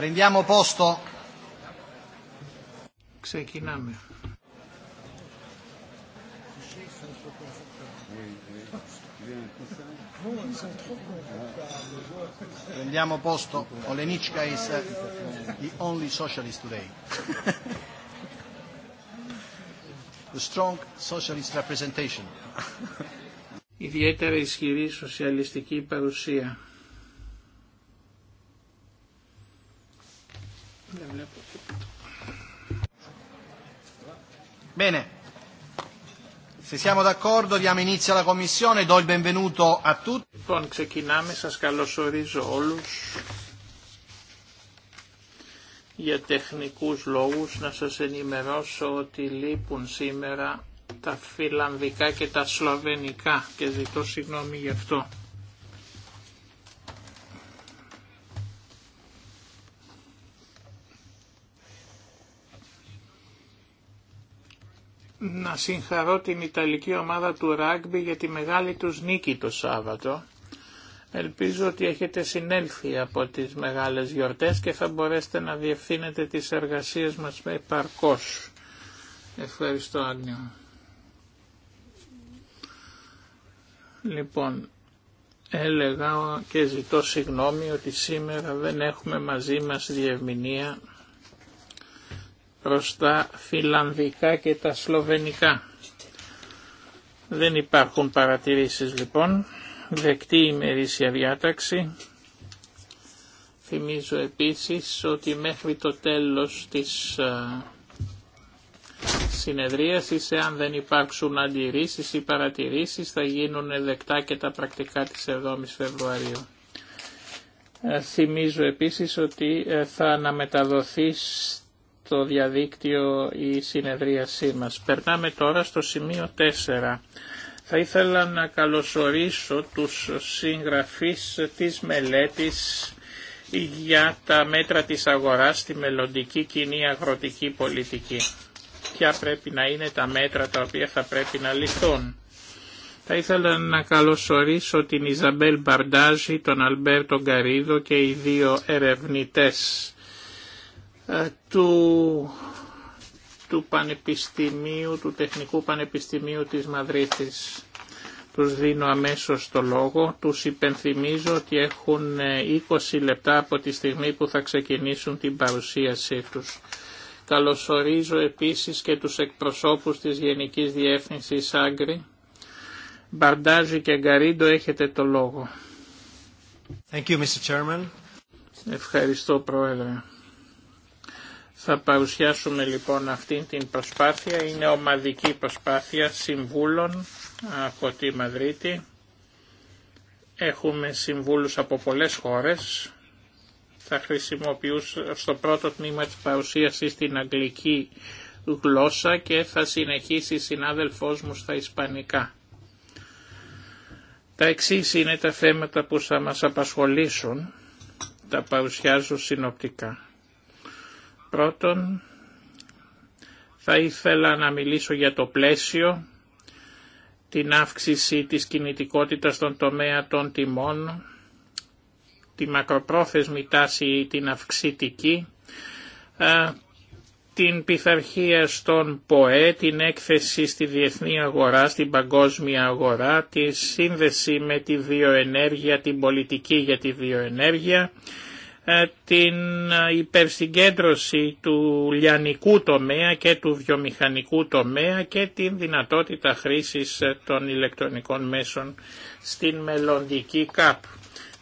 Prendiamo posto. Ξεκινάμε. Prendiamo posto. Olenicka is the only socialist today. the strong socialist representation. Ιδιαίτερα ισχυρή σοσιαλιστική παρουσία. Bene. Se siamo d'accordo diamo inizio alla commissione, do il benvenuto a tutti. Λοιπόν, ξεκινάμε, σας καλωσορίζω όλους. Για τεχνικούς λόγους να σας ενημερώσω ότι λείπουν σήμερα τα φιλανδικά και τα σλοβενικά και ζητώ συγγνώμη γι' αυτό. να συγχαρώ την Ιταλική ομάδα του Ράγκμπι για τη μεγάλη τους νίκη το Σάββατο. Ελπίζω ότι έχετε συνέλθει από τις μεγάλες γιορτές και θα μπορέσετε να διευθύνετε τις εργασίες μας με επαρκώς. Ευχαριστώ Άγνιο. Λοιπόν, έλεγα και ζητώ συγγνώμη ότι σήμερα δεν έχουμε μαζί μας διευμηνία προς τα φιλανδικά και τα σλοβενικά. Δεν υπάρχουν παρατηρήσεις λοιπόν. Δεκτή η ημερήσια διάταξη. Θυμίζω επίσης ότι μέχρι το τέλος της ε, συνεδρίασης, εάν δεν υπάρξουν αντιρρήσεις ή παρατηρήσεις, θα γίνουν δεκτά και τα πρακτικά της 7ης Φεβρουαρίου. Ε, θυμίζω επίσης ότι ε, θα αναμεταδοθεί στο διαδίκτυο η συνεδρίασή μας. Περνάμε τώρα στο σημείο 4. Θα ήθελα να καλωσορίσω τους συγγραφείς της μελέτης για τα μέτρα της αγοράς στη μελλοντική κοινή αγροτική πολιτική. Ποια πρέπει να είναι τα μέτρα τα οποία θα πρέπει να ληφθούν. Θα ήθελα να καλωσορίσω την Ιζαμπέλ Μπαρντάζη, τον Αλμπέρτο Γκαρίδο και οι δύο ερευνητές ε, του, του Πανεπιστημίου, του Τεχνικού Πανεπιστημίου της Μαδρίτης. Τους δίνω αμέσως το λόγο, τους υπενθυμίζω ότι έχουν 20 ε, λεπτά από τη στιγμή που θα ξεκινήσουν την παρουσίασή τους. Καλωσορίζω επίσης και τους εκπροσώπους της Γενικής Διεύθυνσης Άγκρη. Μπαρντάζη και Γκαρίντο έχετε το λόγο. Thank you, Mr. Ευχαριστώ Πρόεδρε. Θα παρουσιάσουμε λοιπόν αυτή την προσπάθεια, είναι ομαδική προσπάθεια συμβούλων από τη Μαδρίτη. Έχουμε συμβούλους από πολλές χώρες. Θα χρησιμοποιούσα στο πρώτο τμήμα της παρουσίασης την αγγλική γλώσσα και θα συνεχίσει η συνάδελφός μου στα ισπανικά. Τα εξή είναι τα θέματα που θα μας απασχολήσουν, τα παρουσιάζω συνοπτικά. Πρώτον, θα ήθελα να μιλήσω για το πλαίσιο, την αύξηση της κινητικότητας στον τομέα των τιμών, τη μακροπρόθεσμη τάση ή την αυξητική, την πειθαρχία στον ΠΟΕ, την έκθεση στη διεθνή αγορά, στην παγκόσμια αγορά, τη σύνδεση με τη βιοενέργεια, την πολιτική για τη βιοενέργεια, ε, την ε, υπερσυγκέντρωση του λιανικού τομέα και του βιομηχανικού τομέα και την δυνατότητα χρήσης ε, των ηλεκτρονικών μέσων στην μελλοντική ΚΑΠ.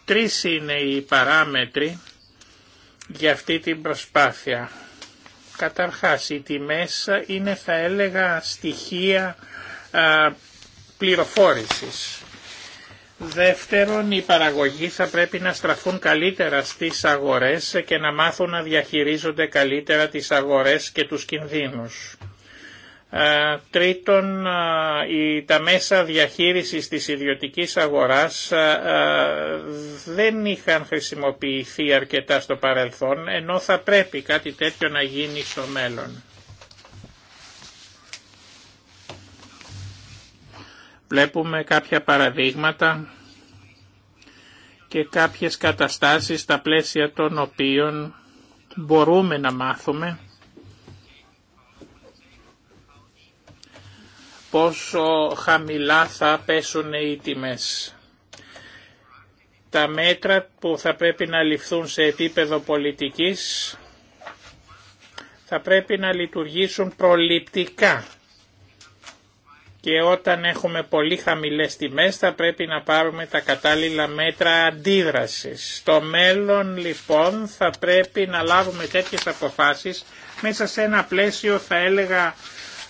Τρεις είναι οι παράμετροι για αυτή την προσπάθεια. Καταρχάς οι τιμές είναι θα έλεγα στοιχεία πληροφόρησης Δεύτερον, οι παραγωγοί θα πρέπει να στραφούν καλύτερα στις αγορές και να μάθουν να διαχειρίζονται καλύτερα τις αγορές και τους κινδύνους. Ε, τρίτον, ε, τα μέσα διαχείρισης της ιδιωτικής αγοράς ε, δεν είχαν χρησιμοποιηθεί αρκετά στο παρελθόν, ενώ θα πρέπει κάτι τέτοιο να γίνει στο μέλλον. βλέπουμε κάποια παραδείγματα και κάποιες καταστάσεις στα πλαίσια των οποίων μπορούμε να μάθουμε πόσο χαμηλά θα πέσουν οι τιμές. Τα μέτρα που θα πρέπει να ληφθούν σε επίπεδο πολιτικής θα πρέπει να λειτουργήσουν προληπτικά και όταν έχουμε πολύ χαμηλές τιμές θα πρέπει να πάρουμε τα κατάλληλα μέτρα αντίδρασης. Στο μέλλον λοιπόν θα πρέπει να λάβουμε τέτοιες αποφάσεις μέσα σε ένα πλαίσιο θα έλεγα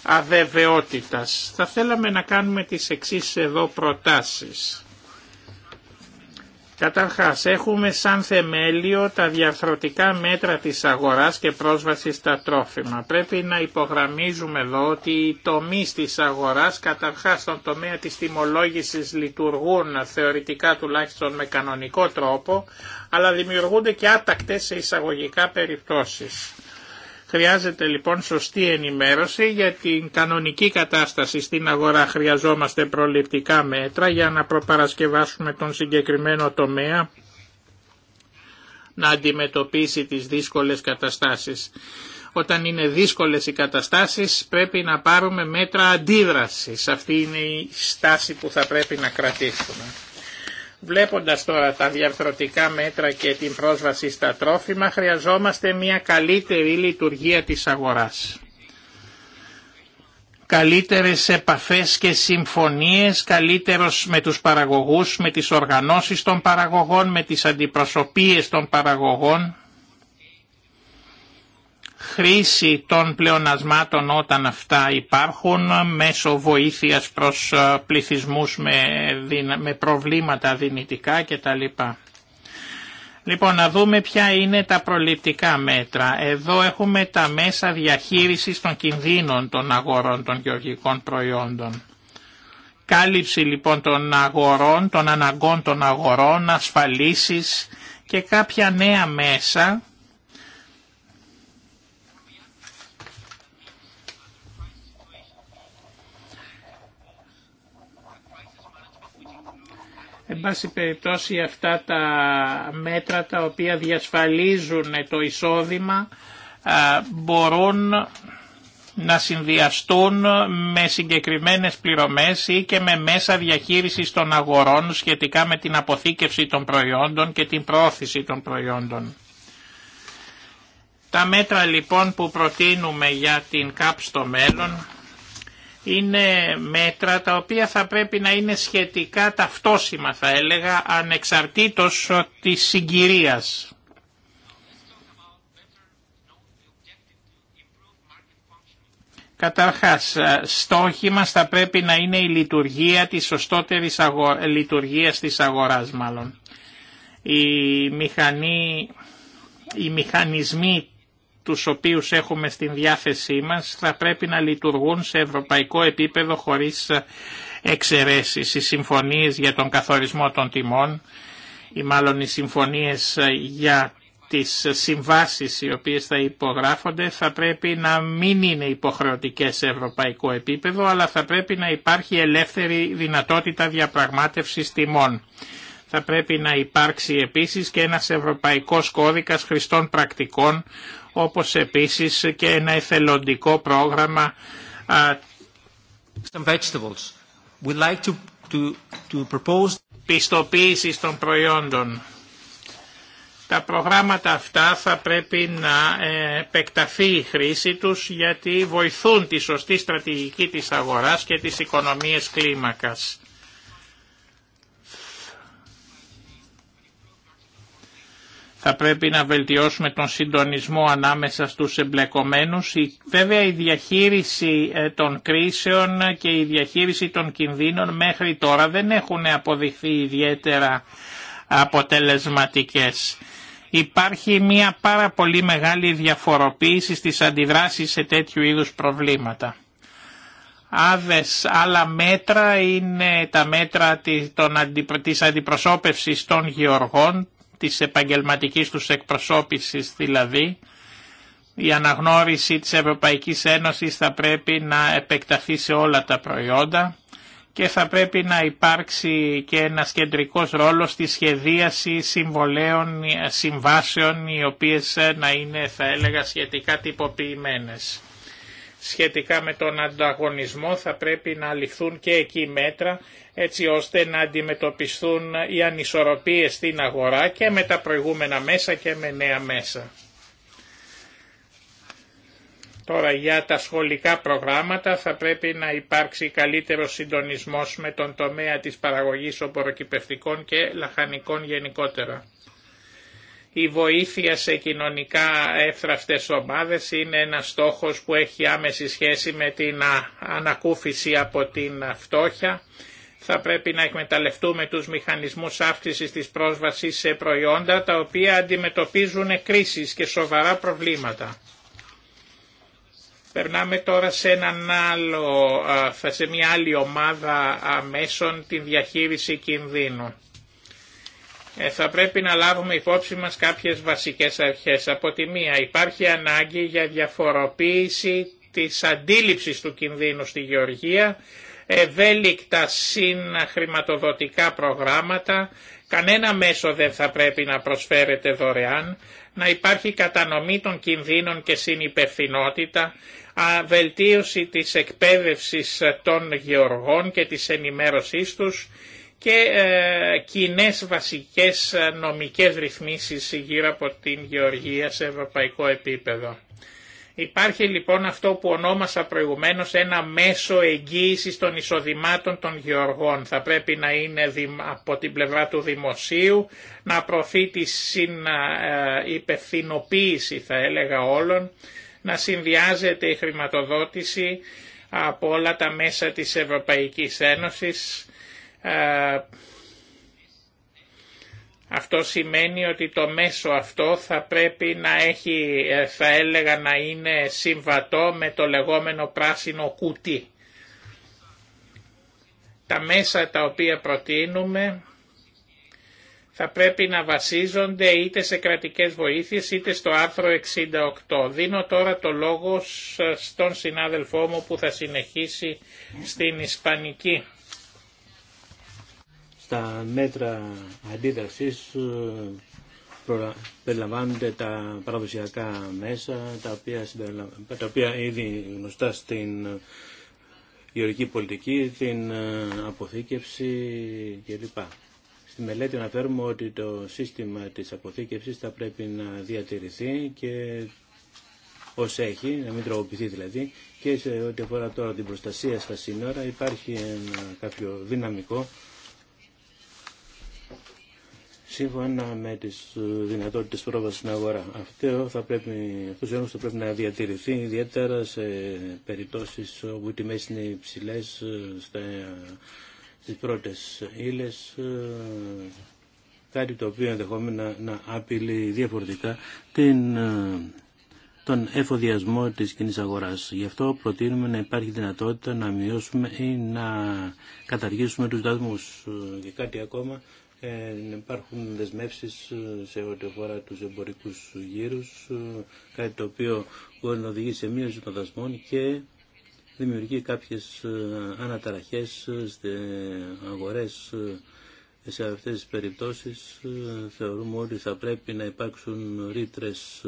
αβεβαιότητας. Θα θέλαμε να κάνουμε τις εξής εδώ προτάσεις. Καταρχά, έχουμε σαν θεμέλιο τα διαρθρωτικά μέτρα της αγοράς και πρόσβαση στα τρόφιμα. Πρέπει να υπογραμμίζουμε εδώ ότι οι τομείς της αγοράς καταρχάς στον τομέα της τιμολόγησης λειτουργούν θεωρητικά τουλάχιστον με κανονικό τρόπο αλλά δημιουργούνται και άτακτες εισαγωγικά περιπτώσεις. Χρειάζεται λοιπόν σωστή ενημέρωση για την κανονική κατάσταση στην αγορά. Χρειαζόμαστε προληπτικά μέτρα για να προπαρασκευάσουμε τον συγκεκριμένο τομέα να αντιμετωπίσει τις δύσκολες καταστάσεις. Όταν είναι δύσκολες οι καταστάσεις πρέπει να πάρουμε μέτρα αντίδρασης. Αυτή είναι η στάση που θα πρέπει να κρατήσουμε. Βλέποντας τώρα τα διαρθρωτικά μέτρα και την πρόσβαση στα τρόφιμα, χρειαζόμαστε μια καλύτερη λειτουργία της αγοράς. Καλύτερες επαφές και συμφωνίες, καλύτερος με τους παραγωγούς, με τις οργανώσεις των παραγωγών, με τις αντιπροσωπείες των παραγωγών, χρήση των πλεονασμάτων όταν αυτά υπάρχουν μέσω βοήθειας προς ε, πληθυσμούς με, με προβλήματα δυνητικά κτλ. Λοιπόν, να δούμε ποια είναι τα προληπτικά μέτρα. Εδώ έχουμε τα μέσα διαχείρισης των κινδύνων των αγορών των γεωργικών προϊόντων. Κάλυψη λοιπόν των αγορών, των αναγκών των αγορών, ασφαλίσεις και κάποια νέα μέσα Εν πάση περιπτώσει αυτά τα μέτρα τα οποία διασφαλίζουν το εισόδημα μπορούν να συνδυαστούν με συγκεκριμένες πληρωμές ή και με μέσα διαχείρισης των αγορών σχετικά με την αποθήκευση των προϊόντων και την πρόθεση των προϊόντων. Τα μέτρα λοιπόν που προτείνουμε για την ΚΑΠ στο μέλλον είναι μέτρα τα οποία θα πρέπει να είναι σχετικά ταυτόσιμα θα έλεγα ανεξαρτήτως της συγκυρίας. Καταρχάς, στόχοι μας θα πρέπει να είναι η λειτουργία της σωστότερης αγο... λειτουργίας της αγοράς μάλλον. Η μηχανή... Οι μηχανισμοί τους οποίους έχουμε στην διάθεσή μας θα πρέπει να λειτουργούν σε ευρωπαϊκό επίπεδο χωρίς εξαιρέσεις. Οι συμφωνίες για τον καθορισμό των τιμών ή μάλλον οι συμφωνίες για τις συμβάσεις οι οποίες θα υπογράφονται θα πρέπει να μην είναι υποχρεωτικές σε ευρωπαϊκό επίπεδο αλλά θα πρέπει να υπάρχει ελεύθερη δυνατότητα διαπραγμάτευσης τιμών. Θα πρέπει να υπάρξει επίσης και ένας ευρωπαϊκός κώδικας χρηστών πρακτικών όπως επίσης και ένα εθελοντικό πρόγραμμα Some πιστοποίησης των προϊόντων. Τα προγράμματα αυτά θα πρέπει να ε, επεκταθεί η χρήση τους γιατί βοηθούν τη σωστή στρατηγική της αγοράς και της οικονομίας κλίμακας. θα πρέπει να βελτιώσουμε τον συντονισμό ανάμεσα στους εμπλεκομένους. Βέβαια η διαχείριση ε, των κρίσεων και η διαχείριση των κινδύνων μέχρι τώρα δεν έχουν αποδειχθεί ιδιαίτερα αποτελεσματικές. Υπάρχει μια πάρα πολύ μεγάλη διαφοροποίηση στις αντιδράσεις σε τέτοιου είδους προβλήματα. Άδες άλλα μέτρα είναι τα μέτρα της αντιπροσώπευσης των γεωργών της επαγγελματικής τους εκπροσώπησης δηλαδή, η αναγνώριση της Ευρωπαϊκής Ένωσης θα πρέπει να επεκταθεί σε όλα τα προϊόντα και θα πρέπει να υπάρξει και ένας κεντρικός ρόλος στη σχεδίαση συμβολέων, συμβάσεων οι οποίες να είναι θα έλεγα σχετικά τυποποιημένες σχετικά με τον ανταγωνισμό θα πρέπει να ληφθούν και εκεί μέτρα έτσι ώστε να αντιμετωπιστούν οι ανισορροπίες στην αγορά και με τα προηγούμενα μέσα και με νέα μέσα. Τώρα για τα σχολικά προγράμματα θα πρέπει να υπάρξει καλύτερο συντονισμός με τον τομέα της παραγωγής οπωροκυπευτικών και λαχανικών γενικότερα. Η βοήθεια σε κοινωνικά εύθραυτες ομάδες είναι ένας στόχος που έχει άμεση σχέση με την ανακούφιση από την φτώχεια. Θα πρέπει να εκμεταλλευτούμε τους μηχανισμούς αύξησης της πρόσβασης σε προϊόντα τα οποία αντιμετωπίζουν κρίσεις και σοβαρά προβλήματα. Περνάμε τώρα σε, έναν άλλο, σε μια άλλη ομάδα αμέσων την διαχείριση κινδύνου. Ε, θα πρέπει να λάβουμε υπόψη μας κάποιες βασικές αρχές. Από τη μία υπάρχει ανάγκη για διαφοροποίηση της αντίληψης του κινδύνου στη γεωργία, ευέλικτα συναχρηματοδοτικά προγράμματα, κανένα μέσο δεν θα πρέπει να προσφέρεται δωρεάν, να υπάρχει κατανομή των κινδύνων και συνυπευθυνότητα, βελτίωση της εκπαίδευσης των γεωργών και της ενημέρωσής τους, και ε, κοινέ βασικές ε, νομικές ρυθμίσεις γύρω από την γεωργία σε ευρωπαϊκό επίπεδο. Υπάρχει λοιπόν αυτό που ονόμασα προηγουμένως ένα μέσο εγγύησης των εισοδημάτων των γεωργών. Θα πρέπει να είναι από την πλευρά του δημοσίου, να προωθεί τη ε, υπευθυνοποίηση θα έλεγα όλων, να συνδυάζεται η χρηματοδότηση από όλα τα μέσα της Ευρωπαϊκής Ένωσης, ε, αυτό σημαίνει ότι το μέσο αυτό θα πρέπει να έχει, ε, θα έλεγα να είναι συμβατό με το λεγόμενο πράσινο κουτί. Τα μέσα τα οποία προτείνουμε θα πρέπει να βασίζονται είτε σε κρατικές βοήθειες είτε στο άρθρο 68. Δίνω τώρα το λόγο στον συνάδελφό μου που θα συνεχίσει στην Ισπανική. Στα μέτρα αντίδρασης ε, περιλαμβάνονται τα παραδοσιακά μέσα, τα οποία, τα οποία ήδη γνωστά στην ε, γεωργική πολιτική, την ε, αποθήκευση κλπ. Στη μελέτη αναφέρουμε ότι το σύστημα της αποθήκευσης θα πρέπει να διατηρηθεί και ως έχει, να μην τροποποιηθεί δηλαδή, και σε ό,τι αφορά τώρα την προστασία στα σύνορα υπάρχει κάποιο δυναμικό σύμφωνα με τις ε, δυνατότητες πρόβαση στην αγορά. Αυτό θα πρέπει, ο θα πρέπει να διατηρηθεί ιδιαίτερα σε περιπτώσει όπου οι τιμές είναι υψηλέ ε, στι πρώτε πρώτες ε, κάτι το οποίο ενδεχόμενα να απειλεί διαφορετικά την, τον εφοδιασμό τη κοινή αγορά. Γι' αυτό προτείνουμε να υπάρχει δυνατότητα να μειώσουμε ή να καταργήσουμε του δάσμου Και κάτι ακόμα, ε, υπάρχουν δεσμεύσει ε, σε ό,τι αφορά τους εμπορικούς γύρους, ε, κάτι το οποίο μπορεί να οδηγεί σε μείωση των δασμών και δημιουργεί κάποιες ε, αναταραχές στις αγορές σε αυτές τις περιπτώσεις θεωρούμε ότι θα πρέπει να υπάρξουν ρήτρες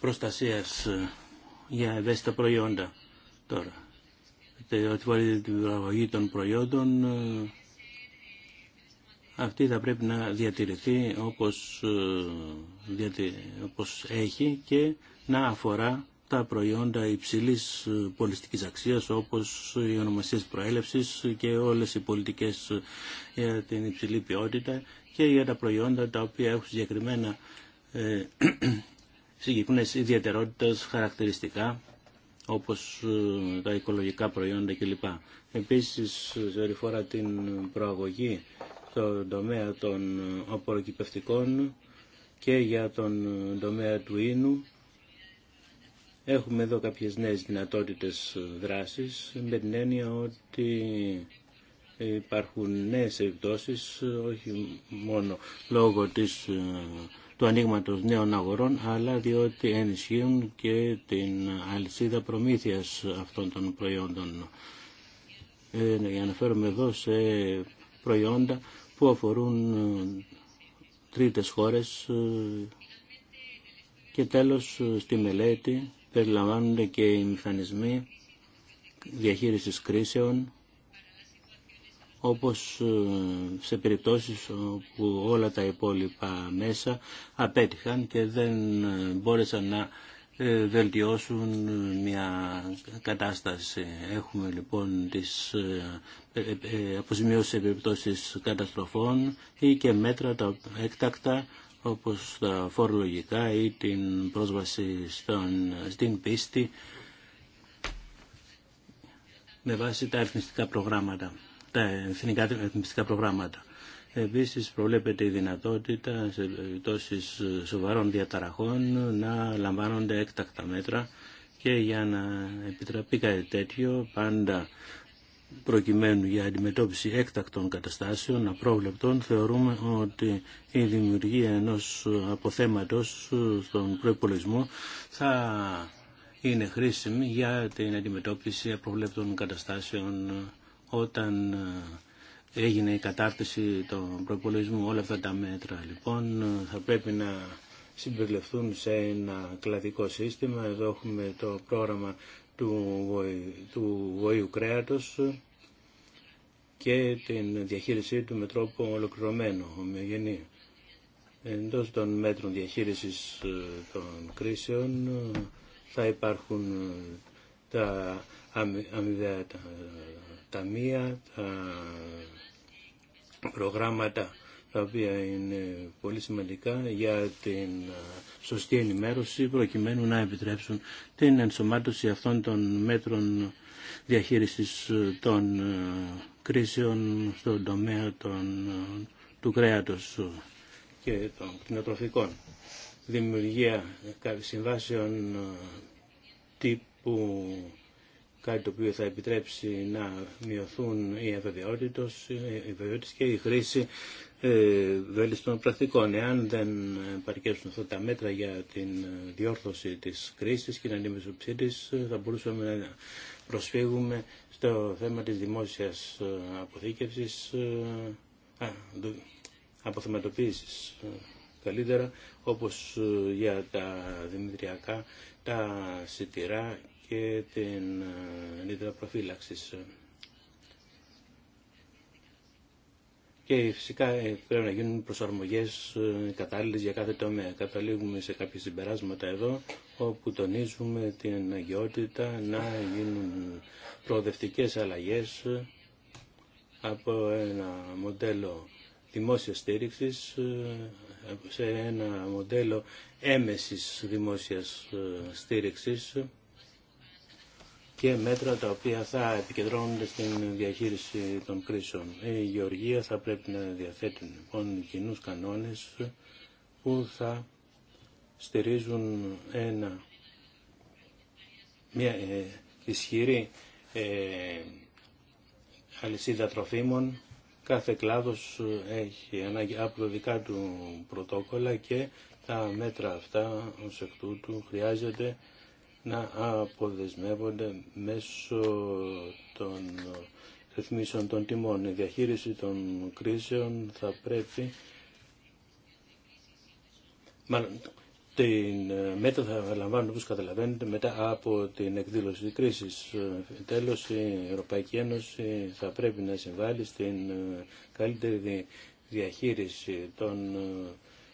προστασίας για ευαίσθητα προϊόντα τώρα. Ότι τη παραγωγή των προϊόντων αυτή θα πρέπει να διατηρηθεί όπως, ε, όπως έχει και να αφορά τα προϊόντα υψηλής ε, πολιτικής αξίας όπως οι ονομασίες προέλευσης και όλες οι πολιτικές ε, για την υψηλή ποιότητα και για τα προϊόντα τα οποία έχουν συγκεκριμένα ε, συγκεκριμένες ιδιαιτερότητες χαρακτηριστικά όπως τα οικολογικά προϊόντα κλπ. Επίσης, σε φορά την προαγωγή στον τομέα των απορροκυπευτικών και για τον τομέα του ίνου. Έχουμε εδώ κάποιες νέες δυνατότητες δράσης με την έννοια ότι υπάρχουν νέες επιπτώσεις όχι μόνο λόγω της, του ανοίγματο νέων αγορών αλλά διότι ενισχύουν και την αλυσίδα προμήθειας αυτών των προϊόντων. Ε, αναφέρομαι εδώ σε προϊόντα που αφορούν ε, τρίτες χώρες ε, και τέλος ε, στη μελέτη περιλαμβάνονται και οι μηχανισμοί διαχείρισης κρίσεων όπως σε περιπτώσεις όπου όλα τα υπόλοιπα μέσα απέτυχαν και δεν μπόρεσαν να ε, βελτιώσουν μια κατάσταση. Έχουμε λοιπόν τις ε, ε, αποζημιώσεις επιπτώσεις καταστροφών ή και μέτρα τα έκτακτα όπως τα φορολογικά ή την πρόσβαση στον, στην πίστη με βάση τα εθνικά προγράμματα, τα εθνικά εθνιστικά προγράμματα. Επίσης προβλέπεται η δυνατότητα σε σοβαρών διαταραχών να λαμβάνονται έκτακτα μέτρα και για να επιτραπεί κάτι τέτοιο πάντα προκειμένου για αντιμετώπιση έκτακτων καταστάσεων απρόβλεπτων θεωρούμε ότι η δημιουργία ενός αποθέματος στον προϋπολογισμό θα είναι χρήσιμη για την αντιμετώπιση απρόβλεπτων καταστάσεων όταν έγινε η κατάρτιση των προπολογισμού. Όλα αυτά τα μέτρα λοιπόν θα πρέπει να συμπεριληφθούν σε ένα κλαδικό σύστημα. Εδώ έχουμε το πρόγραμμα του, του βοήου κρέατος και την διαχείρισή του με τρόπο ολοκληρωμένο, ομοιογενή. Εντός των μέτρων διαχείρισης ε, των κρίσεων ε, θα υπάρχουν ε, τα αμοιβαία μία, τα προγράμματα τα οποία είναι πολύ σημαντικά για την σωστή ενημέρωση προκειμένου να επιτρέψουν την ενσωμάτωση αυτών των μέτρων διαχείρισης ε, των ε, κρίσεων στον τομέα των, ε, του κρέατος και των κτηνοτροφικών. Δημιουργία συμβάσεων τύπου κάτι το οποίο θα επιτρέψει να μειωθούν οι αβεβαιότητες και η χρήση ε, βέλτιστων πρακτικών. Εάν δεν παρκέψουν αυτά τα μέτρα για την διόρθωση της κρίσης και την αντιμετωπισή της, θα μπορούσαμε να προσφύγουμε στο θέμα της δημόσιας ε, αποθήκευσης, ε, α, αποθεματοποίησης καλύτερα, όπως για τα δημητριακά, τα σιτηρά και την ε, ρήτρα προφύλαξης. Και φυσικά ε, πρέπει να γίνουν προσαρμογές ε, κατάλληλες για κάθε τομέα. Καταλήγουμε σε κάποια συμπεράσματα εδώ, όπου τονίζουμε την αγιότητα να γίνουν προοδευτικές αλλαγές από ένα μοντέλο δημόσιας στήριξης σε ένα μοντέλο έμεσης δημόσιας στήριξης και μέτρα τα οποία θα επικεντρώνονται στην διαχείριση των κρίσεων. Η Γεωργία θα πρέπει να διαθέτει λοιπόν κοινού κανόνες που θα στηρίζουν ένα, μια ε, ισχυρή ε, αλυσίδα τροφίμων. Κάθε κλάδος έχει ανάγκη από δικά του πρωτόκολλα και τα μέτρα αυτά ως εκ τούτου χρειάζεται να αποδεσμεύονται μέσω των ρυθμίσεων των τιμών. Η διαχείριση των κρίσεων θα πρέπει μάλλον την ε, μέτρα θα λαμβάνουν όπως καταλαβαίνετε μετά από την εκδήλωση της κρίσης. Τέλος η Ευρωπαϊκή Ένωση θα πρέπει να συμβάλλει στην ε, καλύτερη διαχείριση των ε,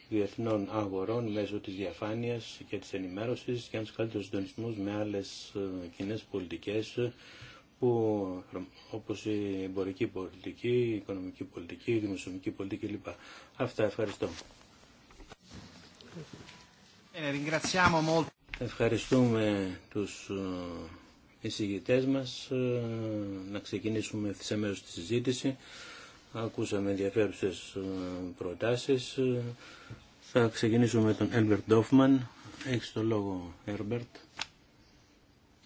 διεθνών αγορών μέσω της διαφάνειας και της ενημέρωσης και τους καλύτερους συντονισμούς με άλλες ε, κοινέ πολιτικές που, όπως η εμπορική πολιτική, η οικονομική πολιτική, η δημοσιονομική πολιτική κλπ. Αυτά ευχαριστώ. Ε, Ευχαριστούμε τους ε, εισηγητές μας. Να ξεκινήσουμε σε μέρος τη συζήτηση. Ακούσαμε ενδιαφέρουσες ε, προτάσεις. Ε, θα ξεκινήσουμε με τον Έλμπερτ Ντόφμαν. Έχεις το λόγο, Έλμπερτ.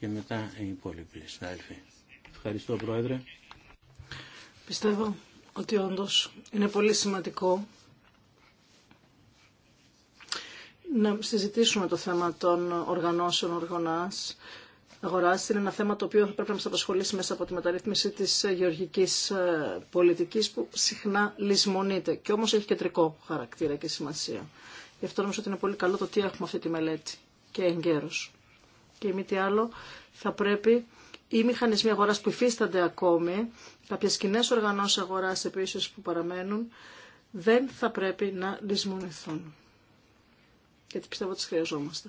Και μετά οι υπόλοιποι συνάδελφοι. Ευχαριστώ, Πρόεδρε. Πιστεύω ότι όντως είναι πολύ σημαντικό να συζητήσουμε το θέμα των οργανώσεων οργανάς αγοράς είναι ένα θέμα το οποίο θα πρέπει να μας απασχολήσει μέσα από τη μεταρρύθμιση της ε, γεωργικής ε, πολιτικής που συχνά λησμονείται και όμως έχει κεντρικό χαρακτήρα και σημασία. Γι' αυτό νομίζω ότι είναι πολύ καλό το τι έχουμε αυτή τη μελέτη και εγκαίρως. Και μη τι άλλο θα πρέπει οι μηχανισμοί αγοράς που υφίστανται ακόμη, κάποιες κοινέ οργανώσεις αγοράς επίση που παραμένουν, δεν θα πρέπει να λησμονηθούν. Γιατί πιστεύω ότι τις χρειαζόμαστε.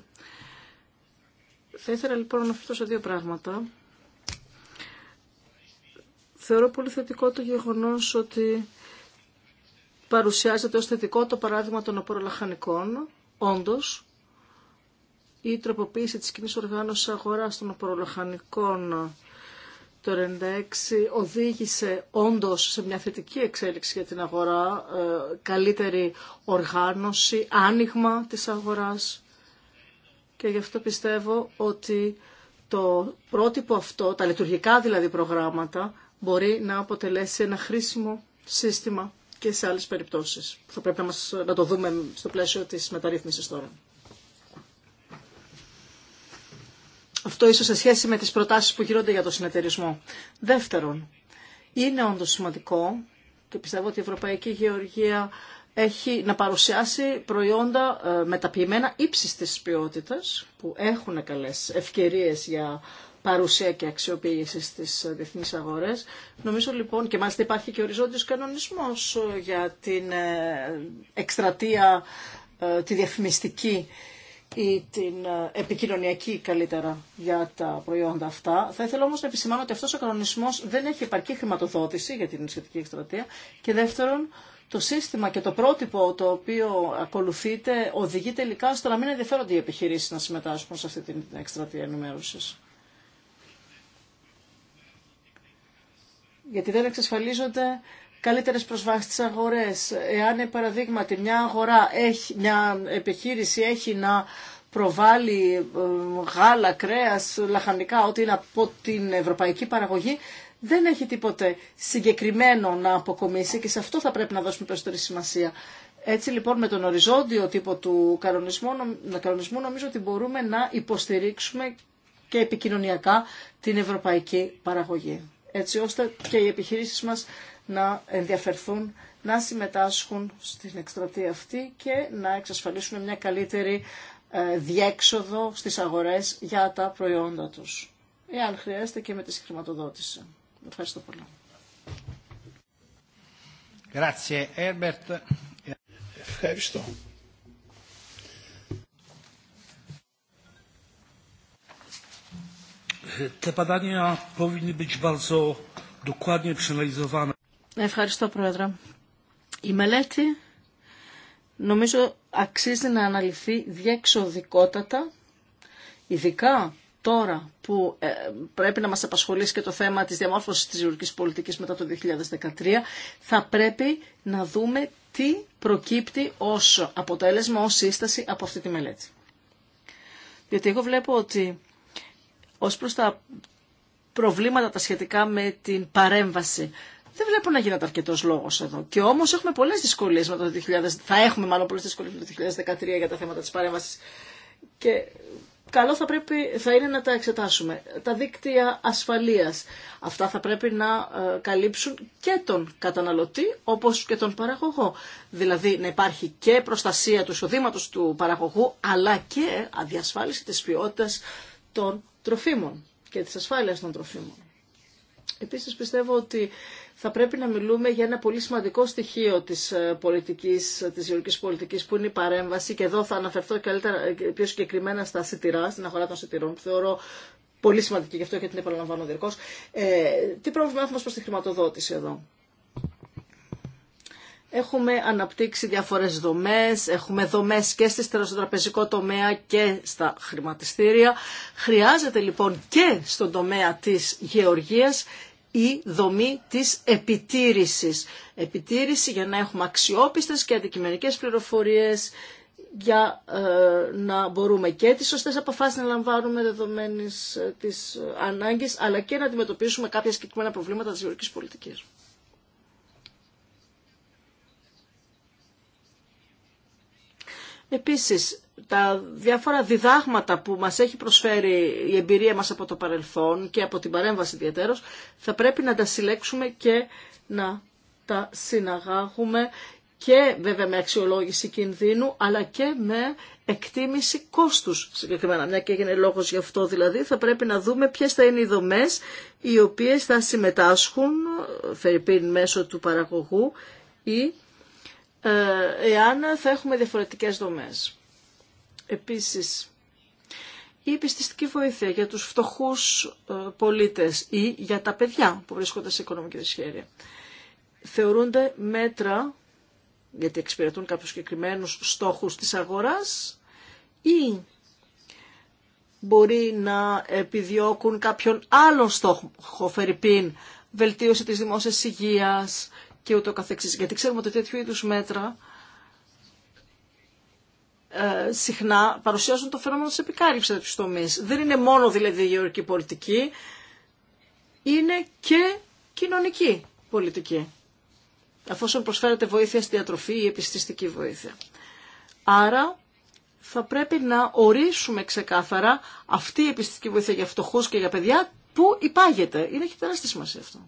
Θα ήθελα λοιπόν να αναφερθώ σε δύο πράγματα. Θεωρώ πολύ θετικό το γεγονός ότι παρουσιάζεται ως θετικό το παράδειγμα των απορολαχανικών όντως, η τροποποίηση της κοινή οργάνωση αγοράς των απορολαχανικών το 1996 οδήγησε όντως σε μια θετική εξέλιξη για την αγορά, ε, καλύτερη οργάνωση, άνοιγμα της αγοράς και γι' αυτό πιστεύω ότι το πρότυπο αυτό, τα λειτουργικά δηλαδή προγράμματα, μπορεί να αποτελέσει ένα χρήσιμο σύστημα και σε άλλες περιπτώσεις. Θα πρέπει να, μας, το δούμε στο πλαίσιο της μεταρρύθμισης τώρα. Αυτό ίσως σε σχέση με τις προτάσεις που γίνονται για το συνεταιρισμό. Δεύτερον, είναι όντως σημαντικό και πιστεύω ότι η Ευρωπαϊκή Γεωργία έχει να παρουσιάσει προϊόντα ε, μεταποιημένα ύψης της ποιότητας που έχουν καλές ευκαιρίες για παρουσία και αξιοποίηση στις ε, διεθνείς αγορές. Νομίζω λοιπόν και μάλιστα υπάρχει και οριζόντιος κανονισμός ε, για την εκστρατεία, τη διαφημιστική ή την επικοινωνιακή καλύτερα για τα προϊόντα αυτά. Θα ήθελα όμως να επισημάνω ότι αυτός ο κανονισμός δεν έχει επαρκή χρηματοδότηση για την σχετική εκστρατεία και δεύτερον το σύστημα και το πρότυπο το οποίο ακολουθείτε οδηγεί τελικά στο να μην ενδιαφέρονται οι επιχειρήσει να συμμετάσχουν σε αυτή την εκστρατεία ενημέρωση. Γιατί δεν εξασφαλίζονται καλύτερε προσβάσει στι αγορέ. Εάν, ε, παραδείγματι, μια, αγορά έχει, μια επιχείρηση έχει να προβάλλει ε, γάλα, κρέας, λαχανικά, ό,τι είναι από την ευρωπαϊκή παραγωγή, δεν έχει τίποτε συγκεκριμένο να αποκομίσει και σε αυτό θα πρέπει να δώσουμε περισσότερη σημασία. Έτσι λοιπόν με τον οριζόντιο τύπο του κανονισμού, νομίζω ότι μπορούμε να υποστηρίξουμε και επικοινωνιακά την ευρωπαϊκή παραγωγή. Έτσι ώστε και οι επιχειρήσεις μας να ενδιαφερθούν να συμμετάσχουν στην εκστρατεία αυτή και να εξασφαλίσουν μια καλύτερη ε, διέξοδο στις αγορές για τα προϊόντα τους. Εάν χρειάζεται και με τη συγχρηματοδότηση. Ευχαριστώ πολύ. Ευχαριστώ. Ευχαριστώ, Πρόεδρε. Η μελέτη νομίζω αξίζει να αναλυθεί διεξοδικότατα, ειδικά τώρα που ε, πρέπει να μας απασχολήσει και το θέμα της διαμόρφωσης της γεωργικής πολιτικής μετά το 2013, θα πρέπει να δούμε τι προκύπτει ως αποτέλεσμα, ως σύσταση από αυτή τη μελέτη. Διότι εγώ βλέπω ότι ως προς τα προβλήματα τα σχετικά με την παρέμβαση δεν βλέπω να γίνεται αρκετό λόγο εδώ. Και όμω έχουμε πολλέ δυσκολίε με το 2000. Θα έχουμε μάλλον πολλέ δυσκολίε με το 2013 για τα θέματα τη παρέμβαση. Και καλό θα, πρέπει, θα είναι να τα εξετάσουμε. Τα δίκτυα ασφαλείας. Αυτά θα πρέπει να ε, καλύψουν και τον καταναλωτή όπως και τον παραγωγό. Δηλαδή να υπάρχει και προστασία του εισοδήματο του παραγωγού αλλά και αδιασφάλιση της ποιότητας των τροφίμων και της ασφάλειας των τροφίμων. Επίσης πιστεύω ότι θα πρέπει να μιλούμε για ένα πολύ σημαντικό στοιχείο της ε, πολιτικής, της γεωργικής πολιτικής που είναι η παρέμβαση και εδώ θα αναφερθώ καλύτερα, ε, πιο συγκεκριμένα στα σιτηρά, στην αγορά των σιτηρών που θεωρώ πολύ σημαντική γι' αυτό και την επαναλαμβάνω διαρκώς. Ε, τι πρόβλημα έχουμε προς τη χρηματοδότηση εδώ. Έχουμε αναπτύξει διάφορες δομές, έχουμε δομές και στη τραπεζικό τομέα και στα χρηματιστήρια. Χρειάζεται λοιπόν και στον τομέα της γεωργίας η δομή της επιτήρησης. Επιτήρηση για να έχουμε αξιόπιστες και αντικειμενικές πληροφορίες, για ε, να μπορούμε και τις σωστές αποφάσεις να λαμβάνουμε δεδομένες ε, της ε, αλλά και να αντιμετωπίσουμε κάποια συγκεκριμένα προβλήματα της γεωργικής πολιτικής. Επίσης, τα διάφορα διδάγματα που μας έχει προσφέρει η εμπειρία μας από το παρελθόν και από την παρέμβαση ιδιαίτερως, θα πρέπει να τα συλλέξουμε και να τα συναγάγουμε και βέβαια με αξιολόγηση κινδύνου, αλλά και με εκτίμηση κόστους συγκεκριμένα. Μια και έγινε λόγος γι' αυτό δηλαδή, θα πρέπει να δούμε ποιες θα είναι οι δομές οι οποίες θα συμμετάσχουν, φερειπίν μέσω του παραγωγού ή ε, εάν θα έχουμε διαφορετικές δομές. Επίσης, η επιστηστική βοήθεια για τους φτωχούς ε, πολίτες ή για τα παιδιά που βρίσκονται σε οικονομική δυσχέρεια θεωρούνται μέτρα γιατί εξυπηρετούν κάποιους συγκεκριμένου στόχους της αγοράς ή μπορεί να επιδιώκουν κάποιον άλλον στόχο, φερρυπίν, βελτίωση της δημόσιας υγείας, και ούτω καθεξής. Γιατί ξέρουμε ότι τέτοιου είδους μέτρα ε, συχνά παρουσιάζουν το φαινόμενο της επικάλυψης της τομεί. Δεν είναι μόνο δηλαδή η γεωργική πολιτική, είναι και κοινωνική πολιτική. Αφόσον προσφέρεται βοήθεια στη διατροφή ή επιστηστική βοήθεια. Άρα θα πρέπει να ορίσουμε ξεκάθαρα αυτή η επιστηστική βοήθεια για φτωχού και για παιδιά που υπάγεται. Είναι και τεράστια σημασία αυτό.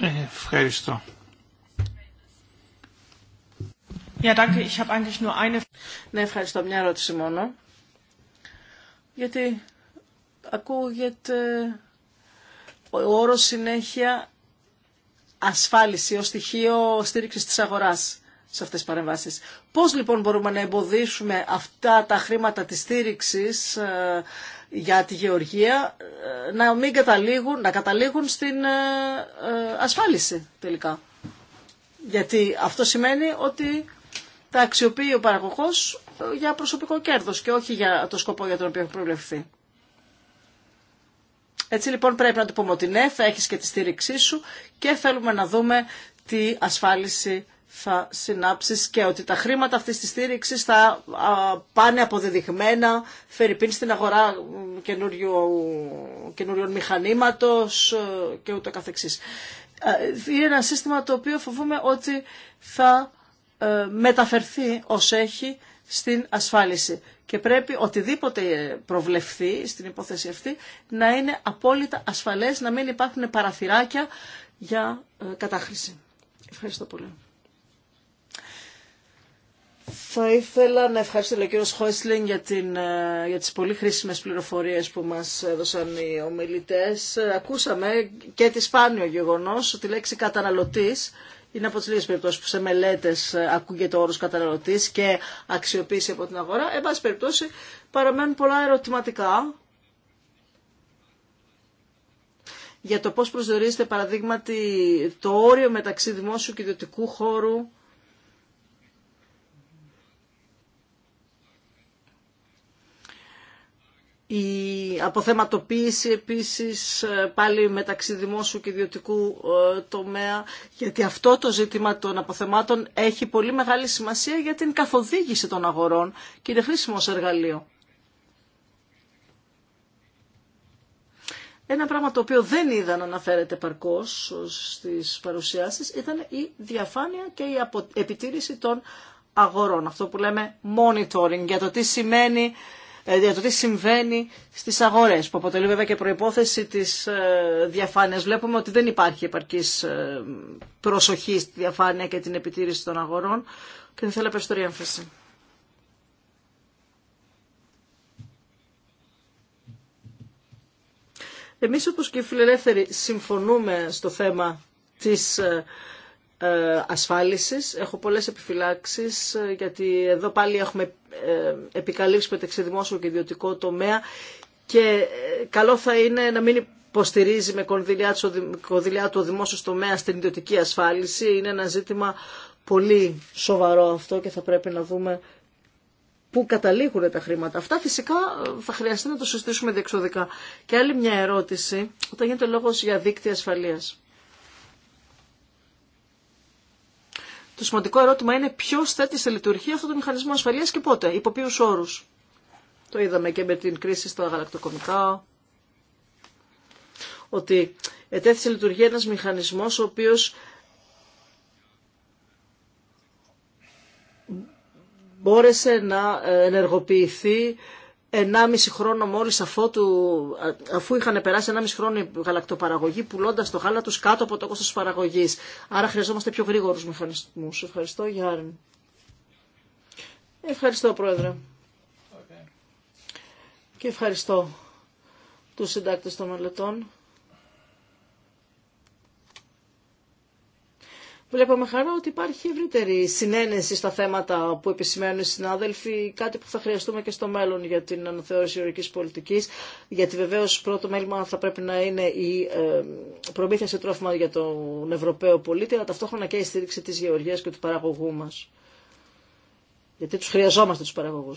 Ευχαριστώ. Ναι, ευχαριστώ. Μια ερώτηση μόνο. Γιατί ακούγεται ο όρος συνέχεια ασφάλιση ως στοιχείο στήριξης της αγοράς σε αυτές τις παρεμβάσεις. Πώς λοιπόν μπορούμε να εμποδίσουμε αυτά τα χρήματα της στήριξης ε, για τη γεωργία ε, να μην καταλήγουν, να καταλήγουν στην ε, ε, ασφάλιση τελικά. Γιατί αυτό σημαίνει ότι τα αξιοποιεί ο παραγωγός για προσωπικό κέρδος και όχι για το σκοπό για τον οποίο έχει προβλεφθεί. Έτσι λοιπόν πρέπει να του πούμε ότι ναι, θα έχεις και τη στήριξή σου και θέλουμε να δούμε τι ασφάλιση θα συνάψει και ότι τα χρήματα αυτής της στήριξη θα πάνε αποδεδειγμένα, φερειπίν στην αγορά καινούριων μηχανήματος ε, και ούτω καθεξής. Ε, είναι ένα σύστημα το οποίο φοβούμε ότι θα ε, μεταφερθεί ως έχει στην ασφάλιση. Και πρέπει οτιδήποτε προβλεφθεί στην υπόθεση αυτή να είναι απόλυτα ασφαλές, να μην υπάρχουν παραθυράκια για κατάχρηση. Ευχαριστώ πολύ. Θα ήθελα να ευχαριστήσω τον κύριο Χόισλινγκ για, ε, για τις πολύ χρήσιμες πληροφορίες που μας έδωσαν οι ομιλητές. Ακούσαμε και τη σπάνιο γεγονός ότι η λέξη καταναλωτής είναι από τις λίγες περιπτώσεις που σε μελέτες ακούγεται ο όρος καταναλωτής και αξιοποίηση από την αγορά. Εν πάση περιπτώσει παραμένουν πολλά ερωτηματικά για το πώς προσδιορίζεται παραδείγματι το όριο μεταξύ δημόσιου και ιδιωτικού χώρου Η αποθεματοποίηση επίσης ε, πάλι μεταξύ δημόσιου και ιδιωτικού ε, τομέα, γιατί αυτό το ζήτημα των αποθεμάτων έχει πολύ μεγάλη σημασία για την καθοδήγηση των αγορών και είναι χρήσιμο εργαλείο. Ένα πράγμα το οποίο δεν είδα να αναφέρεται παρκώς στις παρουσιάσεις ήταν η διαφάνεια και η επιτήρηση των αγορών. Αυτό που λέμε monitoring για το τι σημαίνει ε, για το τι συμβαίνει στι αγορές, που αποτελεί βέβαια και προϋπόθεση της ε, διαφάνεια. Βλέπουμε ότι δεν υπάρχει επαρκής ε, προσοχή στη διαφάνεια και την επιτήρηση των αγορών και δεν θέλω περισσότερη έμφαση. Εμείς όπως και οι φιλελεύθεροι συμφωνούμε στο θέμα της ε, ασφάλισης. Έχω πολλές επιφυλάξεις ε, γιατί εδώ πάλι έχουμε ε, επικαλύψει μεταξύ δημόσιο και ιδιωτικό τομέα και καλό θα είναι να μην υποστηρίζει με κονδυλιά του ο δημόσιος τομέας την ιδιωτική ασφάλιση. Είναι ένα ζήτημα πολύ σοβαρό αυτό και θα πρέπει να δούμε πού καταλήγουν τα χρήματα. Αυτά φυσικά θα χρειαστεί να το συστήσουμε διεξοδικά. Και άλλη μια ερώτηση, όταν γίνεται λόγος για δίκτυα ασφαλείας. Το σημαντικό ερώτημα είναι ποιο θέτει σε λειτουργία αυτό το μηχανισμό ασφαλεία και πότε, υπό ποιου όρου. Το είδαμε και με την κρίση στα γαλακτοκομικά. Ότι ετέθη σε λειτουργία ένα μηχανισμό ο οποίο μπόρεσε να ενεργοποιηθεί 1,5 χρόνο μόλις αφού είχαν περάσει 1,5 χρόνο η γαλακτοπαραγωγή πουλώντας το γάλα τους κάτω από το κόστος παραγωγής. Άρα χρειαζόμαστε πιο γρήγορους μηχανισμούς. Ευχαριστώ Γιάννη. Ευχαριστώ Πρόεδρε. Okay. Και ευχαριστώ τους συντάκτες των μελετών. Βλέπω με χαρά ότι υπάρχει ευρύτερη συνένεση στα θέματα που επισημαίνουν οι συνάδελφοι, κάτι που θα χρειαστούμε και στο μέλλον για την αναθεώρηση ορική πολιτική, γιατί βεβαίω πρώτο μέλημα θα πρέπει να είναι η ε, προμήθεια σε τρόφιμα για τον Ευρωπαίο πολίτη, αλλά ταυτόχρονα και η στήριξη τη γεωργία και του παραγωγού μα. Γιατί του χρειαζόμαστε του παραγωγού.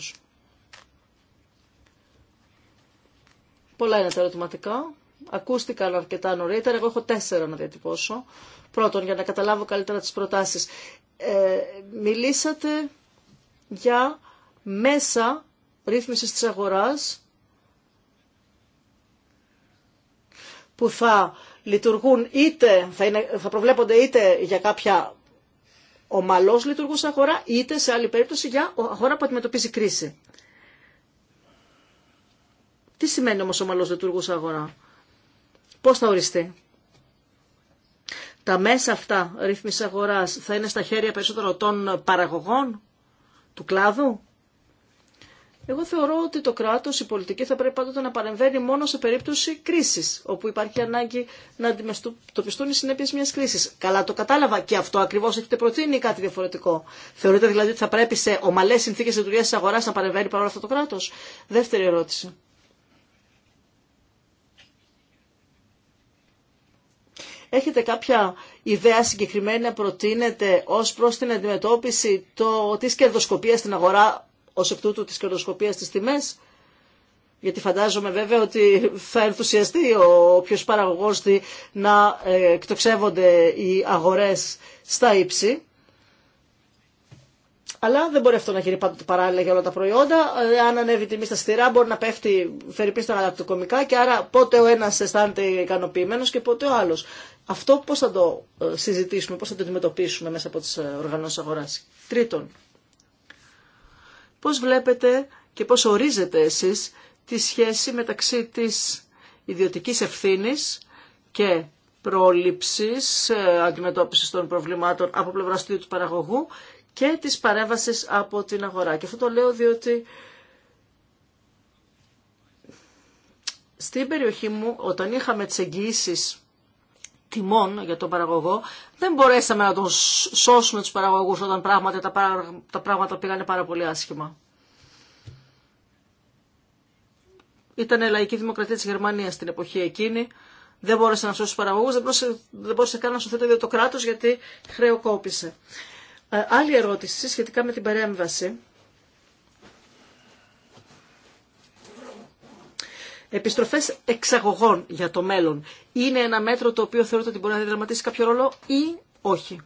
Πολλά είναι τα ερωτηματικά. Ακούστηκαν αρκετά νωρίτερα. Εγώ έχω τέσσερα να διατυπώσω. Πρώτον, για να καταλάβω καλύτερα τις προτάσεις, ε, μιλήσατε για μέσα ρύθμισης της αγοράς που θα λειτουργούν είτε, θα, θα προβλέπονται είτε για κάποια ομαλώς λειτουργούσα αγορά, είτε σε άλλη περίπτωση για αγορά που αντιμετωπίζει κρίση. Τι σημαίνει όμως ομαλώς λειτουργούσα αγορά. Πώς θα οριστεί τα μέσα αυτά ρύθμιση αγοράς θα είναι στα χέρια περισσότερο των παραγωγών του κλάδου. Εγώ θεωρώ ότι το κράτος, η πολιτική θα πρέπει πάντοτε να παρεμβαίνει μόνο σε περίπτωση κρίσης, όπου υπάρχει ανάγκη να αντιμετωπιστούν οι συνέπειες μιας κρίσης. Καλά το κατάλαβα και αυτό ακριβώς έχετε προτείνει κάτι διαφορετικό. Θεωρείτε δηλαδή ότι θα πρέπει σε ομαλές συνθήκες λειτουργίας της αγοράς να παρεμβαίνει παρόλα αυτό το κράτος. Δεύτερη ερώτηση. Έχετε κάποια ιδέα συγκεκριμένη να προτείνετε ως προς την αντιμετώπιση το, της κερδοσκοπίας στην αγορά, ως εκ τούτου της κερδοσκοπίας στις τιμές. Γιατί φαντάζομαι βέβαια ότι θα ενθουσιαστεί ο οποίο παραγωγός να ε, εκτοξεύονται οι αγορές στα ύψη. Αλλά δεν μπορεί αυτό να γίνει πάντοτε παράλληλα για όλα τα προϊόντα. Ε, αν ανέβει η τιμή στα στηρά, μπορεί να πέφτει φερρυπή τα γαλακτοκομικά και άρα πότε ο ένα αισθάνεται ικανοποιημένο και πότε ο άλλο. Αυτό πώ θα το ε, συζητήσουμε, πώ θα το αντιμετωπίσουμε μέσα από τις ε, οργανώσεις αγοράς. Τρίτον, πώς βλέπετε και πώς ορίζετε εσείς τη σχέση μεταξύ της ιδιωτικής ευθύνη και πρόληψη ε, αντιμετώπιση των προβλημάτων από πλευρά του παραγωγού και της παρέμβαση από την αγορά. Και αυτό το λέω διότι στην περιοχή μου όταν είχαμε τις εγγυήσεις τιμών για τον παραγωγό. Δεν μπορέσαμε να τον σώσουμε τους παραγωγούς όταν πράγματα, τα, πράγματα πήγανε πάρα πολύ άσχημα. Ήταν λαϊκή δημοκρατία της Γερμανίας την εποχή εκείνη. Δεν μπόρεσε να σώσει τους παραγωγούς, δεν, μπορούσε, δεν μπορούσε καν να σωθεί το ίδιο το κράτος γιατί χρεοκόπησε. Ε, άλλη ερώτηση σχετικά με την παρέμβαση επιστροφές εξαγωγών για το μέλλον είναι ένα μέτρο το οποίο θεωρείτε ότι μπορεί να διδραματίσει κάποιο ρόλο ή όχι.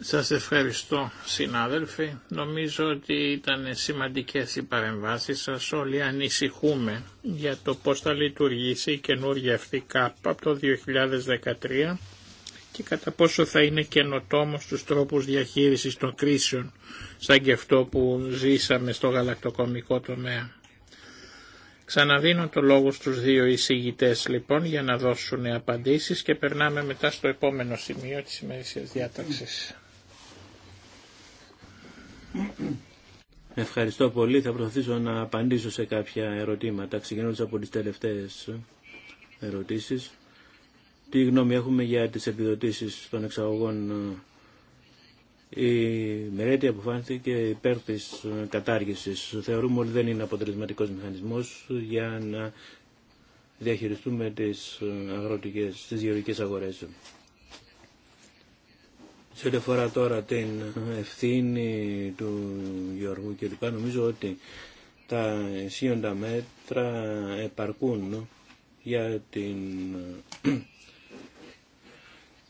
Σας ευχαριστώ συνάδελφοι. Νομίζω ότι ήταν σημαντικές οι παρεμβάσεις σα, Όλοι ανησυχούμε για το πώς θα λειτουργήσει η καινούργια αυτή ΚΑΠ από το 2013 και κατά πόσο θα είναι καινοτόμο στους τρόπους διαχείρισης των κρίσεων σαν και αυτό που ζήσαμε στο γαλακτοκομικό τομέα. Ξαναδίνω το λόγο στους δύο εισηγητές λοιπόν για να δώσουν απαντήσεις και περνάμε μετά στο επόμενο σημείο της ημερησίας διάταξης. Ευχαριστώ πολύ. Θα προσπαθήσω να απαντήσω σε κάποια ερωτήματα. Ξεκινώντας από τις τελευταίες ερωτήσεις τι γνώμη έχουμε για τις επιδοτήσεις των εξαγωγών. Ε, η Μερέτη αποφάνθηκε υπέρ της ε, κατάργησης. Θεωρούμε ότι δεν είναι αποτελεσματικός μηχανισμός για να διαχειριστούμε τις ε, αγροτικές, τις γεωργικές αγορές. Σε ό,τι αφορά τώρα την ευθύνη του Γεωργού κλπ. Νομίζω ότι τα ισχύοντα μέτρα επαρκούν για την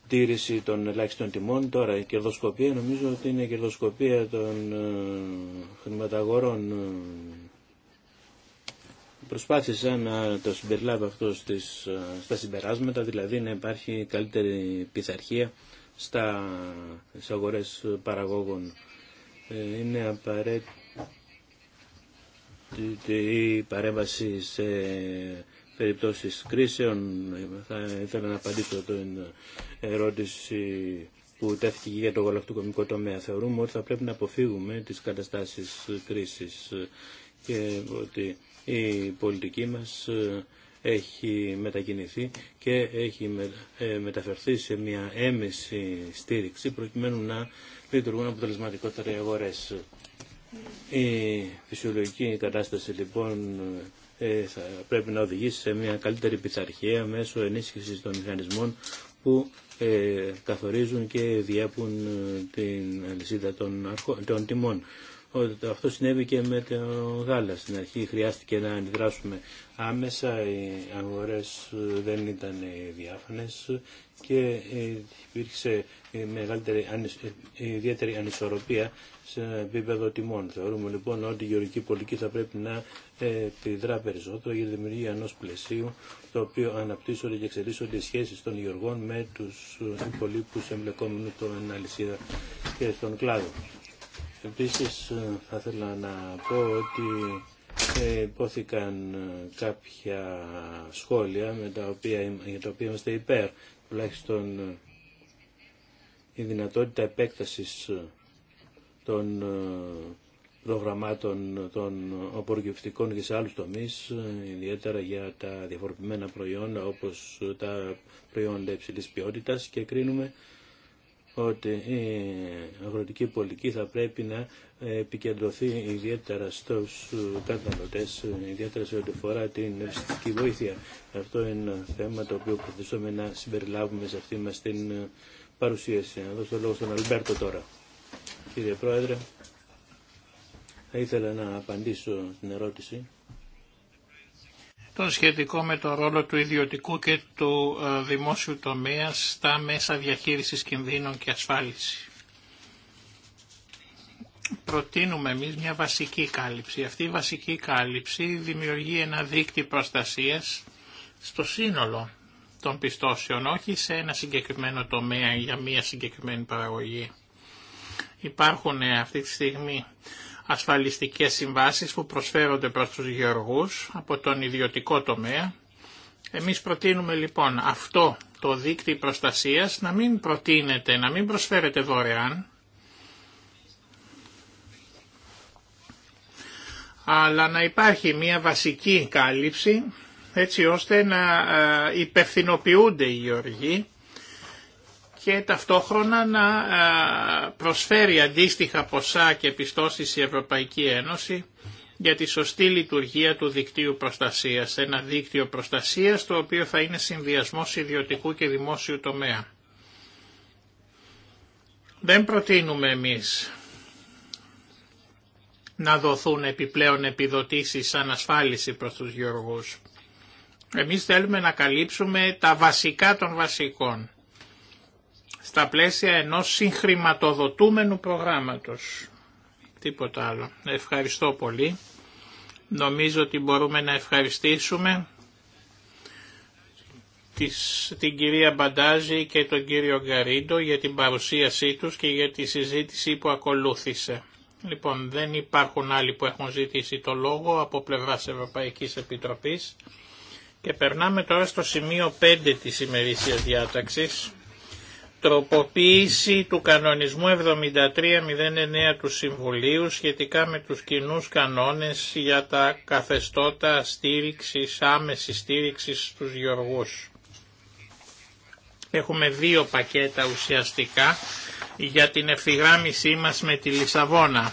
τήρηση των ελάχιστων τιμών. Τώρα η κερδοσκοπία νομίζω ότι είναι η κερδοσκοπία των ε, χρηματαγορών. Ε, προσπάθησα να το συμπεριλάβω αυτό στις, ε, στα συμπεράσματα, δηλαδή να υπάρχει καλύτερη πειθαρχία στα, αγορέ αγορές παραγόγων. Είναι απαραίτητη η παρέμβαση σε περιπτώσεις κρίσεων. Θα ήθελα να απαντήσω την ερώτηση που τέθηκε για το γαλακτοκομικό τομέα. Θεωρούμε ότι θα πρέπει να αποφύγουμε τις καταστάσεις κρίσης και ότι η πολιτική μας έχει μετακινηθεί και έχει ε, μεταφερθεί σε μια έμεση στήριξη προκειμένου να λειτουργούν αποτελεσματικότερα οι αγορές. Η φυσιολογική κατάσταση λοιπόν ε, θα πρέπει να οδηγήσει σε μια καλύτερη πειθαρχία μέσω ενίσχυσης των μηχανισμών που ε, καθορίζουν και διέπουν ε, την αλυσίδα των, τιμών. Αυτό συνέβη και με το γάλα. Στην αρχή χρειάστηκε να αντιδράσουμε άμεσα, οι αγορές δεν ήταν διάφανες και υπήρξε μεγαλύτερη, ιδιαίτερη ανισορροπία σε επίπεδο τιμών. Θεωρούμε λοιπόν ότι η γεωργική πολιτική θα πρέπει να ε, επιδρά περισσότερο για τη δημιουργία ενό πλαισίου το οποίο αναπτύσσονται και εξελίσσονται οι σχέσει των γεωργών με του υπολείπου εμπλεκόμενου των αλυσίδα και στον κλάδο. Επίση ε, θα ήθελα να πω ότι ε, υπόθηκαν κάποια σχόλια με τα οποία, για τα οποία είμαστε υπέρ τουλάχιστον η δυνατότητα επέκτασης των ε, προγραμμάτων των απορριφτικών και σε άλλους τομείς, ιδιαίτερα για τα διαφορετικά προϊόντα όπως τα προϊόντα υψηλής ποιότητας και κρίνουμε ότι η αγροτική πολιτική θα πρέπει να επικεντρωθεί ιδιαίτερα στους καταναλωτέ, ιδιαίτερα σε ό,τι αφορά την ευστική βοήθεια. Αυτό είναι ένα θέμα το οποίο προσπαθούμε να συμπεριλάβουμε σε αυτή μας την παρουσίαση. Να δώσω λόγο στον Αλμπέρτο τώρα. Κύριε Πρόεδρε, θα ήθελα να απαντήσω την ερώτηση. Το σχετικό με το ρόλο του ιδιωτικού και του ε, δημόσιου τομέα στα μέσα διαχείρισης κινδύνων και ασφάλιση. Προτείνουμε εμείς μια βασική κάλυψη. Αυτή η βασική κάλυψη δημιουργεί ένα δίκτυο προστασίας στο σύνολο των πιστώσεων, όχι σε ένα συγκεκριμένο τομέα για μια συγκεκριμένη παραγωγή. Υπάρχουν ε, αυτή τη στιγμή ασφαλιστικές συμβάσεις που προσφέρονται προς τους γεωργούς από τον ιδιωτικό τομέα. Εμείς προτείνουμε λοιπόν αυτό το δίκτυο προστασίας να μην προτείνεται, να μην προσφέρεται δωρεάν, αλλά να υπάρχει μια βασική κάλυψη έτσι ώστε να ε, υπευθυνοποιούνται οι γεωργοί και ταυτόχρονα να προσφέρει αντίστοιχα ποσά και πιστώσεις η Ευρωπαϊκή Ένωση για τη σωστή λειτουργία του δικτύου προστασίας, ένα δίκτυο προστασίας το οποίο θα είναι συνδυασμός ιδιωτικού και δημόσιου τομέα. Δεν προτείνουμε εμείς να δοθούν επιπλέον επιδοτήσεις σαν ασφάλιση προς τους γεωργούς. Εμείς θέλουμε να καλύψουμε τα βασικά των βασικών στα πλαίσια ενός συγχρηματοδοτούμενου προγράμματος. Τίποτα άλλο. Ευχαριστώ πολύ. Νομίζω ότι μπορούμε να ευχαριστήσουμε την κυρία Μπαντάζη και τον κύριο Γκαρίντο για την παρουσίασή τους και για τη συζήτηση που ακολούθησε. Λοιπόν, δεν υπάρχουν άλλοι που έχουν ζητήσει το λόγο από πλευράς Ευρωπαϊκής Επιτροπής και περνάμε τώρα στο σημείο 5 της ημερήσιας διάταξης τροποποίηση του κανονισμού 7309 του Συμβουλίου σχετικά με τους κοινούς κανόνες για τα καθεστώτα στήριξης, άμεσης στήριξης στους γεωργούς. Έχουμε δύο πακέτα ουσιαστικά για την ευθυγράμμισή μας με τη Λισαβόνα.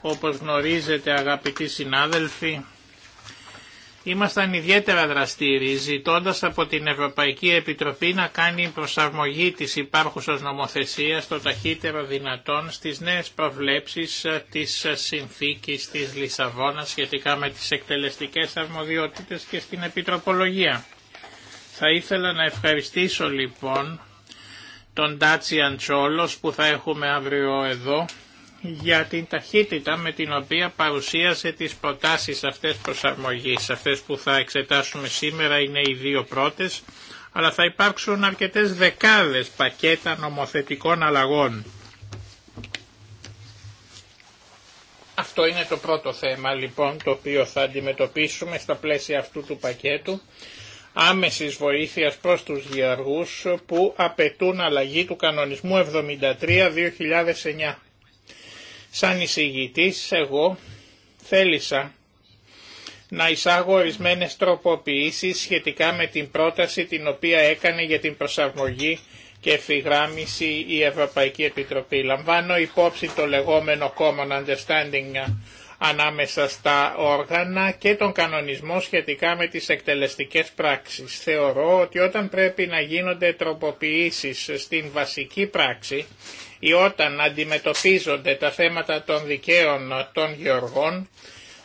Όπως γνωρίζετε αγαπητοί συνάδελφοι, Ήμασταν ιδιαίτερα δραστήριοι ζητώντα από την Ευρωπαϊκή Επιτροπή να κάνει προσαρμογή της υπάρχουσας νομοθεσίας το ταχύτερο δυνατόν στις νέες προβλέψεις ε, της ε, συνθήκης της Λισαβόνα σχετικά με τις εκτελεστικές αρμοδιότητες και στην Επιτροπολογία. Θα ήθελα να ευχαριστήσω λοιπόν τον Τάτσι Τσόλος που θα έχουμε αύριο εδώ για την ταχύτητα με την οποία παρουσίασε τις προτάσεις αυτές προσαρμογής. Αυτές που θα εξετάσουμε σήμερα είναι οι δύο πρώτες, αλλά θα υπάρξουν αρκετές δεκάδες πακέτα νομοθετικών αλλαγών. Αυτό είναι το πρώτο θέμα λοιπόν το οποίο θα αντιμετωπίσουμε στα πλαίσια αυτού του πακέτου άμεσης βοήθειας προς τους διαργούς που απαιτούν αλλαγή του κανονισμού 73-2009. Σαν εισηγητής εγώ θέλησα να εισάγω ορισμένε τροποποιήσεις σχετικά με την πρόταση την οποία έκανε για την προσαρμογή και ευθυγράμμιση η Ευρωπαϊκή Επιτροπή. Λαμβάνω υπόψη το λεγόμενο common understanding ανάμεσα στα όργανα και τον κανονισμό σχετικά με τις εκτελεστικές πράξεις. Θεωρώ ότι όταν πρέπει να γίνονται τροποποιήσεις στην βασική πράξη, ή όταν αντιμετωπίζονται τα θέματα των δικαίων των γεωργών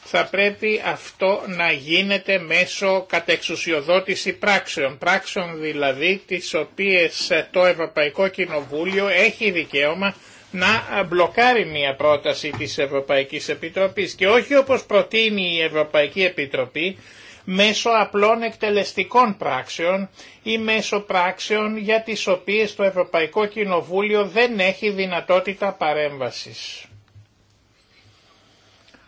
θα πρέπει αυτό να γίνεται μέσω κατεξουσιοδότηση πράξεων. Πράξεων δηλαδή τις οποίες το Ευρωπαϊκό Κοινοβούλιο έχει δικαίωμα να μπλοκάρει μια πρόταση της Ευρωπαϊκής Επιτροπής και όχι όπως προτείνει η Ευρωπαϊκή Επιτροπή μέσω απλών εκτελεστικών πράξεων ή μέσω πράξεων για τις οποίες το Ευρωπαϊκό Κοινοβούλιο δεν έχει δυνατότητα παρέμβασης.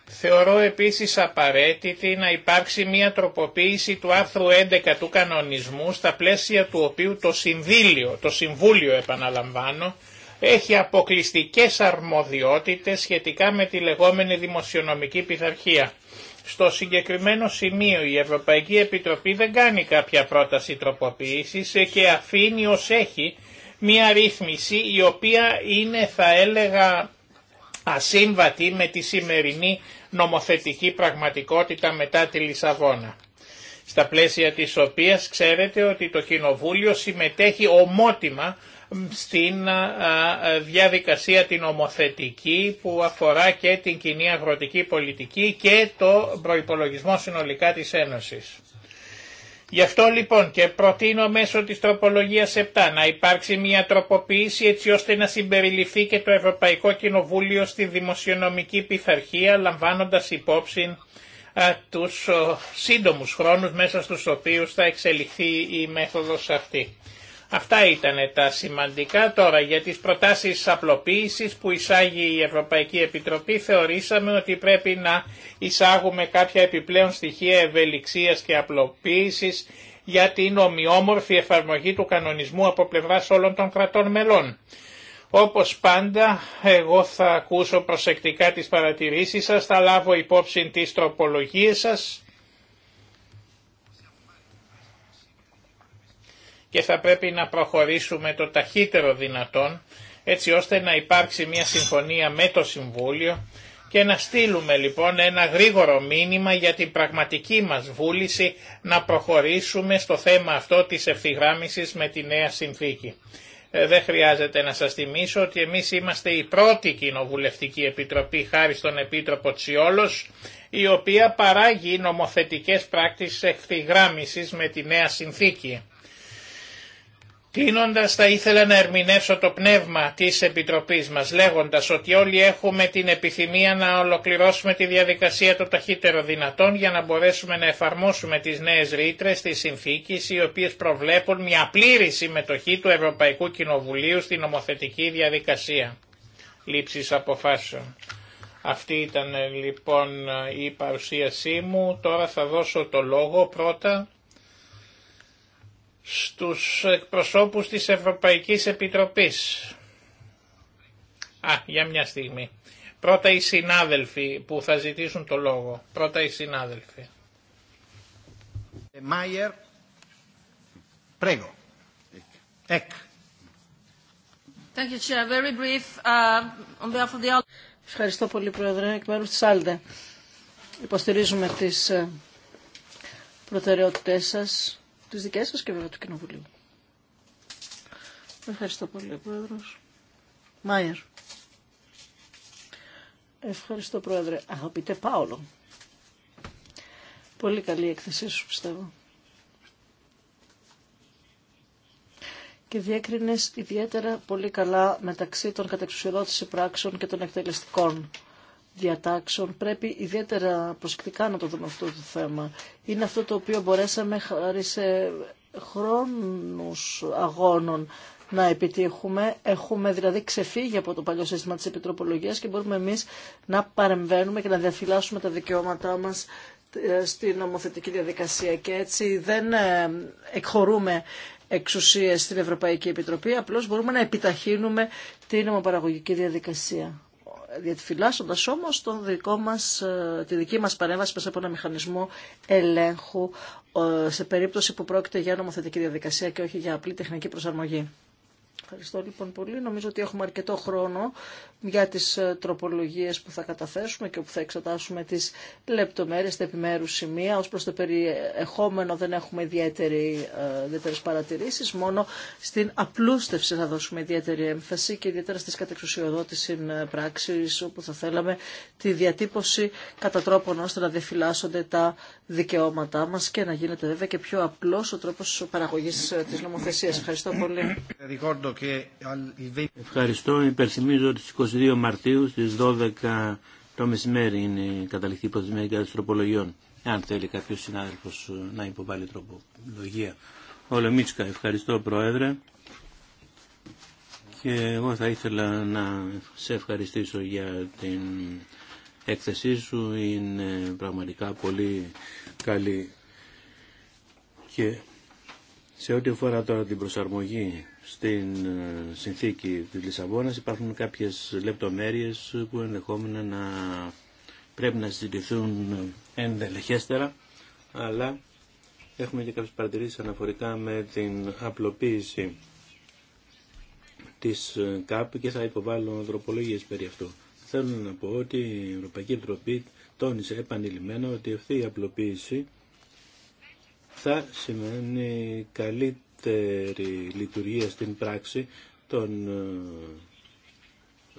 Θεωρώ επίσης απαραίτητη να υπάρξει μια τροποποίηση του άρθρου 11 του κανονισμού στα πλαίσια του οποίου το Συμβούλιο, το Συμβούλιο επαναλαμβάνω, έχει αποκλειστικές αρμοδιότητες σχετικά με τη λεγόμενη δημοσιονομική πειθαρχία. Στο συγκεκριμένο σημείο η Ευρωπαϊκή Επιτροπή δεν κάνει κάποια πρόταση τροποποίησης και αφήνει ως έχει μια ρύθμιση η οποία είναι θα έλεγα ασύμβατη με τη σημερινή νομοθετική πραγματικότητα μετά τη Λισαβόνα στα πλαίσια της οποίας ξέρετε ότι το Κοινοβούλιο συμμετέχει ομότιμα στην διαδικασία την ομοθετική που αφορά και την κοινή αγροτική πολιτική και το προϋπολογισμό συνολικά της Ένωσης. Γι' αυτό λοιπόν και προτείνω μέσω της τροπολογίας 7 να υπάρξει μια τροποποίηση έτσι ώστε να συμπεριληφθεί και το Ευρωπαϊκό Κοινοβούλιο στη δημοσιονομική πειθαρχία λαμβάνοντας υπόψη α, τους σύντομους χρόνους μέσα στους οποίους θα εξελιχθεί η μέθοδος αυτή. Αυτά ήταν τα σημαντικά τώρα για τις προτάσεις απλοποίησης που εισάγει η Ευρωπαϊκή Επιτροπή. Θεωρήσαμε ότι πρέπει να εισάγουμε κάποια επιπλέον στοιχεία ευελιξίας και απλοποίησης για την ομοιόμορφη εφαρμογή του κανονισμού από πλευράς όλων των κρατών μελών. Όπως πάντα, εγώ θα ακούσω προσεκτικά τις παρατηρήσεις σας, θα λάβω υπόψη τις τροπολογίες σας και θα πρέπει να προχωρήσουμε το ταχύτερο δυνατόν έτσι ώστε να υπάρξει μια συμφωνία με το Συμβούλιο και να στείλουμε λοιπόν ένα γρήγορο μήνυμα για την πραγματική μας βούληση να προχωρήσουμε στο θέμα αυτό της ευθυγράμμισης με τη νέα συνθήκη. Ε, δεν χρειάζεται να σας θυμίσω ότι εμείς είμαστε η πρώτη κοινοβουλευτική επιτροπή χάρη στον Επίτροπο Τσιόλος η οποία παράγει νομοθετικές πράκτης ευθυγράμμισης με τη νέα συνθήκη. Κλείνοντα θα ήθελα να ερμηνεύσω το πνεύμα της Επιτροπής μας λέγοντας ότι όλοι έχουμε την επιθυμία να ολοκληρώσουμε τη διαδικασία το ταχύτερο δυνατόν για να μπορέσουμε να εφαρμόσουμε τις νέες ρήτρε τη συνθήκη, οι οποίες προβλέπουν μια πλήρη συμμετοχή του Ευρωπαϊκού Κοινοβουλίου στην νομοθετική διαδικασία λήψη αποφάσεων. Αυτή ήταν λοιπόν η παρουσίασή μου. Τώρα θα δώσω το λόγο πρώτα στους εκπροσώπους της Ευρωπαϊκής Επιτροπής. Α, για μια στιγμή. Πρώτα οι συνάδελφοι που θα ζητήσουν το λόγο. Πρώτα οι συνάδελφοι. Μάιερ, πρέγω. Εκ. Uh, Ευχαριστώ πολύ, Πρόεδρε. Εκ μέρους της Άλντε. Υποστηρίζουμε τις ε, προτεραιότητές σας τις δικές σας και βέβαια του Κοινοβουλίου. Ευχαριστώ πολύ, Πρόεδρος. Μάιερ. Ευχαριστώ, Πρόεδρε. Αγαπητέ Πάολο. Πολύ καλή έκθεσή σου, πιστεύω. και διέκρινες ιδιαίτερα πολύ καλά μεταξύ των κατεξουσιοδότηση πράξεων και των εκτελεστικών διατάξεων πρέπει ιδιαίτερα προσεκτικά να το δούμε αυτό το θέμα. Είναι αυτό το οποίο μπορέσαμε χάρη σε χρόνους αγώνων να επιτύχουμε. Έχουμε δηλαδή ξεφύγει από το παλιό σύστημα της επιτροπολογίας και μπορούμε εμείς να παρεμβαίνουμε και να διαφυλάσσουμε τα δικαιώματά μας ε, στη νομοθετική διαδικασία και έτσι δεν ε, εκχωρούμε εξουσίες στην Ευρωπαϊκή Επιτροπή, απλώς μπορούμε να επιταχύνουμε την νομοπαραγωγική διαδικασία διαφυλάσσοντας όμως τον δικό μας, ε, τη δική μας παρέμβαση μέσα από ένα μηχανισμό ελέγχου ε, σε περίπτωση που πρόκειται για νομοθετική διαδικασία και όχι για απλή τεχνική προσαρμογή. Ευχαριστώ λοιπόν πολύ. Νομίζω ότι έχουμε αρκετό χρόνο για τις ε, τροπολογίες που θα καταθέσουμε και που θα εξετάσουμε τις λεπτομέρειες, τα επιμέρους σημεία. Ως προς το περιεχόμενο δεν έχουμε ιδιαίτερη, ε, ιδιαίτερες παρατηρήσεις, μόνο στην απλούστευση θα δώσουμε ιδιαίτερη έμφαση και ιδιαίτερα στις κατεξουσιοδότηση ε, πράξης όπου θα θέλαμε τη διατύπωση κατά τρόπον ώστε να διαφυλάσσονται τα δικαιώματά μας και να γίνεται βέβαια και πιο απλός ο τρόπος παραγωγής της νομοθεσίας. Ευχαριστώ πολύ. Ευχαριστώ. Υπερθυμίζω ότι στι 22 Μαρτίου στι 12 το μεσημέρι είναι η καταληκτή υποθεσμένη τροπολογιών. Αν θέλει κάποιο συνάδελφο ε, να υποβάλει τροπολογία. Ο Λεμίτσκα, ευχαριστώ Πρόεδρε. Και εγώ θα ήθελα να σε ευχαριστήσω για την έκθεσή σου. Είναι πραγματικά πολύ καλή. Και σε ό,τι αφορά τώρα την προσαρμογή στην ε, συνθήκη της Λισαβόνας υπάρχουν κάποιες λεπτομέρειες που ενδεχόμενα να πρέπει να συζητηθούν ενδελεχέστερα αλλά έχουμε και κάποιες παρατηρήσεις αναφορικά με την απλοποίηση της ε, ΚΑΠ και θα υποβάλω ανθρωπολογίες περί αυτού. Θέλω να πω ότι η Ευρωπαϊκή Επιτροπή τόνισε επανειλημμένα ότι αυτή η απλοποίηση θα σημαίνει καλή τη λειτουργία στην πράξη των ε,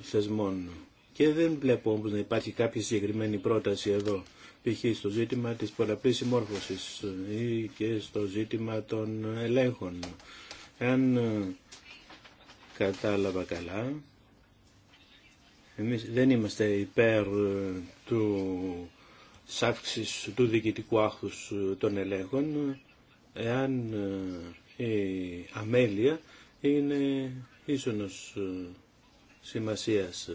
θεσμών. Και δεν βλέπω όμως να υπάρχει κάποια συγκεκριμένη πρόταση εδώ, π.χ. στο ζήτημα της πολλαπλής συμμόρφωσης ε, ή και στο ζήτημα των ελέγχων. Εάν ε, κατάλαβα καλά, εμείς δεν είμαστε υπέρ του αύξηση του διοικητικού άχθους των ελέγχων, εάν η αμέλεια είναι ίσονος ε, σημασίας.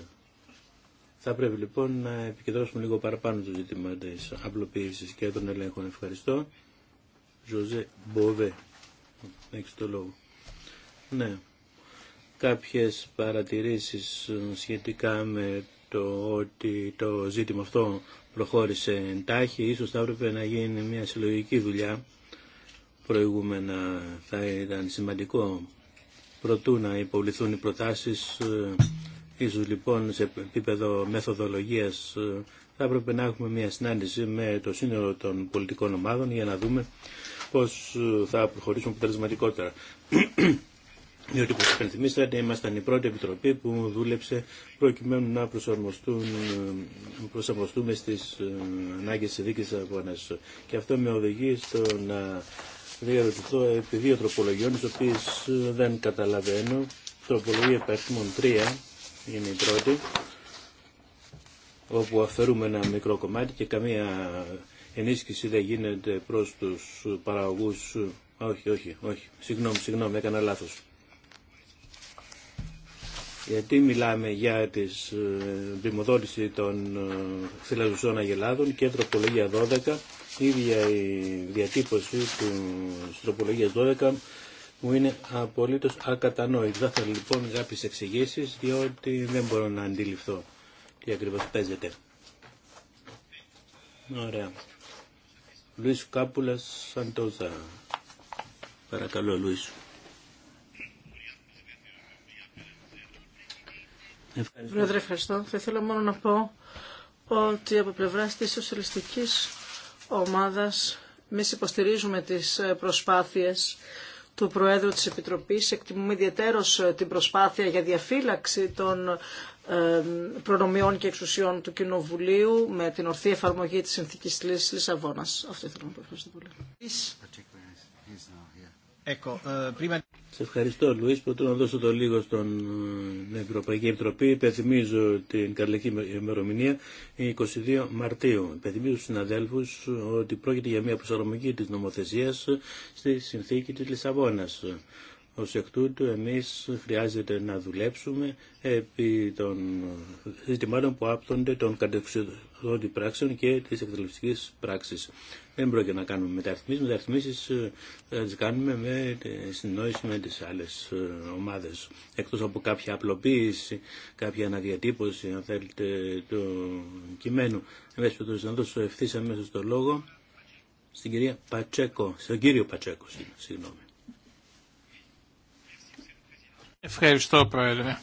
Θα πρέπει λοιπόν να επικεντρώσουμε λίγο παραπάνω το ζήτημα της απλοποίησης και των ελέγχων. Ευχαριστώ. Ζωζέ Μποβέ. Έχεις το Ναι. Κάποιες παρατηρήσεις ε, σχετικά με το ότι το ζήτημα αυτό προχώρησε εντάχει. Ίσως θα έπρεπε να γίνει μια συλλογική δουλειά προηγούμενα θα ήταν σημαντικό προτού να υποβληθούν οι προτάσεις ε, ίσως λοιπόν σε επίπεδο μεθοδολογίας ε, θα έπρεπε να έχουμε μια συνάντηση με το σύνολο των πολιτικών ομάδων για να δούμε πώς ε, θα προχωρήσουμε αποτελεσματικότερα. Διότι, όπως υπενθυμίσατε, ήμασταν η πρώτη επιτροπή που δούλεψε προκειμένου να προσαρμοστούμε στις ανάγκες της δίκης αγώνας. Και αυτό με οδηγεί στο διαρωτηθώ επί δύο τροπολογιών, τις οποίες δεν καταλαβαίνω. Τροπολογία επαρχήμων 3 είναι η πρώτη, όπου αφαιρούμε ένα μικρό κομμάτι και καμία ενίσχυση δεν γίνεται προς τους παραγωγούς. Όχι, όχι, όχι. Συγγνώμη, συγγνώμη, έκανα λάθος. Γιατί μιλάμε για τη ε, δημοδότηση των ε, φυλαζουσών αγελάδων και τροπολογία 12 Ήδη ίδια η διατύπωση του τροπολογία 12 μου είναι απολύτω ακατανόητη. Θα ήθελα λοιπόν κάποιε εξηγήσει, διότι δεν μπορώ να αντιληφθώ τι ακριβώ παίζεται. Ωραία. Λουίς Κάπουλας Σαντόζα. Παρακαλώ, Λουίς. Ευχαριστώ. Πρόεδρε, ευχαριστώ. Θα ήθελα μόνο να πω ότι από πλευρά τη σοσιαλιστικής ομάδας. Εμεί υποστηρίζουμε τις προσπάθειες του Προέδρου της Επιτροπής. Εκτιμούμε ιδιαίτερως ε, την προσπάθεια για διαφύλαξη των ε, προνομιών και εξουσιών του Κοινοβουλίου με την ορθή εφαρμογή της συνθήκης της Λισαβόνας. Αυτό ήθελα να πω. Ευχαριστώ πολύ. Eh, Σε ευχαριστώ, Λουί. Πρωτού να δώσω το λίγο στον ε, Ευρωπαϊκή Επιτροπή. Υπενθυμίζω την καρλική ημερομηνία 22 Μαρτίου. Υπενθυμίζω στους συναδέλφου ότι πρόκειται για μια προσαρμογή της νομοθεσίας στη συνθήκη της Λισαβόνα. Ω εκ τούτου, εμεί χρειάζεται να δουλέψουμε επί των ζητημάτων που άπτονται των κατευθυντών πράξεων και τη εκτελεστική πράξη δεν πρόκειται να κάνουμε μεταρρυθμίσεις. Μεταρρυθμίσεις ε, θα τις κάνουμε με συνεννόηση με τις άλλες ε, ομάδες. Εκτός από κάποια απλοποίηση, κάποια αναδιατύπωση, αν θέλετε, του κειμένου. Εμείς να δώσω ευθύ αμέσως το λόγο στην κυρία Πατσέκο, στον κύριο Πατσέκο, συγγνώμη. Ευχαριστώ, Πρόεδρε.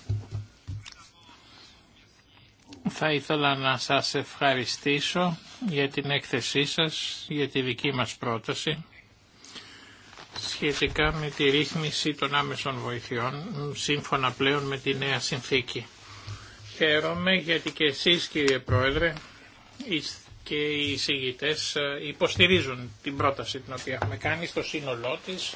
Θα ήθελα να σας ευχαριστήσω για την έκθεσή σας, για τη δική μας πρόταση σχετικά με τη ρύθμιση των άμεσων βοηθειών, σύμφωνα πλέον με τη νέα συνθήκη. Χαίρομαι γιατί και εσείς κύριε Πρόεδρε και οι εισηγητές ε, υποστηρίζουν την πρόταση την οποία έχουμε κάνει στο σύνολό της.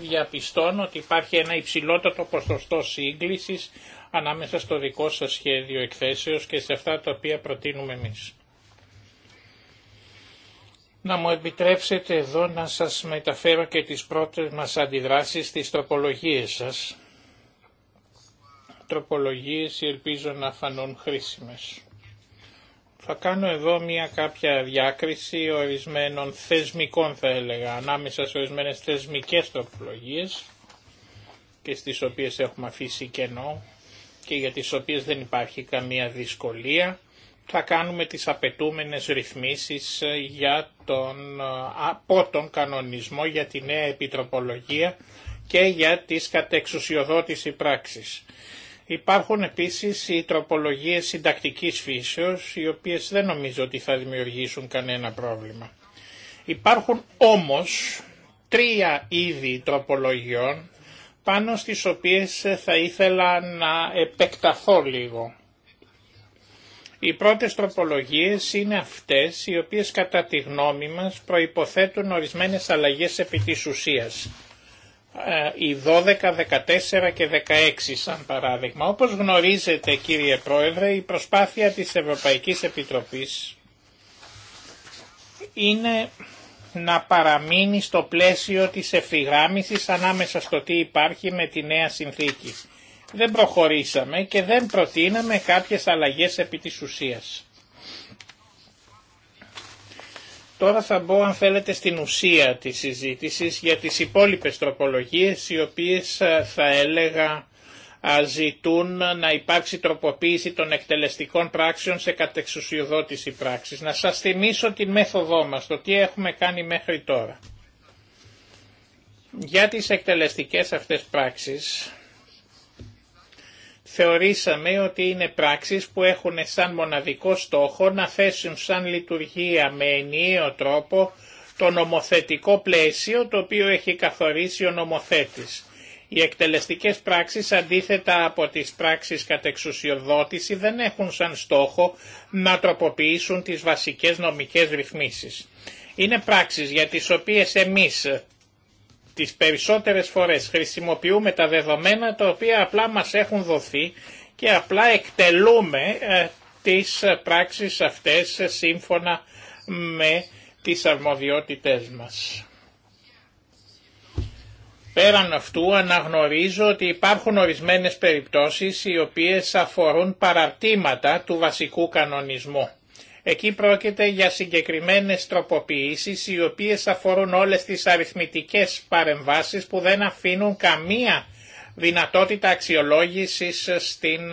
Διαπιστώνω ότι υπάρχει ένα υψηλότερο ποσοστό σύγκλησης ανάμεσα στο δικό σας σχέδιο εκθέσεως και σε αυτά τα οποία προτείνουμε εμείς. Να μου επιτρέψετε εδώ να σας μεταφέρω και τις πρώτες μας αντιδράσεις στις τροπολογίες σας. Τροπολογίες ελπίζω να φανούν χρήσιμες. Θα κάνω εδώ μια κάποια διάκριση ορισμένων θεσμικών θα έλεγα, ανάμεσα σε ορισμένες θεσμικές τροπολογίες και στις οποίες έχουμε αφήσει κενό και για τις οποίες δεν υπάρχει καμία δυσκολία θα κάνουμε τις απαιτούμενες ρυθμίσεις ε, για τον, ε, από τον κανονισμό για τη νέα επιτροπολογία και για τις κατεξουσιοδότηση πράξεις. Υπάρχουν επίσης οι τροπολογίες συντακτικής φύσεως, οι οποίες δεν νομίζω ότι θα δημιουργήσουν κανένα πρόβλημα. Υπάρχουν όμως τρία είδη τροπολογιών, πάνω στις οποίες θα ήθελα να επεκταθώ λίγο. Οι πρώτες τροπολογίες είναι αυτές οι οποίες κατά τη γνώμη μας προϋποθέτουν ορισμένες αλλαγές επί της ουσίας. Ε, οι 12, 14 και 16 σαν παράδειγμα. Όπως γνωρίζετε κύριε Πρόεδρε η προσπάθεια της Ευρωπαϊκής Επιτροπής είναι να παραμείνει στο πλαίσιο της ευθυγράμμισης ανάμεσα στο τι υπάρχει με τη νέα συνθήκη δεν προχωρήσαμε και δεν προτείναμε κάποιες αλλαγές επί της ουσίας. Τώρα θα μπω αν θέλετε στην ουσία της συζήτησης για τις υπόλοιπες τροπολογίες οι οποίες ε, θα έλεγα ζητούν να υπάρξει τροποποίηση των εκτελεστικών πράξεων σε κατεξουσιοδότηση πράξης. Να σας θυμίσω την μέθοδό μας, το τι έχουμε κάνει μέχρι τώρα. Για τις εκτελεστικές αυτές πράξεις θεωρήσαμε ότι είναι πράξεις που έχουν σαν μοναδικό στόχο να θέσουν σαν λειτουργία με ενιαίο τρόπο το νομοθετικό πλαίσιο το οποίο έχει καθορίσει ο νομοθέτης. Οι εκτελεστικές πράξεις αντίθετα από τις πράξεις εξουσιοδότηση δεν έχουν σαν στόχο να τροποποιήσουν τις βασικές νομικές ρυθμίσεις. Είναι πράξεις για τις οποίες εμείς τις περισσότερες φορές χρησιμοποιούμε τα δεδομένα τα οποία απλά μας έχουν δοθεί και απλά εκτελούμε ε, τις πράξεις αυτές σύμφωνα με τις αρμοδιότητές μας. Πέραν αυτού αναγνωρίζω ότι υπάρχουν ορισμένες περιπτώσεις οι οποίες αφορούν παραρτήματα του βασικού κανονισμού. Εκεί πρόκειται για συγκεκριμένες τροποποιήσεις οι οποίες αφορούν όλες τις αριθμητικές παρεμβάσεις που δεν αφήνουν καμία δυνατότητα αξιολόγησης στην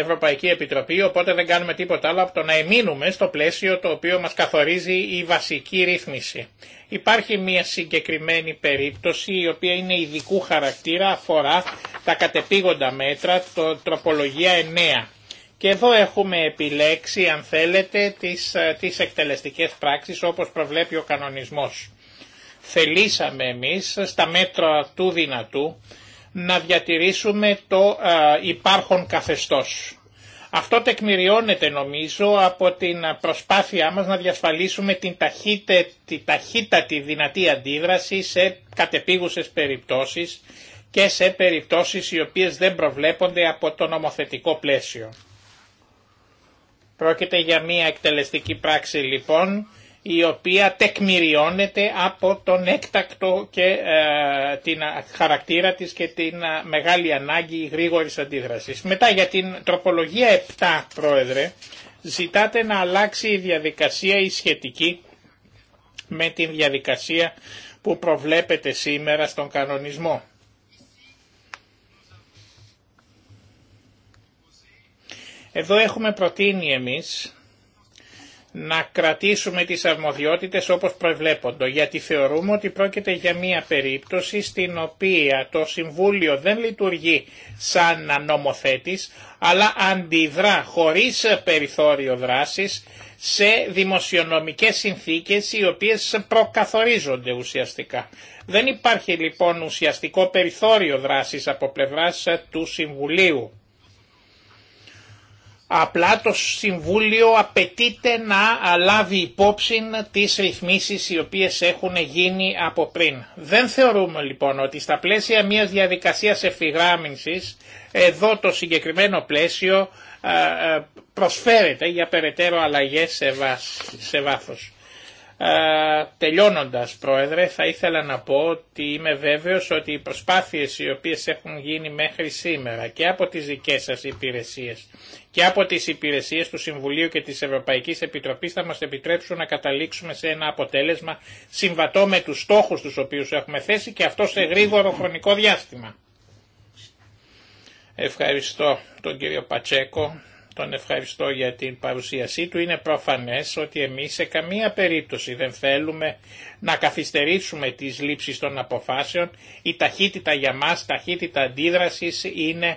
Ευρωπαϊκή Επιτροπή, οπότε δεν κάνουμε τίποτα άλλο από το να εμείνουμε στο πλαίσιο το οποίο μας καθορίζει η βασική ρύθμιση. Υπάρχει μια συγκεκριμένη περίπτωση η οποία είναι ειδικού χαρακτήρα αφορά τα κατεπήγοντα μέτρα, το τροπολογία 9. Και εδώ έχουμε επιλέξει, αν θέλετε, τις, ε, τις εκτελεστικές πράξεις όπως προβλέπει ο κανονισμός. Θελήσαμε εμείς στα μέτρα του δυνατού να διατηρήσουμε το ε, υπάρχον καθεστώς. Αυτό τεκμηριώνεται νομίζω από την προσπάθειά μας να διασφαλίσουμε την ταχύτατη, τη δυνατή αντίδραση σε κατεπίγουσες περιπτώσεις και σε περιπτώσεις οι οποίες δεν προβλέπονται από το νομοθετικό πλαίσιο. Πρόκειται για μια εκτελεστική πράξη λοιπόν η οποία τεκμηριώνεται από τον έκτακτο και ε, την χαρακτήρα της και την μεγάλη ανάγκη γρήγορης αντίδρασης. Μετά για την τροπολογία 7, Πρόεδρε, ζητάτε να αλλάξει η διαδικασία η σχετική με την διαδικασία που προβλέπεται σήμερα στον κανονισμό. Εδώ έχουμε προτείνει εμείς να κρατήσουμε τις αρμοδιότητες όπως προβλέποντο, γιατί θεωρούμε ότι πρόκειται για μια περίπτωση στην οποία το Συμβούλιο δεν λειτουργεί σαν νομοθέτης, αλλά αντιδρά χωρίς περιθώριο δράσης σε δημοσιονομικές συνθήκες οι οποίες προκαθορίζονται ουσιαστικά. Δεν υπάρχει λοιπόν ουσιαστικό περιθώριο δράσης από πλευράς του Συμβουλίου. Απλά το Συμβούλιο απαιτείται να λάβει υπόψη τις ρυθμίσεις οι οποίες έχουν γίνει από πριν. Δεν θεωρούμε λοιπόν ότι στα πλαίσια μιας διαδικασίας ευθυγράμμισης, εδώ το συγκεκριμένο πλαίσιο ε, ε, προσφέρεται για περαιτέρω αλλαγές σε βάθος. Ε, τελειώνοντας Πρόεδρε θα ήθελα να πω ότι είμαι βέβαιος ότι οι προσπάθειες οι οποίες έχουν γίνει μέχρι σήμερα και από τις δικές σας υπηρεσίες και από τις υπηρεσίες του Συμβουλίου και της Ευρωπαϊκής Επιτροπής θα μας επιτρέψουν να καταλήξουμε σε ένα αποτέλεσμα συμβατό με τους στόχους τους οποίους έχουμε θέσει και αυτό σε γρήγορο χρονικό διάστημα. Ευχαριστώ τον κύριο Πατσέκο τον ευχαριστώ για την παρουσίασή του. Είναι προφανές ότι εμείς σε καμία περίπτωση δεν θέλουμε να καθυστερήσουμε τις λήψεις των αποφάσεων. Η ταχύτητα για μας, ταχύτητα αντίδρασης είναι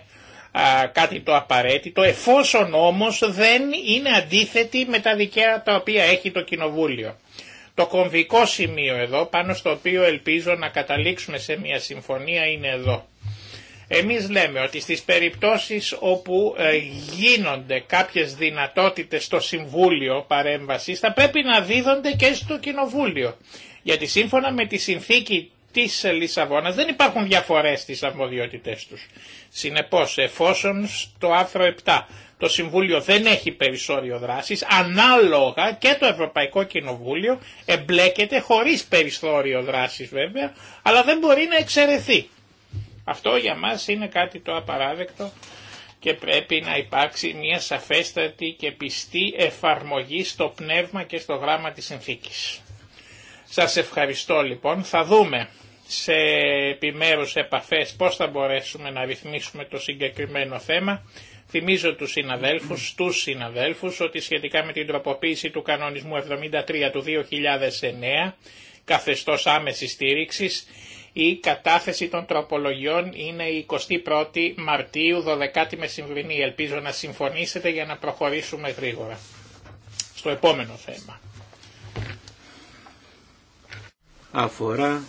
κάτι το απαραίτητο, εφόσον όμως δεν είναι αντίθετη με τα δικαία τα οποία έχει το Κοινοβούλιο. Το κομβικό σημείο εδώ, πάνω στο οποίο ελπίζω να καταλήξουμε σε μια συμφωνία, είναι εδώ εμείς λέμε ότι στις περιπτώσεις όπου ε, γίνονται κάποιες δυνατότητες στο Συμβούλιο παρέμβασης θα πρέπει να δίδονται και στο Κοινοβούλιο. Γιατί σύμφωνα με τη συνθήκη της Λισαβόνας δεν υπάρχουν διαφορές στις αρμοδιότητές τους. Συνεπώς εφόσον στο άρθρο 7 το Συμβούλιο δεν έχει περισσόριο δράσης, ανάλογα και το Ευρωπαϊκό Κοινοβούλιο εμπλέκεται χωρίς περισσόριο δράσης βέβαια, αλλά δεν μπορεί να εξαιρεθεί. Αυτό για μας είναι κάτι το απαράδεκτο και πρέπει να υπάρξει μια σαφέστατη και πιστή εφαρμογή στο πνεύμα και στο γράμμα της συνθήκης. Σας ευχαριστώ λοιπόν. Θα δούμε σε επιμέρους επαφές πώς θα μπορέσουμε να ρυθμίσουμε το συγκεκριμένο θέμα. Θυμίζω τους συναδέλφους, τους συναδέλφους, ότι σχετικά με την τροποποίηση του κανονισμού 73 του 2009, καθεστώς άμεσης στήριξης, η κατάθεση των τροπολογιών είναι η 21η Μαρτίου 12η μεσημβρινή. Ελπίζω να συμφωνήσετε για να προχωρήσουμε γρήγορα στο επόμενο θέμα. Αφορά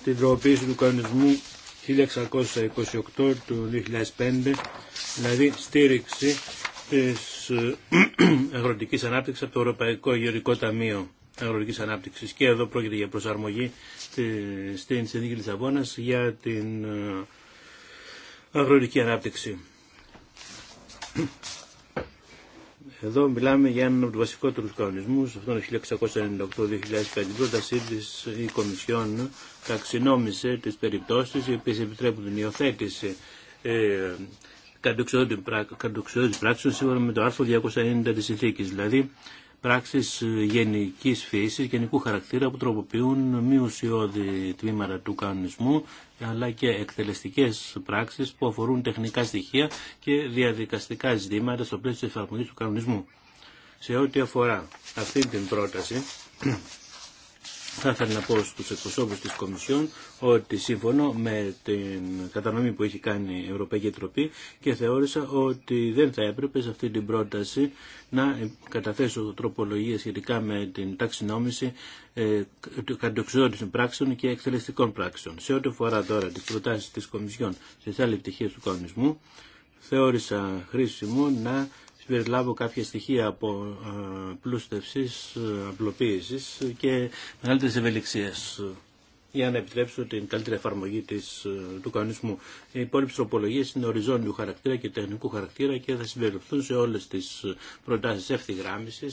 στην τροποποίηση του κανονισμού 1628 του 2005, δηλαδή στήριξη της ε, αγροτικής ανάπτυξης από το Ευρωπαϊκό Γεωργικό Ταμείο αγροτικής ανάπτυξης και εδώ πρόκειται για προσαρμογή στην συνθήκη Λισαβόνας για την ε, αγροτική ανάπτυξη. Εδώ μιλάμε για έναν από του βασικότερου κανονισμού, Αυτό το 1698-2005. Η πρότασή τη η Κομισιόν ταξινόμησε τι περιπτώσει οι οποίε επιτρέπουν την υιοθέτηση ε, πράξεων σύμφωνα με το άρθρο 290 τη συνθήκη. Δηλαδή, πράξεις γενικής φύσης, γενικού χαρακτήρα που τροποποιούν μη ουσιώδη τμήματα του κανονισμού αλλά και εκτελεστικές πράξεις που αφορούν τεχνικά στοιχεία και διαδικαστικά ζητήματα στο πλαίσιο της εφαρμογής του κανονισμού. Σε ό,τι αφορά αυτή την πρόταση, θα ήθελα να πω στους εκπροσώπους της Κομισιόν ότι σύμφωνο με την κατανομή που έχει κάνει η Ευρωπαϊκή Τροπή και θεώρησα ότι δεν θα έπρεπε σε αυτή την πρόταση να καταθέσω τροπολογία σχετικά με την ταξινόμηση ε, πράξεων και εκτελεστικών πράξεων. Σε ό,τι αφορά τώρα τις προτάσεις της Κομισιόν σε άλλες πτυχέ του κανονισμού, θεώρησα χρήσιμο να συμπεριλάβω κάποια στοιχεία από ε, πλούστευσης, ε, απλοποίησης και μεγαλύτερης ευελιξίας για να επιτρέψω την καλύτερη εφαρμογή της, ε, του κανονισμού. Οι υπόλοιπε τροπολογίε είναι οριζόντιου χαρακτήρα και τεχνικού χαρακτήρα και θα συμπεριληφθούν σε όλε τι προτάσει ευθυγράμμιση,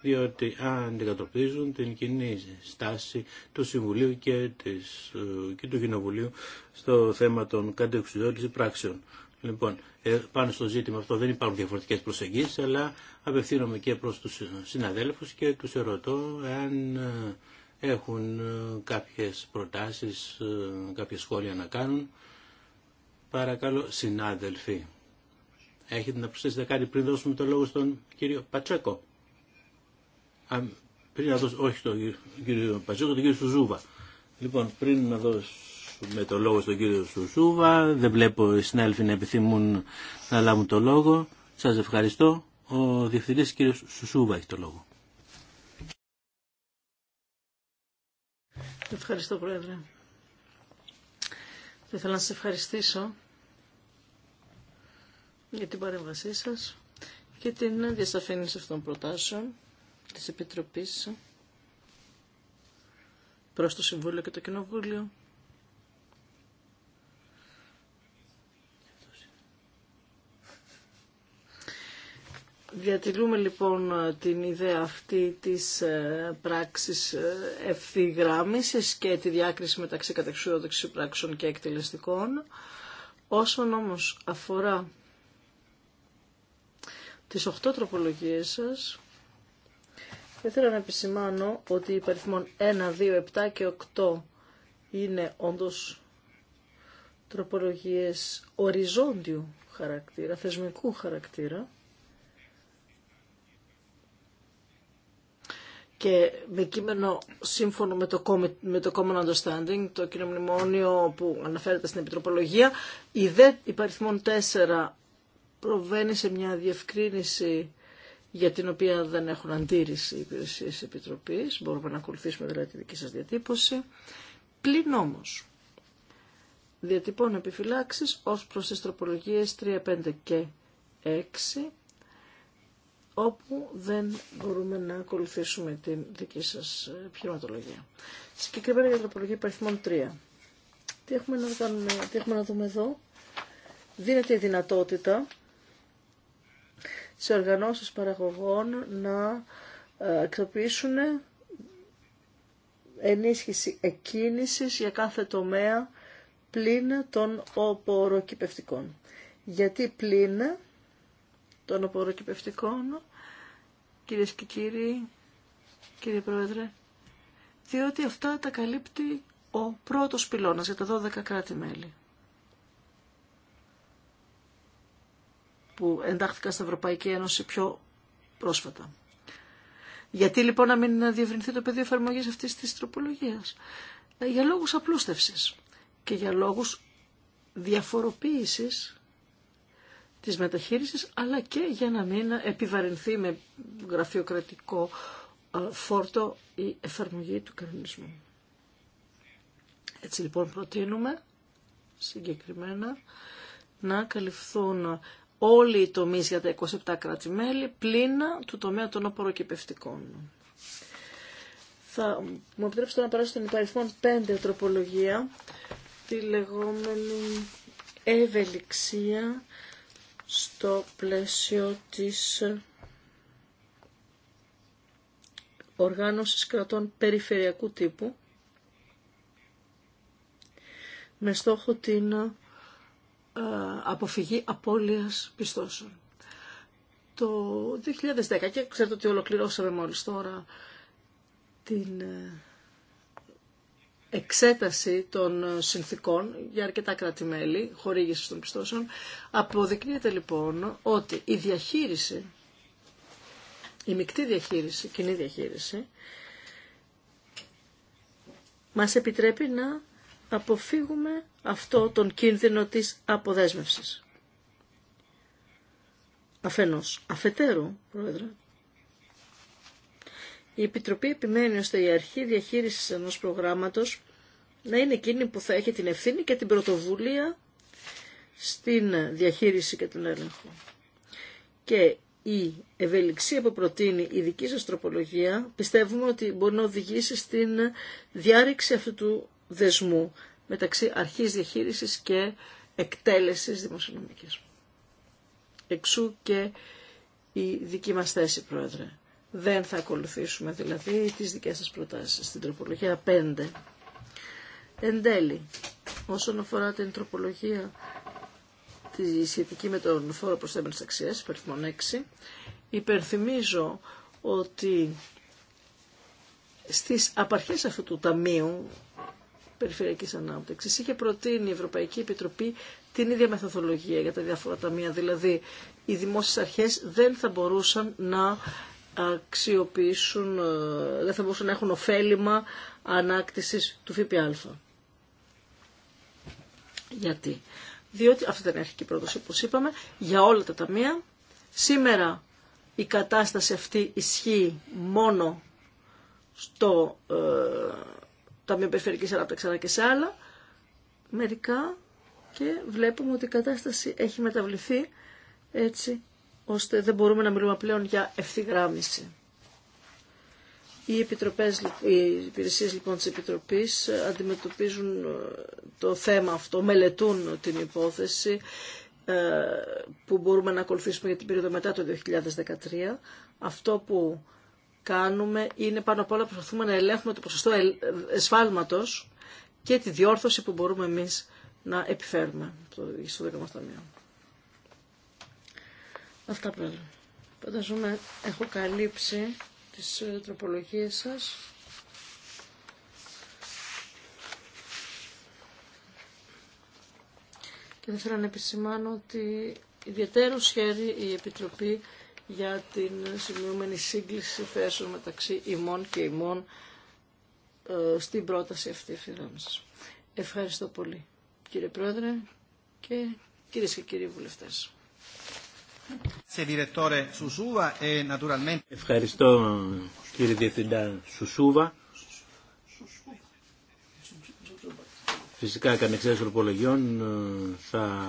διότι αντικατοπτρίζουν την κοινή στάση του Συμβουλίου και, της, και του Κοινοβουλίου στο θέμα των κατεξουδότηση πράξεων. Λοιπόν, ε, πάνω στο ζήτημα αυτό δεν υπάρχουν διαφορετικές προσεγγίσεις, αλλά απευθύνομαι και προς τους συναδέλφους και τους ερωτώ αν ε, έχουν ε, κάποιες προτάσεις, κάποια σχόλια να κάνουν. Παρακαλώ, συνάδελφοι, έχετε να προσθέσετε κάτι πριν δώσουμε το λόγο στον κύριο Πατσέκο. πριν να δώσω, όχι τον κύριο Πατσέκο, τον κύριο Σουζούβα. Λοιπόν, πριν να δώσω με το λόγο στον κύριο Σουσούβα. Δεν βλέπω οι συνάδελφοι να επιθυμούν να λάβουν το λόγο. Σας ευχαριστώ. Ο Διευθυντής κύριος Σουσούβα έχει το λόγο. Ευχαριστώ Πρόεδρε. Θα ήθελα να σας ευχαριστήσω για την παρέμβασή σας και την διασαφήνιση αυτών των προτάσεων της Επιτροπής προς το Συμβούλιο και το Κοινοβούλιο. Διατηρούμε λοιπόν την ιδέα αυτή της ε, πράξης ε, ευθυγράμμισης και τη διάκριση μεταξύ κατεξουδότηξης πράξεων και εκτελεστικών. Όσον όμως αφορά τις οχτώ τροπολογίες σας, θα ήθελα να επισημάνω ότι οι παριθμών 1, 2, 7 και 8 είναι όντως τροπολογίες οριζόντιου χαρακτήρα, θεσμικού χαρακτήρα. και με κείμενο σύμφωνο με το, με το Common Understanding, το κοινό μνημόνιο που αναφέρεται στην επιτροπολογία, η ΔΕ υπαριθμών 4 προβαίνει σε μια διευκρίνηση για την οποία δεν έχουν αντίρρηση οι υπηρεσίε επιτροπή. Μπορούμε να ακολουθήσουμε δηλαδή τη δική σα διατύπωση. Πλην όμω, διατυπώνω επιφυλάξει ω προ τι τροπολογίε 3, 5 και 6 όπου δεν μπορούμε να ακολουθήσουμε την δική σας επιχειρηματολογία. Συγκεκριμένα για την τροπολογία υπαριθμών 3. Τι έχουμε, να κάνουμε, τι έχουμε να δούμε εδώ. Δίνεται η δυνατότητα σε οργανώσεις παραγωγών να ε, εκτοπίσουν ενίσχυση εκκίνησης για κάθε τομέα πλην των οποροκυπευτικών. Γιατί πλην των απορροκυπευτικών, κυρίε και κύριοι, κύριε Πρόεδρε, διότι αυτά τα καλύπτει ο πρώτος πυλώνας για τα 12 κράτη-μέλη που εντάχθηκαν στην Ευρωπαϊκή Ένωση πιο πρόσφατα. Γιατί λοιπόν να μην διευρυνθεί το πεδίο εφαρμογής αυτής της τροπολογίας. Ε, για λόγους απλούστευσης και για λόγους διαφοροποίησης της μεταχείρισης, αλλά και για να μην επιβαρυνθεί με γραφειοκρατικό ε, φόρτο η εφαρμογή του κανονισμού. Έτσι λοιπόν προτείνουμε συγκεκριμένα να καλυφθούν όλοι οι τομείς για τα 27 κράτη-μέλη πλην του τομέα των απορροκυπευτικών. Θα μου επιτρέψετε να περάσω στον υπαριθμό 5 τροπολογία, τη λεγόμενη ευελιξία στο πλαίσιο της οργάνωσης κρατών περιφερειακού τύπου με στόχο την ε, αποφυγή απώλειας πιστώσεων. Το 2010, και ξέρετε ότι ολοκληρώσαμε μόλις τώρα την ε, εξέταση των συνθήκων για αρκετά κράτη-μέλη, χορήγηση των πιστώσεων, αποδεικνύεται λοιπόν ότι η διαχείριση, η μεικτή διαχείριση, κοινή διαχείριση, μας επιτρέπει να αποφύγουμε αυτό τον κίνδυνο της αποδέσμευσης. Αφενός, αφετέρου, Πρόεδρε, η Επιτροπή επιμένει ώστε η αρχή διαχείρισης ενός προγράμματος να είναι εκείνη που θα έχει την ευθύνη και την πρωτοβουλία στην διαχείριση και τον έλεγχο. Και η ευελιξία που προτείνει η δική σας τροπολογία πιστεύουμε ότι μπορεί να οδηγήσει στην διάρρηξη αυτού του δεσμού μεταξύ αρχής διαχείρισης και εκτέλεσης δημοσιονομικής. Εξού και η δική μας θέση, Πρόεδρε. Δεν θα ακολουθήσουμε δηλαδή τις δικές σας προτάσεις στην τροπολογία 5. Εν τέλει, όσον αφορά την τροπολογία τη σχετική με τον φόρο προσθέμενης αξίας, υπερθυμών 6, υπερθυμίζω ότι στις απαρχές αυτού του Ταμείου Περιφερειακής Ανάπτυξης είχε προτείνει η Ευρωπαϊκή Επιτροπή την ίδια μεθοδολογία για τα διάφορα ταμεία. Δηλαδή, οι δημόσιες αρχές δεν θα μπορούσαν να αξιοποιήσουν, ε, δεν θα μπορούσαν να έχουν ωφέλιμα ανάκτησης του ΦΠΑ. Γιατί. Διότι, αυτή ήταν η αρχική πρόταση όπως είπαμε, για όλα τα ταμεία. Σήμερα η κατάσταση αυτή ισχύει μόνο στο ε, Ταμείο Περιφερειακής Ανάπτυξη αλλά και σε άλλα. Μερικά και βλέπουμε ότι η κατάσταση έχει μεταβληθεί έτσι ώστε δεν μπορούμε να μιλούμε πλέον για ευθυγράμμιση. Οι, επιτροπές, οι υπηρεσίες λοιπόν της Επιτροπής αντιμετωπίζουν ε, το θέμα αυτό, μελετούν την υπόθεση ε, που μπορούμε να ακολουθήσουμε για την περίοδο μετά το 2013. Αυτό που κάνουμε είναι πάνω απ' όλα προσπαθούμε να ελέγχουμε το ποσοστό ε, εσφάλματος και τη διόρθωση που μπορούμε εμείς να επιφέρουμε στο δικό Αυτά πρόεδρε. Πανταζούμε, έχω καλύψει τις ε, τροπολογίες σας. Και θα ήθελα να επισημάνω ότι ιδιαίτερο χέρι η Επιτροπή για την σημειωμένη σύγκληση θέσεων μεταξύ ημών και ημών ε, στην πρόταση αυτή σας. Ευχαριστώ πολύ κύριε Πρόεδρε και κυρίες και κύριοι βουλευτές. E, Ευχαριστώ κύριε Διευθυντά Σουσούβα. Φυσικά κατά εξαίρεση τροπολογιών ε, θα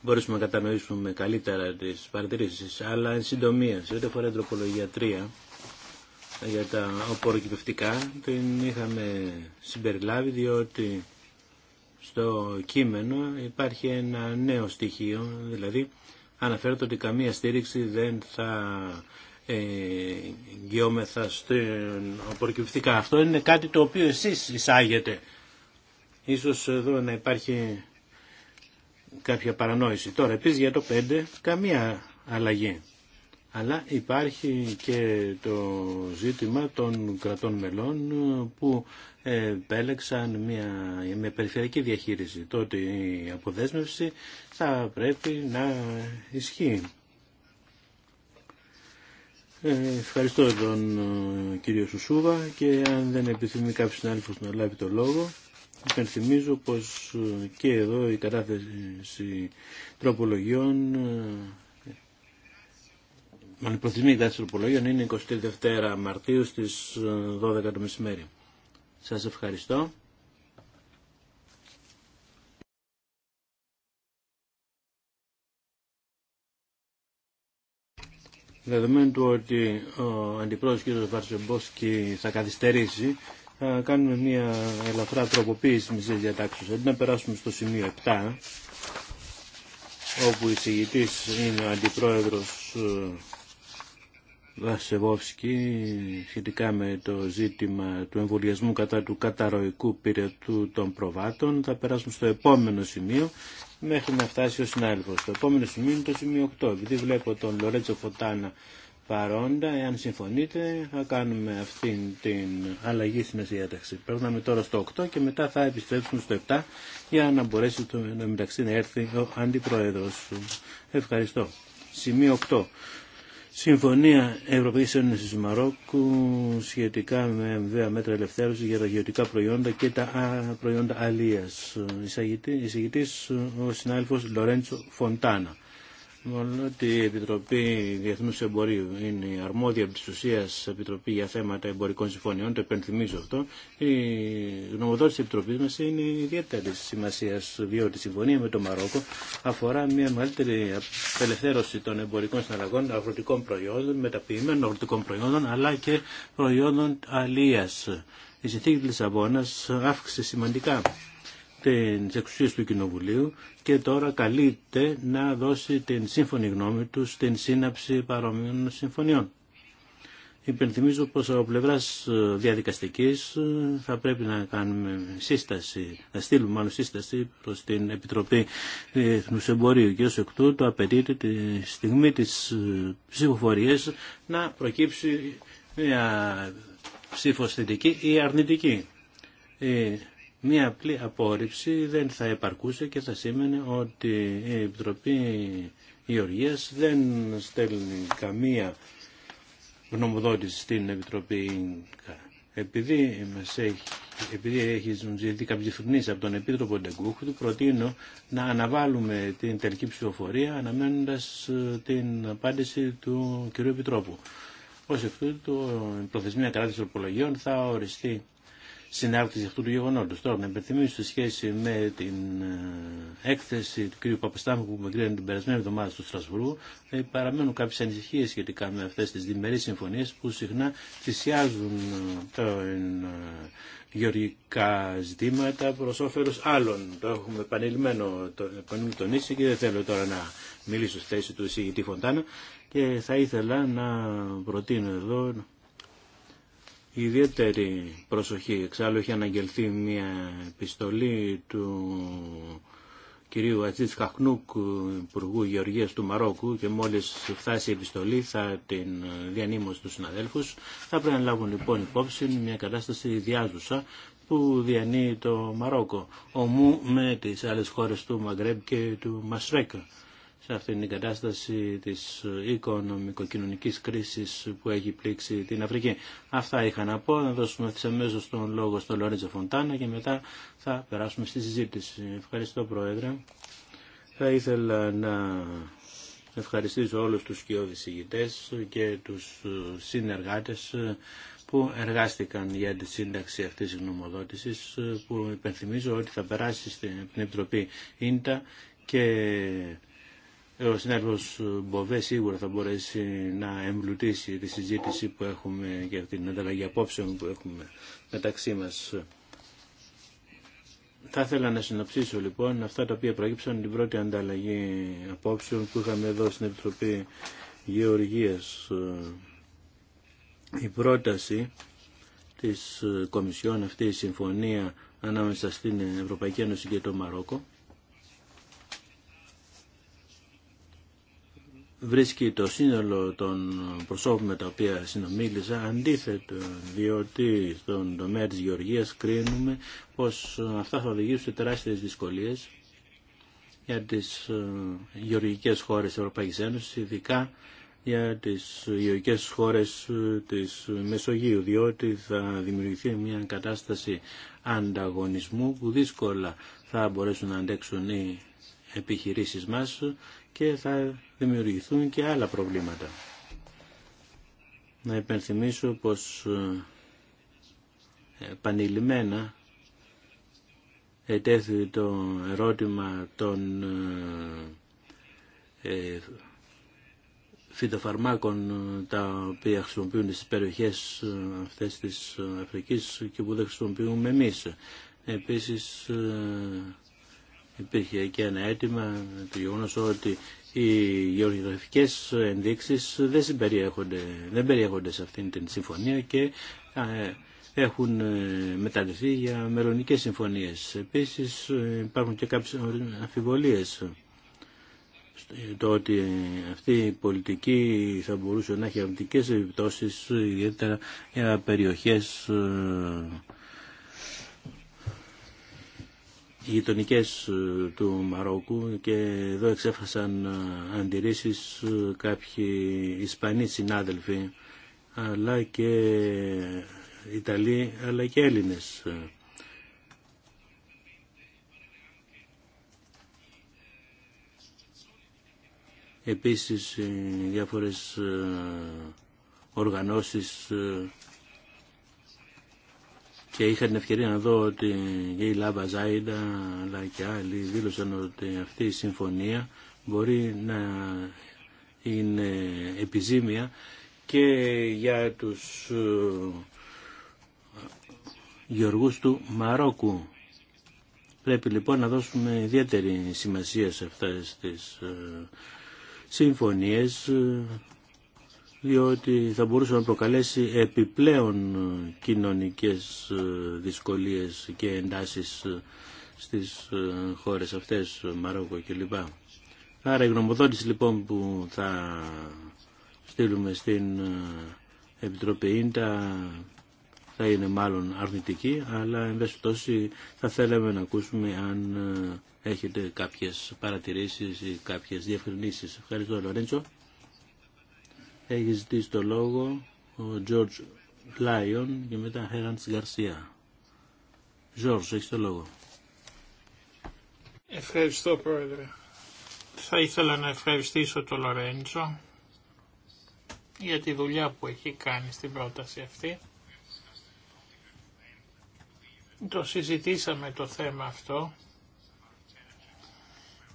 μπορέσουμε να κατανοήσουμε καλύτερα τις παρατηρήσεις. Αλλά εν συντομία, σε ό,τι αφορά την τροπολογία 3 για τα οπωροκυπευτικά, την είχαμε συμπεριλάβει διότι στο κείμενο υπάρχει ένα νέο στοιχείο, δηλαδή αναφέρεται ότι καμία στήριξη δεν θα ε, γιόμεθα στην Αυτό είναι κάτι το οποίο εσείς εισάγετε. Ίσως εδώ να υπάρχει κάποια παρανόηση. Τώρα επίσης για το 5 καμία αλλαγή αλλά υπάρχει και το ζήτημα των κρατών μελών που επέλεξαν μια, μια περιφερειακή διαχείριση. Τότε η αποδέσμευση θα πρέπει να ισχύει. Ε, ευχαριστώ τον ε, κύριο Σουσούβα και αν δεν επιθυμεί κάποιος συνάδελφος να λάβει το λόγο υπενθυμίζω πως ε, και εδώ η κατάθεση τροπολογιών Μάλλον προθυμεί η υπολογίων είναι 22 Μαρτίου στις 12 ε, το μεσημέρι. Σας ευχαριστώ. Δεδομένου του ότι ο αντιπρόεδρος κ. Βαρσεμπόσκι θα καθυστερήσει, θα κάνουμε μια ελαφρά τροποποίηση της μισής διατάξεως. Αντί να περάσουμε στο σημείο 7, όπου η συγητής είναι ο αντιπρόεδρος ε, Βασεβόφσκι σχετικά με το ζήτημα του εμβολιασμού κατά του καταρροϊκού πυρετού των προβάτων. Θα περάσουμε στο επόμενο σημείο μέχρι να φτάσει ο συνάδελφος. Το επόμενο σημείο είναι το σημείο 8. Επειδή βλέπω τον Λορέτσο Φωτάνα παρόντα, εάν συμφωνείτε θα κάνουμε αυτή την αλλαγή στην διάταξη. Περνάμε τώρα στο 8 και μετά θα επιστρέψουμε στο 7 για να μπορέσει το μεταξύ να έρθει ο αντιπρόεδρος. Ευχαριστώ. Σημείο 8. Συμφωνία Ευρωπαϊκής Ένωσης Μαρόκου σχετικά με βέβαια μέτρα ελευθέρωση για τα γεωτικά προϊόντα και τα προϊόντα αλίας. Εισηγητής ο συνάδελφος Λορέντσο Φοντάνα. Μόνο ότι η Επιτροπή διεθνού Εμπορίου είναι η αρμόδια τη ουσία Επιτροπή για θέματα εμπορικών συμφωνιών, το επενθυμίζω αυτό, η γνωμοδότηση τη Επιτροπής μα είναι ιδιαίτερη σημασία, διότι η συμφωνία με το Μαρόκο αφορά μια μεγαλύτερη απελευθέρωση των εμπορικών συναλλαγών αγροτικών προϊόντων, μεταποιημένων αγροτικών προϊόντων, αλλά και προϊόντων αλίας. Η συνθήκη τη Λισαβόνα αύξησε σημαντικά τις εξουσίες του Κοινοβουλίου και τώρα καλείται να δώσει την σύμφωνη γνώμη του στην σύναψη παρόμοιων συμφωνιών. Υπενθυμίζω πως από πλευράς ε, διαδικαστικής ε, θα πρέπει να κάνουμε σύσταση, να στείλουμε μάλλον σύσταση προς την Επιτροπή Διεθνούς Εμπορίου και ως εκ τούτου απαιτείται τη στιγμή της ε, ψηφοφορίας να προκύψει μια ψήφος θετική η αρνητικη Μία απλή απόρριψη δεν θα επαρκούσε και θα σήμαινε ότι η Επιτροπή Γεωργίας δεν στέλνει καμία γνωμοδότηση στην Επιτροπή επειδή, μας έχει, επειδή έχει ζητηθεί από τον Επίτροπο Ντεγκούχτου, του προτείνω να αναβάλουμε την τελική ψηφοφορία αναμένοντας ε, την απάντηση του κ. Επιτρόπου. ω εκ τούτου, η προθεσμία κράτηση Ορπολογιών θα οριστεί συνάρτηση αυτού του γεγονότος. Τώρα να υπενθυμίσω σε σχέση με την ε, έκθεση του κ. Παπαστάμου που μεγκρίνει την περασμένη εβδομάδα στο Στρασβούργο ε, παραμένουν κάποιες ανησυχίες σχετικά με αυτές τις διμερείς συμφωνίες που συχνά θυσιάζουν ε, γεωργικά ζητήματα προς όφελος άλλων. Το έχουμε επανειλημμένο το, τονίσει και δεν θέλω τώρα να μιλήσω στη θέση του εισηγητή Φοντάνα και θα ήθελα να προτείνω εδώ ιδιαίτερη προσοχή. Εξάλλου έχει αναγγελθεί μια επιστολή του κυρίου Ατζής Καχνούκ, Υπουργού Γεωργίας του Μαρόκου και μόλις φτάσει η επιστολή θα την διανύμω στους συναδέλφους. Θα πρέπει να λάβουν λοιπόν υπόψη μια κατάσταση διάζουσα που διανύει το Μαρόκο, ομού με τις άλλες χώρες του Μαγκρέμπ και του Μασρέκα σε αυτήν την κατάσταση της οικονομικοκοινωνικής κρίσης που έχει πλήξει την Αφρική. Αυτά είχα να πω, να δώσουμε αμέσω τον λόγο στον Λόριτζα Φοντάνα και μετά θα περάσουμε στη συζήτηση. Ευχαριστώ Πρόεδρε. Θα ήθελα να ευχαριστήσω όλους τους σκιώδεις ηγητές και τους συνεργάτες που εργάστηκαν για τη σύνταξη αυτής της γνωμοδότησης που υπενθυμίζω ότι θα περάσει στην Επιτροπή Ίντα και ε, ο συνάδελφος ε, Μποβέ σίγουρα θα μπορέσει να εμπλουτίσει τη συζήτηση που έχουμε και την ανταλλαγή απόψεων που έχουμε μεταξύ μας. Θα ήθελα να συνοψίσω λοιπόν αυτά τα οποία προέκυψαν την πρώτη ανταλλαγή απόψεων που είχαμε εδώ στην Επιτροπή Γεωργίας. Ε, η πρόταση της Κομισιόν αυτή η συμφωνία ανάμεσα στην Ευρωπαϊκή Ένωση και το Μαρόκο βρίσκει το σύνολο των προσώπων με τα οποία συνομίλησα αντίθετο, διότι στον τομέα της γεωργίας κρίνουμε πως αυτά θα οδηγήσουν σε τεράστιες δυσκολίες για τις ε, γεωργικές χώρες της Ευρωπαϊκής Ένωσης, ειδικά για τις γεωργικές χώρες ε, της Μεσογείου, διότι θα δημιουργηθεί μια κατάσταση ανταγωνισμού που δύσκολα θα μπορέσουν να αντέξουν οι επιχειρήσεις μας και θα δημιουργηθούν και άλλα προβλήματα. Να υπενθυμίσω πως ε, επανειλημμένα ετέθη το ερώτημα των ε, ε, φυτοφαρμάκων τα οποία χρησιμοποιούν στις περιοχές αυτές της Αφρικής και που δεν χρησιμοποιούμε εμείς. Επίσης υπήρχε και ένα αίτημα το γεγονό ότι οι γεωργικέ ενδείξει δεν, δεν περιέχονται σε αυτήν την συμφωνία και έχουν ε, μεταρρυθεί για μερονικές συμφωνίες. Επίσης ε, υπάρχουν και κάποιες αμφιβολίες το ότι αυτή η πολιτική θα μπορούσε να έχει αρνητικές επιπτώσεις ιδιαίτερα για περιοχές ε, οι γειτονικέ ε, του Μαρόκου και εδώ εξέφασαν ε, αντιρρήσεις ε, κάποιοι Ισπανοί συνάδελφοι αλλά και Ιταλοί αλλά και Έλληνες. Επίσης διάφορες οργανώσεις και είχα την ευκαιρία να δω ότι η Λάμπα Ζάιντα αλλά και άλλοι δήλωσαν ότι αυτή η συμφωνία μπορεί να είναι επιζήμια και για τους ε, γεωργούς του Μαρόκου. Πρέπει λοιπόν να δώσουμε ιδιαίτερη σημασία σε αυτές τις ε, συμφωνίες ε, διότι θα μπορούσε να προκαλέσει επιπλέον κοινωνικές ε, δυσκολίες και εντάσεις ε, στις ε, χώρες αυτές, Μαρόκο κλπ. Άρα η γνωμοδότηση λοιπόν που θα στείλουμε στην Επιτροπή ίντα θα είναι μάλλον αρνητική, αλλά εν τόση θα θέλαμε να ακούσουμε αν έχετε κάποιες παρατηρήσεις ή κάποιες διευκρινήσεις. Ευχαριστώ Λορέντσο. Έχει ζητήσει το λόγο ο Τζορτζ Λάιον και μετά Χέραντς Γκαρσία. Γιώργος, έχει το λόγο. Ευχαριστώ Πρόεδρε. Θα ήθελα να ευχαριστήσω τον Λορέντζο για τη δουλειά που έχει κάνει στην πρόταση αυτή. Το συζητήσαμε το θέμα αυτό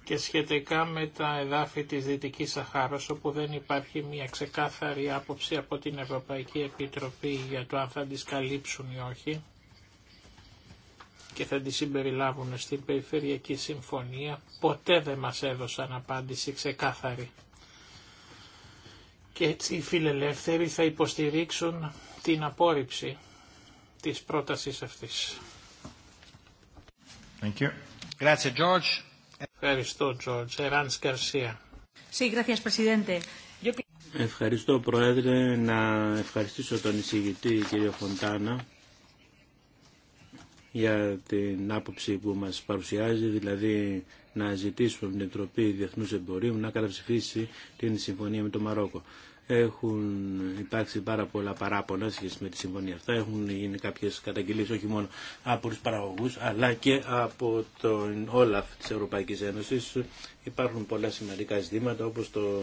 και σχετικά με τα εδάφη της Δυτικής Σαχάρας, όπου δεν υπάρχει μια ξεκάθαρη άποψη από την Ευρωπαϊκή Επιτροπή για το αν θα τις καλύψουν ή όχι και θα τις συμπεριλάβουν στην Περιφερειακή Συμφωνία, ποτέ δεν μας έδωσαν απάντηση ξεκάθαρη. Και έτσι οι φιλελεύθεροι θα υποστηρίξουν την απόρριψη της πρότασης αυτής. Thank you. Ευχαριστώ, Τζορτζ. Ευχαριστώ, Πρόεδρε. Να ευχαριστήσω τον εισηγητή, κύριο Φοντάνα, για την άποψη που μας παρουσιάζει, δηλαδή να ζητήσουμε από την Εντροπή Διεθνούς Εμπορίου να καταψηφίσει την συμφωνία με το Μαρόκο. Έχουν υπάρξει πάρα πολλά παράπονα σχέση με τη συμφωνία αυτά. Έχουν γίνει κάποιες καταγγελίες όχι μόνο από τους παραγωγούς αλλά και από τον Όλαφ της Ευρωπαϊκής Ένωσης. Υπάρχουν πολλά σημαντικά ζητήματα όπως το,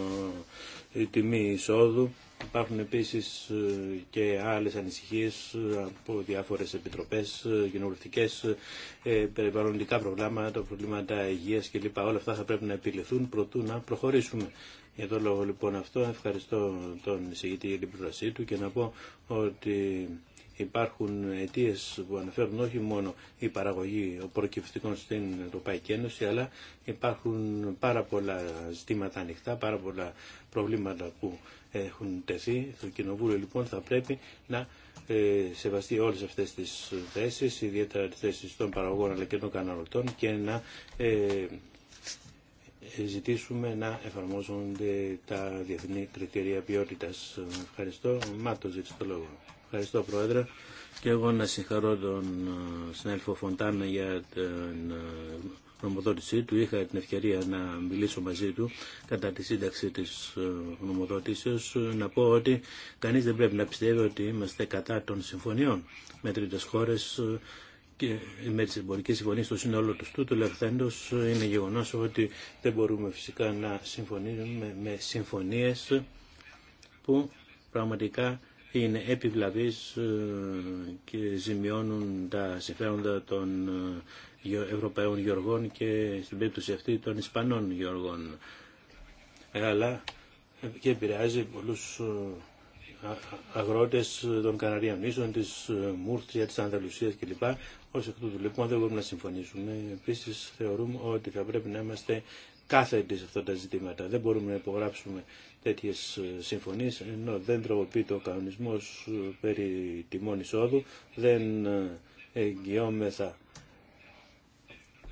η τιμή εισόδου. Υπάρχουν επίσης ε, και άλλες ανησυχίες από διάφορες επιτροπές, ε, κοινοβουλευτικές, ε, περιβαλλοντικά προβλήματα, προβλήματα υγείας κλπ. Όλα αυτά θα πρέπει να επιληθούν προτού να προχωρήσουμε. Για τον λόγο λοιπόν αυτό ευχαριστώ τον εισηγητή για την πρόσβασή του και να πω ότι υπάρχουν αιτίε που αναφέρουν όχι μόνο η παραγωγή προκυφτικών στην Ευρωπαϊκή Ένωση, αλλά υπάρχουν πάρα πολλά ζητήματα ανοιχτά, πάρα πολλά προβλήματα που έχουν τεθεί. Το Κοινοβούλιο λοιπόν θα πρέπει να ε, σεβαστεί όλες αυτές τις θέσεις, ιδιαίτερα τις θέσεις των παραγωγών αλλά και των καναλωτών και να ε, ζητήσουμε να εφαρμόζονται τα διεθνή κριτήρια ποιότητας. Ευχαριστώ. Μάτω ζήτησε το λόγο. Ευχαριστώ Πρόεδρε. Και εγώ να συγχαρώ τον ε, συνέλφο Φοντάνα για την ε, γνωμοδότησή του. Είχα την ευκαιρία να μιλήσω μαζί του κατά τη σύνταξη της ε, γνωμοδότησης. Να πω ότι κανείς δεν πρέπει να πιστεύει ότι είμαστε κατά των συμφωνιών με τρίτες χώρες και με τις εμπορικές συμφωνίες στο σύνολό στού του τουλεχθέντος ε, είναι γεγονός ότι δεν μπορούμε φυσικά να συμφωνήσουμε με συμφωνίες που πραγματικά είναι επιβλαβείς ε, και ζημιώνουν τα συμφέροντα των ε, Ευρωπαίων Γεωργών και στην περίπτωση αυτή των Ισπανών Γεωργών. Αλλά και επηρεάζει πολλούς αγρότες των Καναρίων Ίσων, της Μούρτρια, της Ανδαλουσίας κλπ. Ω εκ τούτου λοιπόν δεν μπορούμε να συμφωνήσουμε. Επίση θεωρούμε ότι θα πρέπει να είμαστε κάθετοι σε αυτά τα ζητήματα. Δεν μπορούμε να υπογράψουμε τέτοιε συμφωνίε ενώ δεν τροποποιείται ο κανονισμό περί τιμών εισόδου, δεν ε, εγγυόμεθα.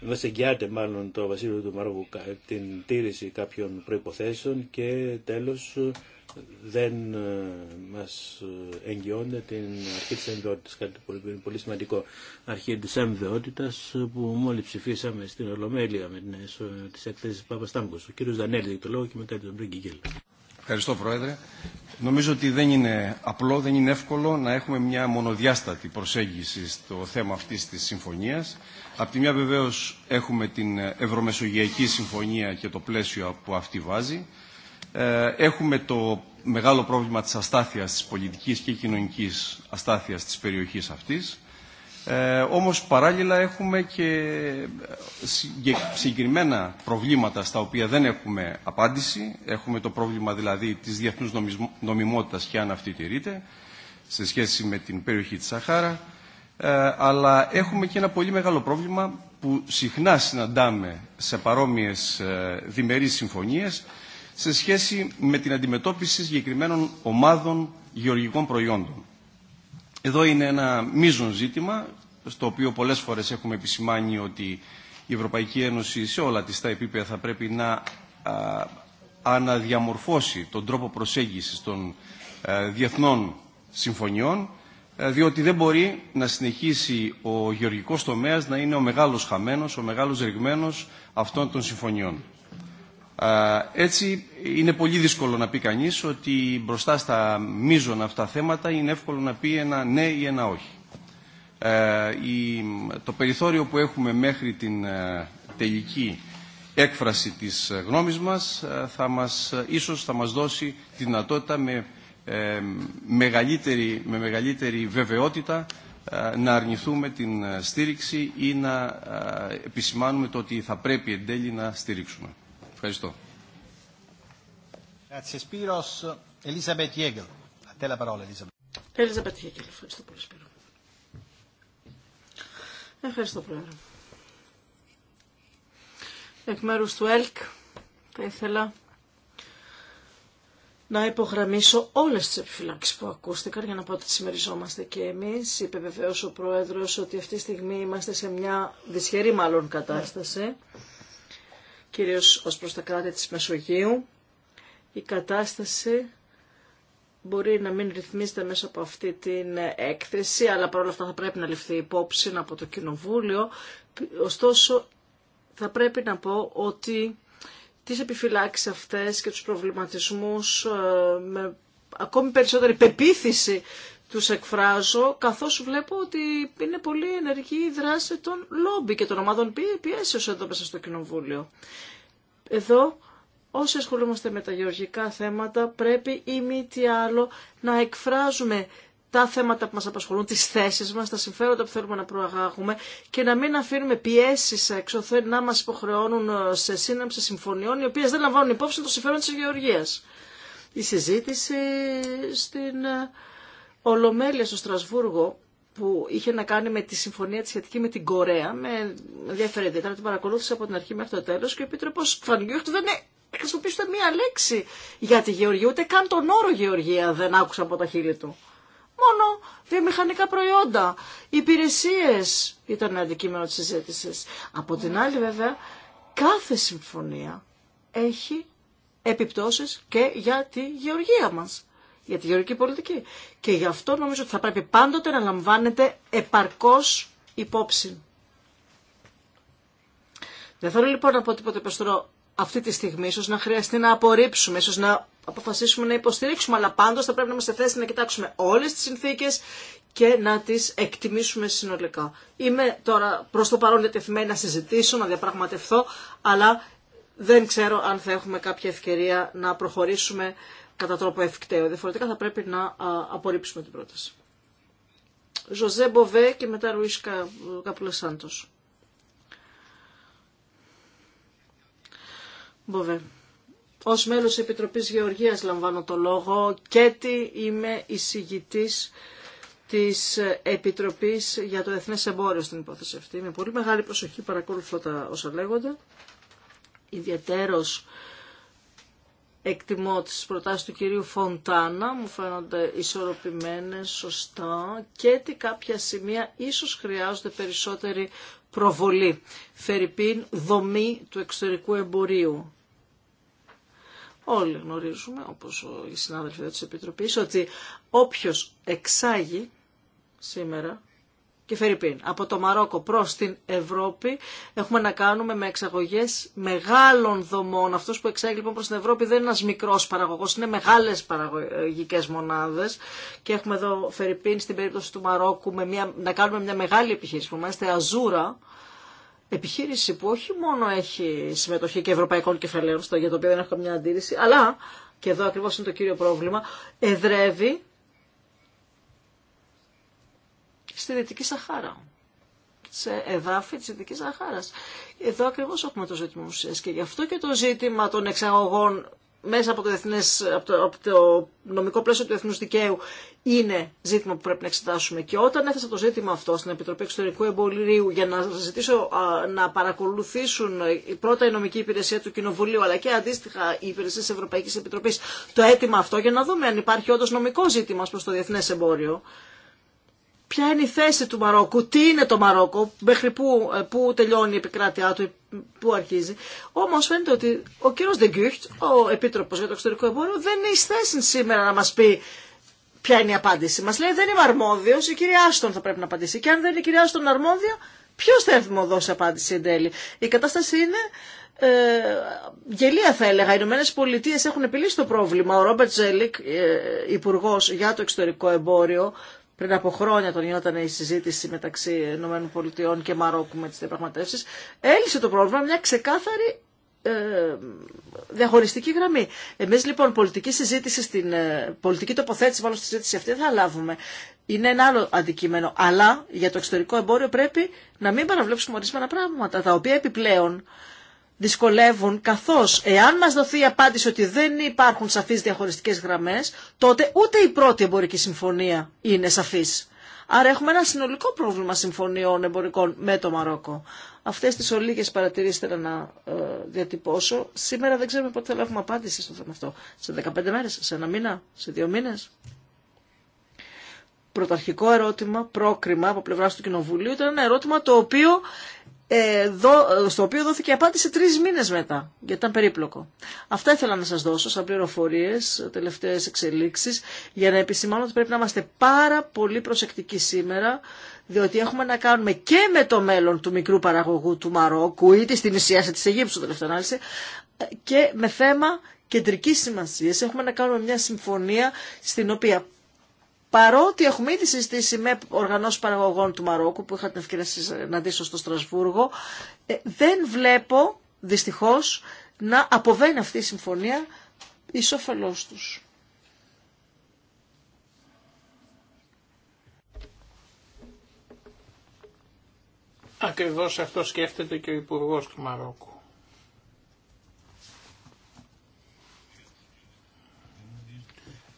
Μα εγγυάται μάλλον το βασίλειο του Μαρόκου την τήρηση κάποιων προποθέσεων και τέλο δεν ε, μας ε, εγγυώνται την αρχή της εμβαιότητας, κάτι που είναι πολύ σημαντικό. Αρχή της εμβαιότητας ε, που μόλι ψηφίσαμε στην Ολομέλεια με τις εκθέσεις Στάμπος Ο κύριος Δανέλη το λόγο και μετά τον Γκέλ Ευχαριστώ Πρόεδρε. Νομίζω ότι δεν είναι απλό, δεν είναι εύκολο να έχουμε μια μονοδιάστατη προσέγγιση στο θέμα αυτής της συμφωνίας. Απ' τη μια βεβαίως έχουμε την Ευρωμεσογειακή Συμφωνία και το πλαίσιο που αυτή βάζει. Ε, έχουμε το μεγάλο πρόβλημα της αστάθειας της πολιτικής και κοινωνικής αστάθειας της περιοχής αυτής. Ε, όμως παράλληλα έχουμε και ε, συγκεκριμένα προβλήματα στα οποία δεν έχουμε απάντηση. Έχουμε το πρόβλημα δηλαδή της διεθνούς νομιμότητας και αν αυτή τηρείται σε σχέση με την περιοχή της Σαχάρα. Ε, αλλά έχουμε και ένα πολύ μεγάλο πρόβλημα που συχνά συναντάμε σε παρόμοιες διμερείς συμφωνίες σε σχέση με την αντιμετώπιση συγκεκριμένων ομάδων γεωργικών προϊόντων. Εδώ είναι ένα μείζον ζήτημα, στο οποίο πολλές φορές έχουμε επισημάνει ότι η Ευρωπαϊκή Ένωση σε όλα τις τα επίπεδα θα πρέπει να αναδιαμορφώσει τον τρόπο προσέγγισης των ε, διεθνών συμφωνιών, ε, διότι δεν μπορεί να συνεχίσει ο γεωργικός τομέας να είναι ο μεγάλος χαμένος, ο μεγάλος ρηγμένος αυτών των συμφωνιών. Έτσι είναι πολύ δύσκολο να πει κανείς ότι μπροστά στα μείζωνα αυτά θέματα είναι εύκολο να πει ένα ναι ή ένα όχι. Ε, το περιθώριο που έχουμε μέχρι την ε, τελική έκφραση της ε, γνώμης μας θα μας, ίσως θα μας δώσει τη δυνατότητα με μεγαλύτερη, με μεγαλύτερη βεβαιότητα να αρνηθούμε την στήριξη ή να επισημάνουμε το ότι θα πρέπει εν τέλει να στηρίξουμε. Ευχαριστώ. ευχαριστώ πολύ Πρόεδρε. Εκ μέρου του ΕΛΚ θα ήθελα να υπογραμμίσω όλε τι επιφυλάξει που ακούστηκαν για να πω ότι συμμεριζόμαστε και εμεί. Είπε βεβαίω ο Πρόεδρο ότι αυτή τη στιγμή είμαστε σε μια δυσχερή μάλλον κατάσταση κυρίως ως προς τα κράτη της Μεσογείου, η κατάσταση μπορεί να μην ρυθμίζεται μέσα από αυτή την έκθεση, αλλά παρόλα αυτά θα πρέπει να ληφθεί υπόψη από το Κοινοβούλιο. Ωστόσο, θα πρέπει να πω ότι τις επιφυλάξεις αυτές και τους προβληματισμούς ε, με ακόμη περισσότερη πεποίθηση τους εκφράζω, καθώς βλέπω ότι είναι πολύ ενεργή η δράση των λόμπι και των ομάδων πιέσεως εδώ μέσα στο Κοινοβούλιο. Εδώ, όσοι ασχολούμαστε με τα γεωργικά θέματα, πρέπει ή μη τι άλλο να εκφράζουμε τα θέματα που μας απασχολούν, τις θέσεις μας, τα συμφέροντα που θέλουμε να προαγάγουμε και να μην αφήνουμε πιέσεις θέλει να μας υποχρεώνουν ε, σε σύναψη συμφωνιών οι οποίες δεν λαμβάνουν υπόψη το συμφέρον της γεωργίας. Η συζήτηση στην ε, ολομέλεια στο Στρασβούργο που είχε να κάνει με τη συμφωνία τη σχετική με την Κορέα. Με ενδιαφέρει ιδιαίτερα, την παρακολούθησε από την αρχή μέχρι το τέλο και ο Επίτροπο Φανγκιούχτ δεν ε, χρησιμοποιήσετε μία λέξη για τη Γεωργία, ούτε καν τον όρο Γεωργία δεν άκουσα από τα χείλη του. Μόνο βιομηχανικά προϊόντα, υπηρεσίε ήταν αντικείμενο τη συζήτηση. Από την άλλη, βέβαια, κάθε συμφωνία έχει επιπτώσεις και για τη γεωργία μας για τη γεωργική πολιτική. Και γι' αυτό νομίζω ότι θα πρέπει πάντοτε να λαμβάνετε επαρκώς υπόψη. Δεν θέλω λοιπόν να πω τίποτε περισσότερο αυτή τη στιγμή, ίσως να χρειαστεί να απορρίψουμε, ίσως να αποφασίσουμε να υποστηρίξουμε, αλλά πάντως θα πρέπει να είμαστε θέση να κοιτάξουμε όλες τις συνθήκες και να τις εκτιμήσουμε συνολικά. Είμαι τώρα προς το παρόν διατεθειμένη να συζητήσω, να διαπραγματευθώ, αλλά δεν ξέρω αν θα έχουμε κάποια ευκαιρία να προχωρήσουμε κατά τρόπο ευκταίο. Διαφορετικά θα πρέπει να απορρίψουμε την πρόταση. Ζωζέ Μποβέ και μετά Ρουίς Καπουλεσάντος. Μποβέ. Ως μέλος της Επιτροπής Γεωργίας λαμβάνω το λόγο και τι είμαι εισηγητής της Επιτροπής για το Εθνές Εμπόριο στην υπόθεση αυτή. Με πολύ μεγάλη προσοχή παρακολουθώ τα όσα λέγονται. Ιδιαίτερος εκτιμώ τις προτάσεις του κυρίου Φοντάνα, μου φαίνονται ισορροπημένες, σωστά και ότι κάποια σημεία ίσως χρειάζονται περισσότερη προβολή. Φερρυπίν, δομή του εξωτερικού εμπορίου. Όλοι γνωρίζουμε, όπως οι συνάδελφοι της Επιτροπής, ότι όποιος εξάγει σήμερα και Φερρυπίν. Από το Μαρόκο προς την Ευρώπη έχουμε να κάνουμε με εξαγωγές μεγάλων δομών. Αυτός που εξάγει λοιπόν προς την Ευρώπη δεν είναι ένας μικρός παραγωγός, είναι μεγάλες παραγωγικές μονάδες. Και έχουμε εδώ Φερρυπίν στην περίπτωση του Μαρόκου με μια, να κάνουμε μια μεγάλη επιχείρηση που είμαστε Αζούρα. Επιχείρηση που όχι μόνο έχει συμμετοχή και ευρωπαϊκών κεφαλαίων, για το οποίο δεν έχω καμιά αντίρρηση, αλλά, και εδώ ακριβώς είναι το κύριο πρόβλημα, εδρεύει στη Δυτική Σαχάρα. Σε εδάφη της Δυτικής Σαχάρας. Εδώ ακριβώς έχουμε το ζήτημα ουσίας και γι' αυτό και το ζήτημα των εξαγωγών μέσα από το, από το, νομικό πλαίσιο του Εθνούς δικαίου είναι ζήτημα που πρέπει να εξετάσουμε. Και όταν έθεσα το ζήτημα αυτό στην Επιτροπή Εξωτερικού Εμπολίου για να ζητήσω να παρακολουθήσουν πρώτα η νομική υπηρεσία του Κοινοβουλίου αλλά και αντίστοιχα οι υπηρεσίε τη Ευρωπαϊκή Επιτροπή το αίτημα αυτό για να δούμε αν υπάρχει όντω νομικό ζήτημα προ το διεθνέ εμπόριο ποια είναι η θέση του Μαρόκου, τι είναι το Μαρόκο, μέχρι πού, ε, πού τελειώνει η επικράτειά του, πού αρχίζει. Όμω φαίνεται ότι ο κύριο Δεγκούχτ, ο επίτροπο για το Εξωτερικό Εμπόριο, δεν είναι εις θέση σήμερα να μα πει ποια είναι η απάντηση. Μα λέει δεν είμαι αρμόδιο η κυρία Άστον θα πρέπει να απαντήσει. Και αν δεν είναι η κυρία Άστον αρμόδια, ποιο θα έρθει να δώσει απάντηση εν τέλει. Η κατάσταση είναι ε, γελία θα έλεγα. Οι Ηνωμένε Πολιτείε έχουν επιλύσει το πρόβλημα. Ο Ρόμπερτ ε, υπουργό για το εξωτερικό εμπόριο, πριν από χρόνια τον γινόταν η συζήτηση μεταξύ ΗΠΑ και Μαρόκου με τις διαπραγματεύσεις, έλυσε το πρόβλημα μια ξεκάθαρη ε, διαχωριστική γραμμή. Εμεί λοιπόν πολιτική συζήτηση στην, ε, πολιτική τοποθέτηση μάλλον στη συζήτηση αυτή θα λάβουμε. Είναι ένα άλλο αντικείμενο. Αλλά για το εξωτερικό εμπόριο πρέπει να μην παραβλέψουμε ορισμένα πράγματα τα οποία επιπλέον δυσκολεύουν καθώς εάν μα δοθεί η απάντηση ότι δεν υπάρχουν σαφείς διαχωριστικέ γραμμέ τότε ούτε η πρώτη εμπορική συμφωνία είναι σαφής. Άρα έχουμε ένα συνολικό πρόβλημα συμφωνιών εμπορικών με το Μαρόκο. Αυτέ τι ολίγε παρατηρήστε θέλω να ε, διατυπώσω. Σήμερα δεν ξέρουμε πότε θα λάβουμε απάντηση στο θέμα αυτό. Σε 15 μέρε, σε ένα μήνα, σε δύο μήνες. Πρωταρχικό ερώτημα, πρόκριμα από πλευρά του Κοινοβουλίου, ήταν ένα ερώτημα το οποίο ε, στο οποίο δόθηκε απάντηση τρει μήνε μετά, γιατί ήταν περίπλοκο. Αυτά ήθελα να σα δώσω σαν πληροφορίε, τελευταίε εξελίξει, για να επισημάνω ότι πρέπει να είμαστε πάρα πολύ προσεκτικοί σήμερα, διότι έχουμε να κάνουμε και με το μέλλον του μικρού παραγωγού του Μαρόκου ή τη Τινησία της τη Αιγύπτου, τελευταία ανάλυση, και με θέμα κεντρική σημασία. Έχουμε να κάνουμε μια συμφωνία στην οποία παρότι έχουμε ήδη συζητήσει με οργανώσει παραγωγών του Μαρόκου που είχα την ευκαιρία να δείσω στο Στρασβούργο, ε, δεν βλέπω δυστυχώ να αποβαίνει αυτή η συμφωνία όφελό του. Ακριβώς αυτό σκέφτεται και ο Υπουργός του Μαρόκου.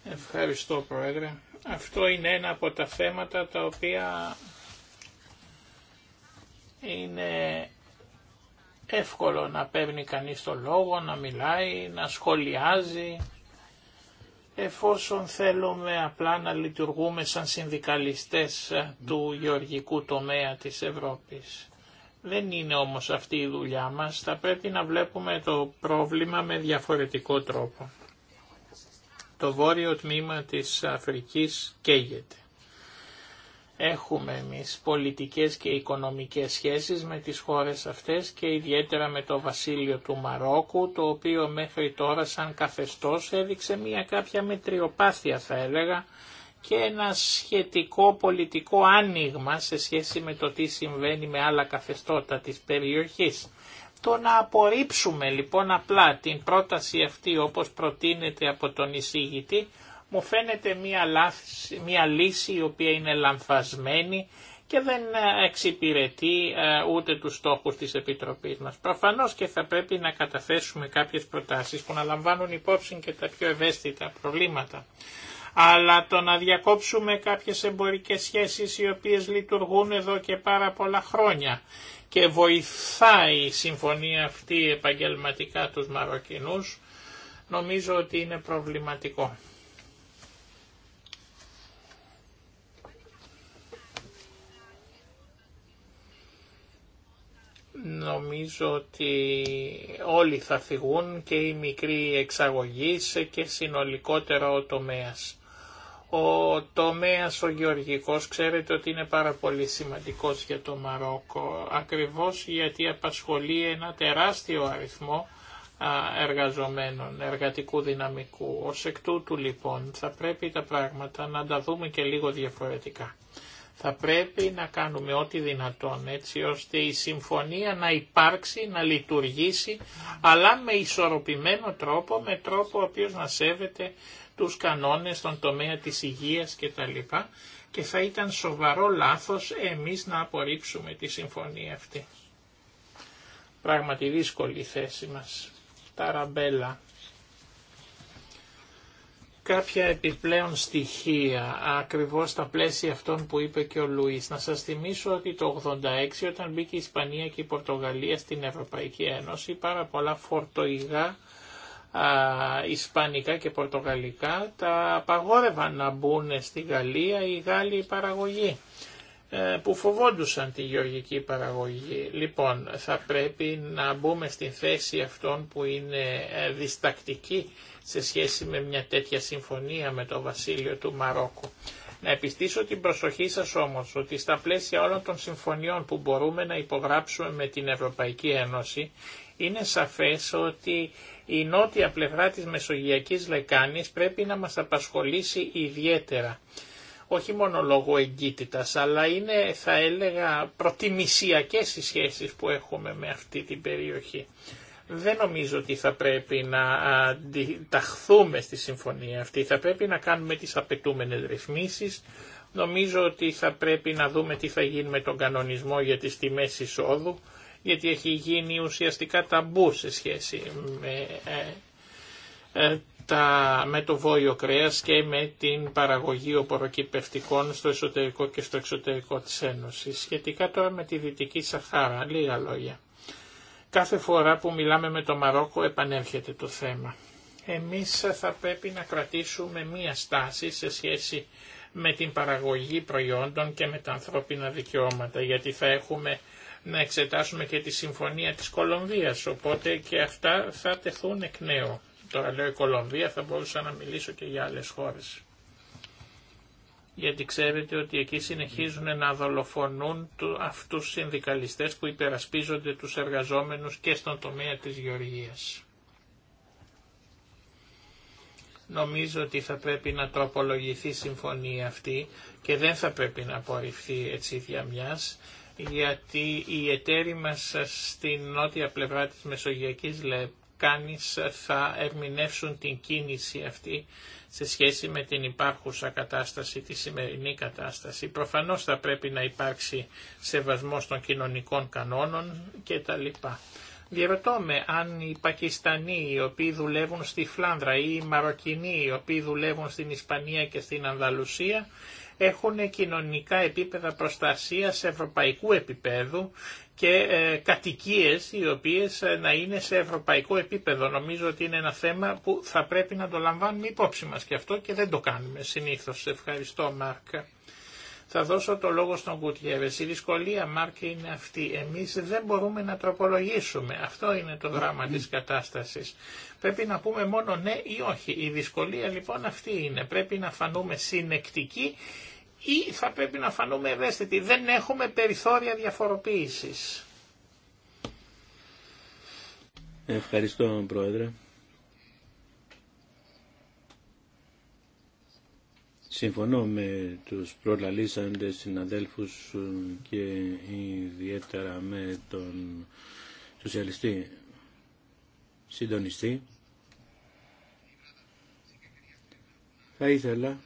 Ευχαριστώ Πρόεδρε. Αυτό είναι ένα από τα θέματα τα οποία είναι εύκολο να παίρνει κανείς το λόγο, να μιλάει, να σχολιάζει. Εφόσον θέλουμε απλά να λειτουργούμε σαν συνδικαλιστές του γεωργικού τομέα της Ευρώπης. Δεν είναι όμως αυτή η δουλειά μας, θα πρέπει να βλέπουμε το πρόβλημα με διαφορετικό τρόπο το βόρειο τμήμα της Αφρικής καίγεται. Έχουμε εμείς πολιτικές και οικονομικές σχέσεις με τις χώρες αυτές και ιδιαίτερα με το βασίλειο του Μαρόκου, το οποίο μέχρι τώρα σαν καθεστώς έδειξε μια κάποια μετριοπάθεια θα έλεγα και ένα σχετικό πολιτικό άνοιγμα σε σχέση με το τι συμβαίνει με άλλα καθεστώτα της περιοχής. Το να απορρίψουμε λοιπόν απλά την πρόταση αυτή όπως προτείνεται από τον εισήγητη μου φαίνεται μια, μια λύση η οποία είναι λανθασμένη και δεν ε, εξυπηρετεί ε, ούτε τους στόχους της Επιτροπής μας. Προφανώς και θα πρέπει να καταθέσουμε κάποιες προτάσεις που να λαμβάνουν υπόψη και τα πιο ευαίσθητα προβλήματα. Αλλά το να διακόψουμε κάποιες εμπορικές σχέσεις οι οποίες λειτουργούν εδώ και πάρα πολλά χρόνια και βοηθάει η συμφωνία αυτή επαγγελματικά τους Μαροκινούς, νομίζω ότι είναι προβληματικό. Νομίζω ότι όλοι θα φυγούν και οι μικροί εξαγωγείς και συνολικότερα ο τομέας. Ο τομέας ο γεωργικός ξέρετε ότι είναι πάρα πολύ σημαντικός για το Μαρόκο, ακριβώς γιατί απασχολεί ένα τεράστιο αριθμό εργαζομένων, εργατικού δυναμικού. Ως εκ τούτου λοιπόν θα πρέπει τα πράγματα να τα δούμε και λίγο διαφορετικά. Θα πρέπει να κάνουμε ό,τι δυνατόν έτσι ώστε η συμφωνία να υπάρξει, να λειτουργήσει, αλλά με ισορροπημένο τρόπο, με τρόπο ο οποίος να σέβεται τους κανόνες στον τομέα της υγείας κτλ. Και θα ήταν σοβαρό λάθος εμείς να απορρίψουμε τη συμφωνία αυτή. Πράγματι δύσκολη θέση μας. Ταραμπέλα κάποια επιπλέον στοιχεία ακριβώς στα πλαίσια αυτών που είπε και ο Λουίς. Να σας θυμίσω ότι το 86 όταν μπήκε η Ισπανία και η Πορτογαλία στην Ευρωπαϊκή Ένωση πάρα πολλά φορτοϊγά ισπανικά και πορτογαλικά τα απαγόρευαν να μπουν στη Γαλλία οι Γάλλοι παραγωγή ε, που φοβόντουσαν τη γεωργική παραγωγή. Λοιπόν, θα πρέπει να μπούμε στην θέση αυτών που είναι ε, διστακτικοί σε σχέση με μια τέτοια συμφωνία με το βασίλειο του Μαρόκου. Να επιστήσω την προσοχή σας όμως ότι στα πλαίσια όλων των συμφωνιών που μπορούμε να υπογράψουμε με την Ευρωπαϊκή Ένωση είναι σαφές ότι η νότια πλευρά της Μεσογειακής Λεκάνης πρέπει να μας απασχολήσει ιδιαίτερα όχι μόνο λόγω εγκύτητας, αλλά είναι θα έλεγα προτιμησιακές οι σχέσεις που έχουμε με αυτή την περιοχή. Δεν νομίζω ότι θα πρέπει να ταχθούμε στη συμφωνία αυτή, θα πρέπει να κάνουμε τις απαιτούμενες ρυθμίσεις, Νομίζω ότι θα πρέπει να δούμε τι θα γίνει με τον κανονισμό για τις τιμές εισόδου, γιατί έχει γίνει ουσιαστικά ταμπού σε σχέση με ε, ε, τα, με το βόλιο κρέας και με την παραγωγή οποροκυπευτικών στο εσωτερικό και στο εξωτερικό της Ένωσης. Σχετικά τώρα με τη Δυτική Σαχάρα, λίγα λόγια. Κάθε φορά που μιλάμε με το Μαρόκο επανέρχεται το θέμα. Εμείς θα πρέπει να κρατήσουμε μία στάση σε σχέση με την παραγωγή προϊόντων και με τα ανθρώπινα δικαιώματα, γιατί θα έχουμε να εξετάσουμε και τη Συμφωνία της Κολομβίας, οπότε και αυτά θα τεθούν εκ νέου. Τώρα λέω η Κολομβία, θα μπορούσα να μιλήσω και για άλλες χώρες. Γιατί ξέρετε ότι εκεί συνεχίζουν να δολοφονούν αυτούς του συνδικαλιστές που υπερασπίζονται τους εργαζόμενους και στον τομέα της γεωργίας. Νομίζω ότι θα πρέπει να τροπολογηθεί η συμφωνία αυτή και δεν θα πρέπει να απορριφθεί έτσι μιάς γιατί οι εταίροι μας στην νότια πλευρά της Μεσογειακής κάνεις θα ερμηνεύσουν την κίνηση αυτή σε σχέση με την υπάρχουσα κατάσταση, τη σημερινή κατάσταση. Προφανώς θα πρέπει να υπάρξει σεβασμός των κοινωνικών κανόνων κτλ. Διερωτώ με αν οι Πακιστανοί οι οποίοι δουλεύουν στη Φλάνδρα ή οι Μαροκινοί οι οποίοι δουλεύουν στην Ισπανία και στην Ανδαλουσία έχουν κοινωνικά επίπεδα προστασίας ευρωπαϊκού επίπεδου και ε, κατοικίες οι οποίες ε, να είναι σε ευρωπαϊκό επίπεδο. Νομίζω ότι είναι ένα θέμα που θα πρέπει να το λαμβάνουμε υπόψη μας και αυτό και δεν το κάνουμε συνήθως. Ευχαριστώ Μάρκ. Θα δώσω το λόγο στον Κουτιέβες. Η δυσκολία Μάρκ είναι αυτή. Εμείς δεν μπορούμε να τροπολογήσουμε. Αυτό είναι το δράμα ναι. της κατάστασης. Πρέπει να πούμε μόνο ναι ή όχι. Η δυσκολία λοιπόν αυτή είναι. Πρέπει να φανούμε συνεκτικοί ή θα πρέπει να φανούμε ευαίσθητοι. Δεν έχουμε περιθώρια διαφοροποίησης. Ευχαριστώ Πρόεδρε. Συμφωνώ με τους προλαλήσαντες συναδέλφους και ιδιαίτερα με τον σοσιαλιστή συντονιστή. Θα ήθελα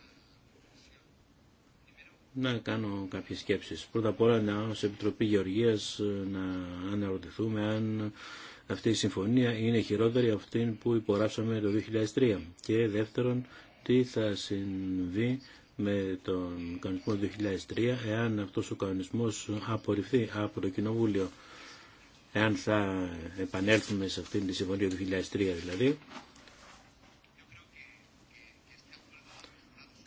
να κάνω κάποιες σκέψεις. Πρώτα απ' όλα να, ως Επιτροπή Γεωργίας να αναρωτηθούμε αν αυτή η συμφωνία είναι χειρότερη από αυτήν που υπογράψαμε το 2003 και δεύτερον τι θα συμβεί με τον κανονισμό 2003 εάν αυτός ο κανονισμός απορριφθεί από το Κοινοβούλιο εάν θα επανέλθουμε σε αυτήν τη συμφωνία του 2003 δηλαδή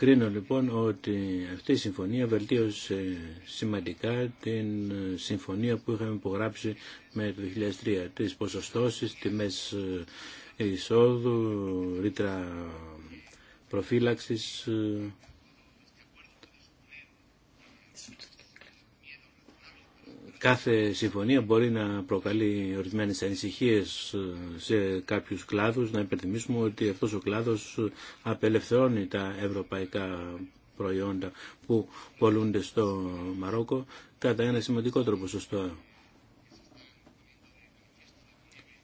Κρίνω λοιπόν ότι αυτή η συμφωνία βελτίωσε σημαντικά την συμφωνία που είχαμε υπογράψει με το 2003. Τις ποσοστώσεις, τιμές ε, εισόδου, ρήτρα προφύλαξης ε, κάθε συμφωνία μπορεί να προκαλεί ορισμένες ανησυχίες ε, σε κάποιους κλάδους. Να υπενθυμίσουμε ότι αυτός ο κλάδος ε, απελευθερώνει τα ευρωπαϊκά προϊόντα που πολλούνται στο Μαρόκο κατά ένα σημαντικότερο ποσοστό.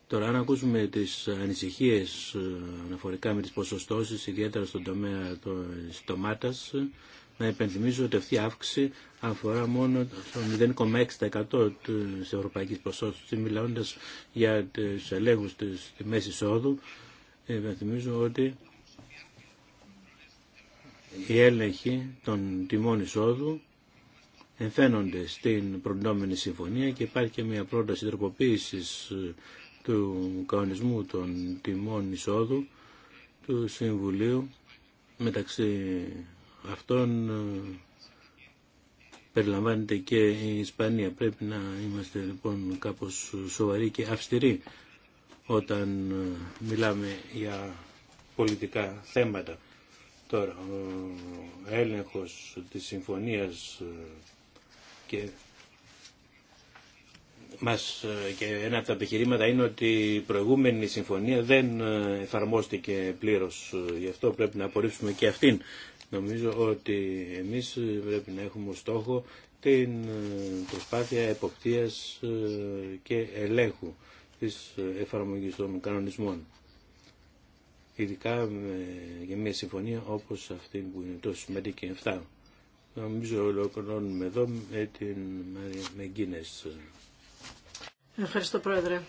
Τώρα, αν ακούσουμε τις ανησυχίες ε, αναφορικά με τις ποσοστώσεις, ιδιαίτερα στον τομέα της ντομάτα. Να υπενθυμίζω ότι αυτή η αύξηση αφορά μόνο το 0,6% της ευρωπαϊκής ποσότητας. Μιλώντας για τους ελέγχους της τιμές εισόδου, υπενθυμίζω ότι οι έλεγχοι των τιμών εισόδου εμφαίνονται στην προνόμενη συμφωνία και υπάρχει και μια πρόταση τροποποίησης του κανονισμού των τιμών εισόδου του Συμβουλίου μεταξύ Αυτόν ε, περιλαμβάνεται και η Ισπανία. Πρέπει να είμαστε λοιπόν κάπως σοβαροί και αυστηροί όταν ε, μιλάμε για πολιτικά θέματα. Τώρα, ο έλεγχος της συμφωνίας ε, και μας και ένα από τα επιχειρήματα είναι ότι η προηγούμενη συμφωνία δεν εφαρμόστηκε πλήρως. Γι' αυτό πρέπει να απορρίψουμε και αυτήν. Νομίζω ότι εμείς πρέπει να έχουμε στόχο την ε, προσπάθεια εποπτείας ε, και ελέγχου της εφαρμογής των κανονισμών. Ειδικά για μια συμφωνία όπως αυτή που είναι τόσο σημαντική 7. Νομίζω ολοκληρώνουμε εδώ με την Μαρία Μεγκίνες. Ευχαριστώ Πρόεδρε.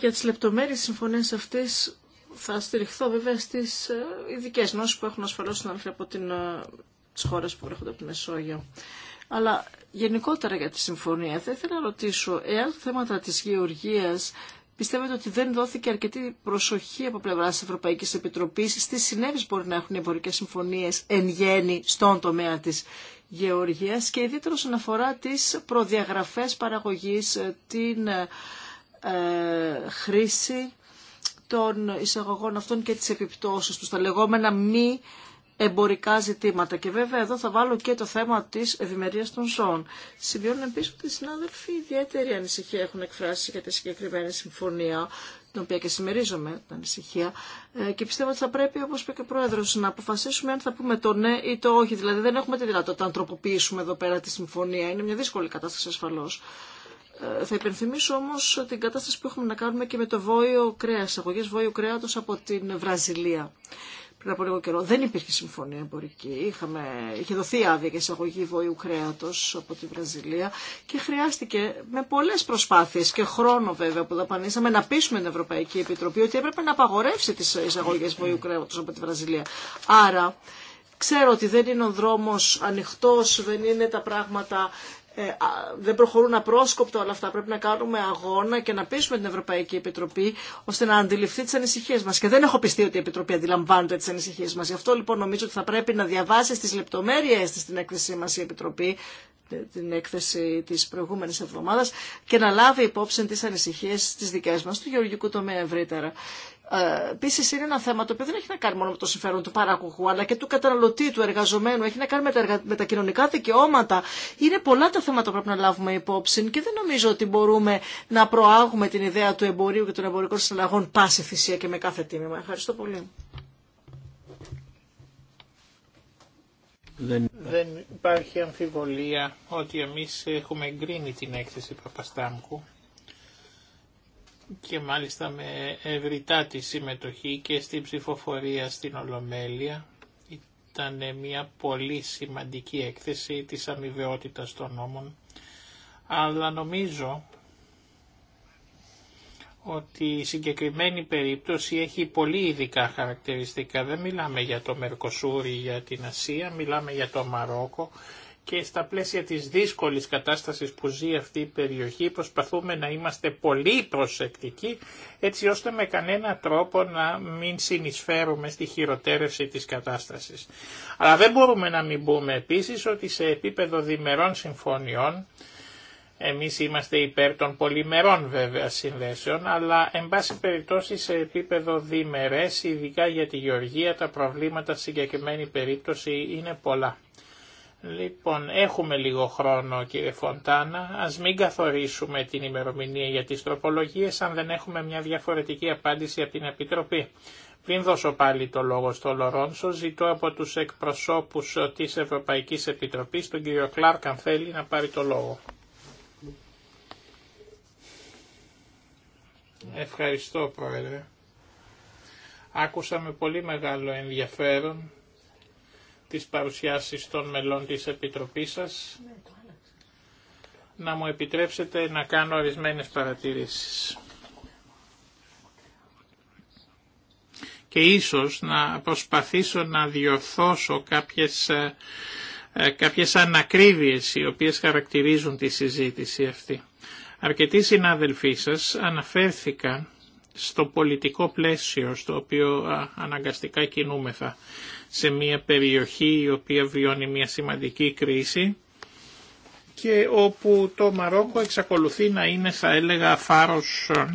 Για τις λεπτομέρειες συμφωνίες αυτές θα στηριχθώ βέβαια στι ε, ειδικέ γνώσει που έχουν να συνάδελφοι από την, ε, τις που βρέχονται από τη Μεσόγειο. Αλλά γενικότερα για τη συμφωνία θα ήθελα να ρωτήσω εάν θέματα της γεωργίας Πιστεύετε ότι δεν δόθηκε αρκετή προσοχή από πλευρά τη Ευρωπαϊκή Επιτροπή στι συνέπειε που μπορεί να έχουν οι εμπορικέ συμφωνίε εν γέννη στον τομέα τη γεωργία και ιδιαίτερα όσον αφορά τι προδιαγραφέ παραγωγή, ε, την ε, χρήση των εισαγωγών αυτών και τις επιπτώσεις του στα λεγόμενα μη εμπορικά ζητήματα. Και βέβαια εδώ θα βάλω και το θέμα της ευημερία των ζώων. Σημειώνω επίσης ότι οι συνάδελφοι ιδιαίτερη ανησυχία έχουν εκφράσει για τη συγκεκριμένη συμφωνία, την οποία και συμμερίζομαι την ανησυχία. Ε, και πιστεύω ότι θα πρέπει, όπως είπε και ο Πρόεδρος, να αποφασίσουμε αν θα πούμε το ναι ή το όχι. Δηλαδή δεν έχουμε τη δυνατότητα να τροποποιήσουμε εδώ πέρα τη συμφωνία. Είναι μια δύσκολη κατάσταση ασφαλώς. Ε, θα υπενθυμίσω όμω την κατάσταση που έχουμε να κάνουμε και με το βόλιο κρέα, αγωγέ βόλιο κρέατος από την Βραζιλία. Πριν από λίγο καιρό δεν υπήρχε συμφωνία εμπορική. Είχαμε, είχε δοθεί άδεια για εισαγωγή βοήου κρέατο από τη Βραζιλία και χρειάστηκε με πολλέ προσπάθειε και χρόνο βέβαια που δαπανίσαμε να πείσουμε την Ευρωπαϊκή Επιτροπή ότι έπρεπε να απαγορεύσει τι εισαγωγέ βοήου κρέατο από τη Βραζιλία. Άρα Ξέρω ότι δεν είναι ο δρόμος ανοιχτός, δεν είναι τα πράγματα ε, δεν προχωρούν απρόσκοπτο όλα αυτά. Πρέπει να κάνουμε αγώνα και να πείσουμε την Ευρωπαϊκή Επιτροπή ώστε να αντιληφθεί τι ανησυχίε μα. Και δεν έχω πιστεί ότι η Επιτροπή αντιλαμβάνεται τι ανησυχίε μα. Γι' αυτό λοιπόν νομίζω ότι θα πρέπει να διαβάσει τι λεπτομέρειε τη την έκθεσή μα η Επιτροπή, την έκθεση τη προηγούμενη εβδομάδα και να λάβει υπόψη τι ανησυχίε τη δικέ μα, του γεωργικού τομέα ευρύτερα. Επίση, είναι ένα θέμα το οποίο δεν έχει να κάνει μόνο με το συμφέρον του παραγωγού, αλλά και του καταναλωτή, του εργαζομένου. Έχει να κάνει με τα, με τα κοινωνικά δικαιώματα. Είναι πολλά τα θέματα που πρέπει να λάβουμε υπόψη και δεν νομίζω ότι μπορούμε να προάγουμε την ιδέα του εμπορίου και των εμπορικών συναλλαγών πάση θυσία και με κάθε τίμημα. Ευχαριστώ πολύ. Δεν... δεν υπάρχει αμφιβολία ότι εμείς έχουμε εγκρίνει την έκθεση Παπαστάμκου και μάλιστα με ευρυτά τη συμμετοχή και στην ψηφοφορία στην Ολομέλεια. Ήταν μια πολύ σημαντική έκθεση της αμοιβαιότητα των νόμων, αλλά νομίζω ότι η συγκεκριμένη περίπτωση έχει πολύ ειδικά χαρακτηριστικά. Δεν μιλάμε για το Μερκοσούρι, για την Ασία, μιλάμε για το Μαρόκο, και στα πλαίσια της δύσκολης κατάστασης που ζει αυτή η περιοχή προσπαθούμε να είμαστε πολύ προσεκτικοί έτσι ώστε με κανένα τρόπο να μην συνεισφέρουμε στη χειροτέρευση της κατάστασης. Αλλά δεν μπορούμε να μην πούμε επίσης ότι σε επίπεδο διμερών συμφωνιών εμείς είμαστε υπέρ των πολυμερών βέβαια συνδέσεων, αλλά εν πάση περιπτώσει σε επίπεδο διμερές, ειδικά για τη γεωργία, τα προβλήματα στην συγκεκριμένη περίπτωση είναι πολλά. Λοιπόν, έχουμε λίγο χρόνο κύριε Φοντάνα, ας μην καθορίσουμε την ημερομηνία για τις τροπολογίες αν δεν έχουμε μια διαφορετική απάντηση από την Επιτροπή. Πριν δώσω πάλι το λόγο στο Λορόνσο, ζητώ από τους εκπροσώπους της Ευρωπαϊκής Επιτροπής, τον κύριο Κλάρκ, αν θέλει να πάρει το λόγο. Ευχαριστώ, Πρόεδρε. Άκουσα με πολύ μεγάλο ενδιαφέρον τις παρουσιάσεις των μελών της Επιτροπής σας, να μου επιτρέψετε να κάνω ορισμένες παρατηρήσεις. Και ίσως να προσπαθήσω να διορθώσω κάποιες, ε, ε, κάποιες ανακρίβειες οι οποίες χαρακτηρίζουν τη συζήτηση αυτή. Αρκετοί συνάδελφοί σας αναφέρθηκαν στο πολιτικό πλαίσιο στο οποίο αναγκαστικά κινούμεθα σε μια περιοχή η οποία βιώνει μια σημαντική κρίση και όπου το Μαρόκο εξακολουθεί να είναι θα έλεγα φάρος ε,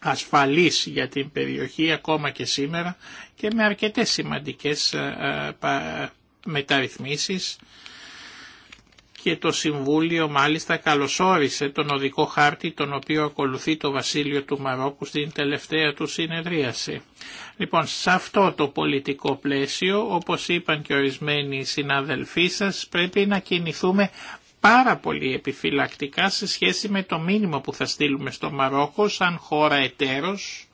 ασφαλής για την περιοχή ακόμα και σήμερα και με αρκετές σημαντικές ε, ε, μεταρρυθμίσεις και το Συμβούλιο μάλιστα καλωσόρισε τον οδικό χάρτη τον οποίο ακολουθεί το Βασίλειο του Μαρόκου στην τελευταία του συνεδρίαση. Λοιπόν, σε αυτό το πολιτικό πλαίσιο, όπως είπαν και ορισμένοι συναδελφοί σας, πρέπει να κινηθούμε πάρα πολύ επιφυλακτικά σε σχέση με το μήνυμα που θα στείλουμε στο Μαρόκο σαν χώρα εταίρος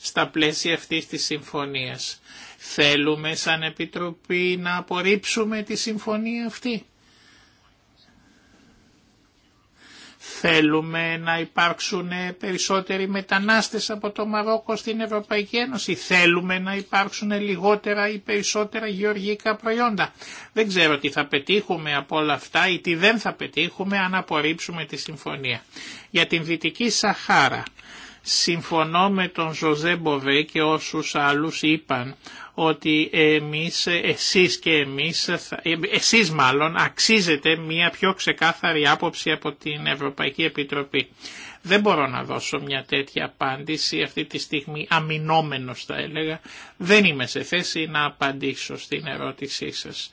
στα πλαίσια αυτής της συμφωνίας. Θέλουμε σαν Επιτροπή να απορρίψουμε τη συμφωνία αυτή. Θέλουμε να υπάρξουν περισσότεροι μετανάστες από το Μαρόκο στην Ευρωπαϊκή Ένωση. Θέλουμε να υπάρξουν λιγότερα ή περισσότερα γεωργικά προϊόντα. Δεν ξέρω τι θα πετύχουμε από όλα αυτά ή τι δεν θα πετύχουμε αν απορρίψουμε τη συμφωνία. Για την Δυτική Σαχάρα Συμφωνώ με τον Ζωζέ Μποβέ και όσους άλλους είπαν ότι εμείς, εσείς και εμείς, ε, εσείς μάλλον αξίζετε μια πιο ξεκάθαρη άποψη από την Ευρωπαϊκή Επιτροπή. Δεν μπορώ να δώσω μια τέτοια απάντηση αυτή τη στιγμή αμυνόμενος θα έλεγα. Δεν είμαι σε θέση να απαντήσω στην ερώτησή σας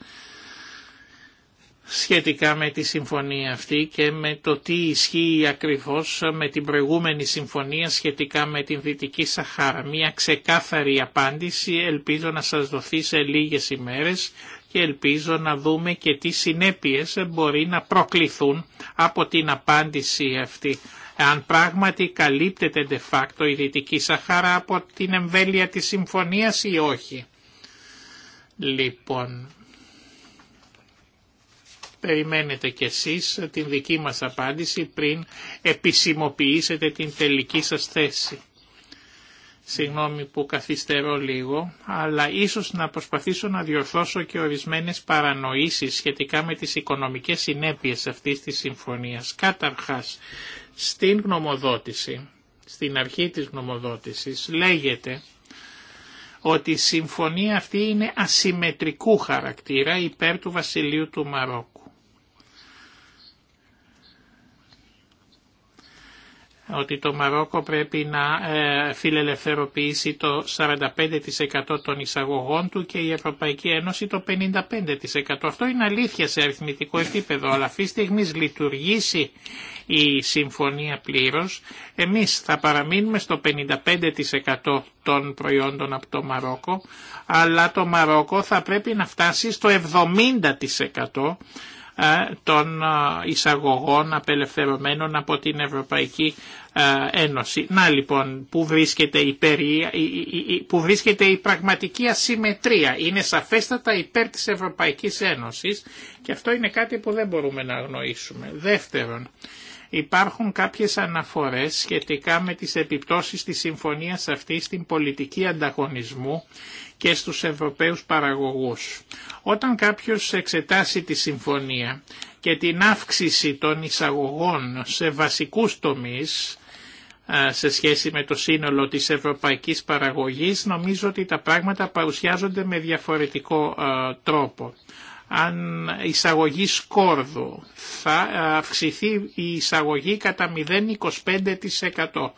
σχετικά με τη συμφωνία αυτή και με το τι ισχύει ακριβώς με την προηγούμενη συμφωνία σχετικά με την Δυτική Σαχάρα. Μια ξεκάθαρη απάντηση ελπίζω να σας δοθεί σε λίγες ημέρες και ελπίζω να δούμε και τι συνέπειες μπορεί να προκληθούν από την απάντηση αυτή. Αν πράγματι καλύπτεται de facto η Δυτική Σαχάρα από την εμβέλεια της συμφωνίας ή όχι. Λοιπόν, περιμένετε κι εσείς την δική μας απάντηση πριν επισημοποιήσετε την τελική σας θέση. Συγγνώμη που καθυστερώ λίγο, αλλά ίσως να προσπαθήσω να διορθώσω και ορισμένες παρανοήσεις σχετικά με τις οικονομικές συνέπειες αυτής της συμφωνίας. Καταρχάς, στην γνωμοδότηση, στην αρχή της γνωμοδότησης λέγεται ότι η συμφωνία αυτή είναι ασημετρικού χαρακτήρα υπέρ του βασιλείου του Μαρόκου. ότι το Μαρόκο πρέπει να ε, φιλελευθερωποιήσει το 45% των εισαγωγών του και η Ευρωπαϊκή Ένωση το 55%. Αυτό είναι αλήθεια σε αριθμητικό επίπεδο, αλλά αυτή τη στιγμή λειτουργήσει η συμφωνία πλήρως. Εμείς θα παραμείνουμε στο 55% των προϊόντων από το Μαρόκο, αλλά το Μαρόκο θα πρέπει να φτάσει στο 70% ε, των ε, εισαγωγών απελευθερωμένων από την Ευρωπαϊκή ε, Ένωση. Να λοιπόν, που βρίσκεται η, περί, που βρίσκεται η πραγματική ασυμμετρία. Είναι σαφέστατα υπέρ της Ευρωπαϊκής Ένωσης και αυτό είναι κάτι που δεν μπορούμε να αγνοήσουμε. Δεύτερον, υπάρχουν κάποιες αναφορές σχετικά με τις επιπτώσεις της συμφωνίας αυτής στην πολιτική ανταγωνισμού και στους Ευρωπαίους παραγωγούς. Όταν κάποιος εξετάσει τη συμφωνία και την αύξηση των εισαγωγών σε βασικούς τομείς, σε σχέση με το σύνολο της ευρωπαϊκής παραγωγής, νομίζω ότι τα πράγματα παρουσιάζονται με διαφορετικό τρόπο. Αν εισαγωγή σκόρδου θα αυξηθεί η εισαγωγή κατά 0,25%.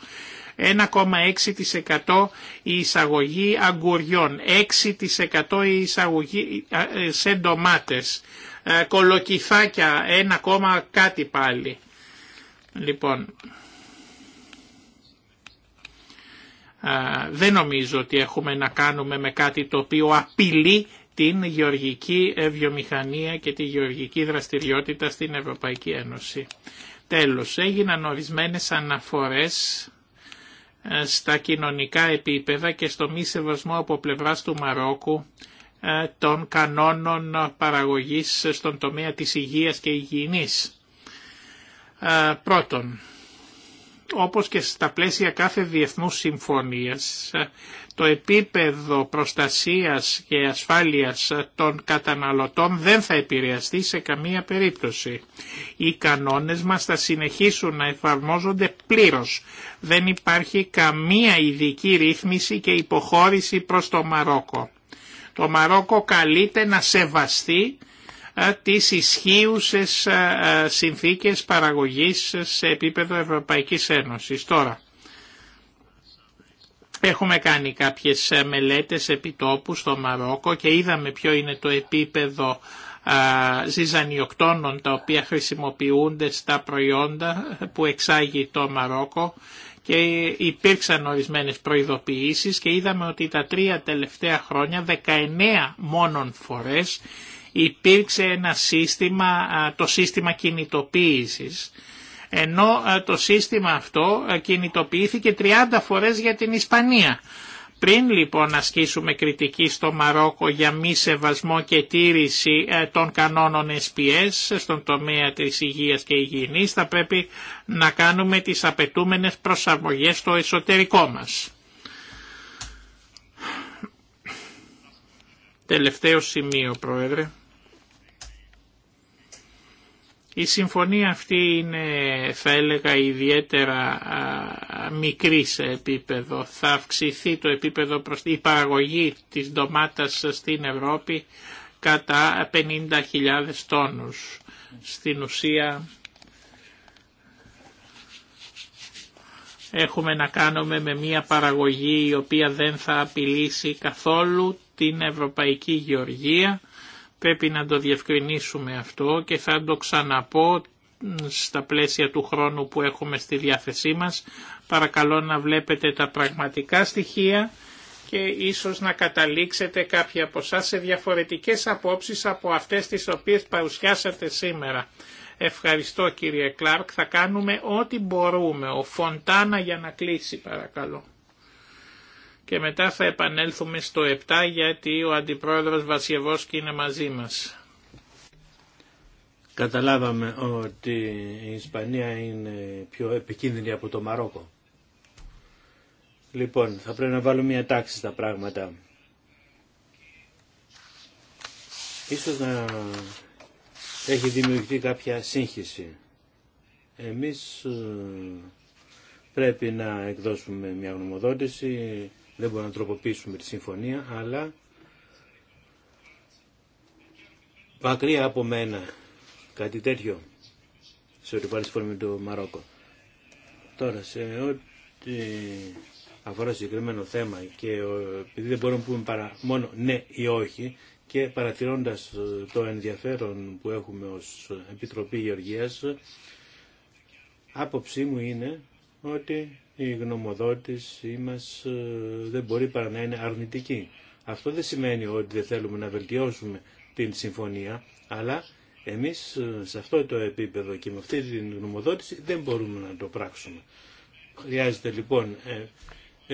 1,6% η εισαγωγή αγκουριών, 6% η εισαγωγή ε, σε ντομάτες, ε, κολοκυθάκια 1, κάτι πάλι. Λοιπόν, δεν νομίζω ότι έχουμε να κάνουμε με κάτι το οποίο απειλεί την γεωργική ε, βιομηχανία και τη γεωργική δραστηριότητα στην Ευρωπαϊκή Ένωση. Τέλος, έγιναν ορισμένες αναφορές ε, στα κοινωνικά επίπεδα και στο μη σεβασμό από πλευράς του Μαρόκου ε, των κανόνων παραγωγής στον τομέα της υγείας και υγιεινής. Ε, πρώτον, όπως και στα πλαίσια κάθε διεθνούς συμφωνίας, το επίπεδο προστασίας και ασφάλειας των καταναλωτών δεν θα επηρεαστεί σε καμία περίπτωση. Οι κανόνες μας θα συνεχίσουν να εφαρμόζονται πλήρως. Δεν υπάρχει καμία ειδική ρύθμιση και υποχώρηση προς το Μαρόκο. Το Μαρόκο καλείται να σεβαστεί ε, τις ισχύουσες ε, ε, συνθήκες παραγωγής σε επίπεδο Ευρωπαϊκής Ένωσης. Τώρα, έχουμε κάνει κάποιες μελέτες επιτόπου στο Μαρόκο και είδαμε ποιο είναι το επίπεδο ζυζανιοκτώνων τα οποία χρησιμοποιούνται στα προϊόντα που εξάγει το Μαρόκο και υπήρξαν ορισμένες προειδοποιήσεις και είδαμε ότι τα τρία τελευταία χρόνια 19 μόνον φορές υπήρξε ένα σύστημα, το σύστημα κινητοποίησης, ενώ το σύστημα αυτό κινητοποιήθηκε 30 φορές για την Ισπανία. Πριν λοιπόν ασκήσουμε κριτική στο Μαρόκο για μη σεβασμό και τήρηση των κανόνων SPS στον τομέα της υγείας και υγιεινής θα πρέπει να κάνουμε τις απαιτούμενες προσαρμογές στο εσωτερικό μας. Τελευταίο σημείο, Πρόεδρε. Η συμφωνία αυτή είναι θα έλεγα ιδιαίτερα μικρή σε επίπεδο. Θα αυξηθεί το επίπεδο προς η παραγωγή της ντομάτας στην Ευρώπη κατά 50.000 τόνους. Στην ουσία έχουμε να κάνουμε με μια παραγωγή η οποία δεν θα απειλήσει καθόλου την ευρωπαϊκή γεωργία Πρέπει να το διευκρινίσουμε αυτό και θα το ξαναπώ στα πλαίσια του χρόνου που έχουμε στη διάθεσή μας. Παρακαλώ να βλέπετε τα πραγματικά στοιχεία και ίσως να καταλήξετε κάποια από εσά σε διαφορετικές απόψεις από αυτές τις οποίες παρουσιάσατε σήμερα. Ευχαριστώ κύριε Κλάρκ, θα κάνουμε ό,τι μπορούμε. Ο Φοντάνα για να κλείσει παρακαλώ και μετά θα επανέλθουμε στο 7 γιατί ο Αντιπρόεδρος Βασιεβόσκη είναι μαζί μας. Καταλάβαμε ότι η Ισπανία είναι πιο επικίνδυνη από το Μαρόκο. Λοιπόν, θα πρέπει να βάλουμε μια τάξη στα πράγματα. Ίσως να έχει δημιουργηθεί κάποια σύγχυση. Εμείς ε, πρέπει να εκδώσουμε μια γνωμοδότηση δεν μπορούμε να τροποποιήσουμε τη συμφωνία, αλλά μακριά από μένα κάτι τέτοιο σε ό,τι πάλι συμφωνία με το Μαρόκο. Τώρα, σε ό,τι αφορά συγκεκριμένο θέμα και επειδή δεν μπορούμε να πούμε μόνο ναι ή όχι και παρατηρώντας το ενδιαφέρον που έχουμε ως Επιτροπή Γεωργίας, άποψή μου είναι ότι η γνωμοδότησή μας ε, δεν μπορεί παρά να είναι αρνητική. Αυτό δεν σημαίνει ότι δεν θέλουμε να βελτιώσουμε την συμφωνία, αλλά εμείς ε, σε αυτό το επίπεδο και με αυτή την γνωμοδότηση δεν μπορούμε να το πράξουμε. Χρειάζεται λοιπόν ε,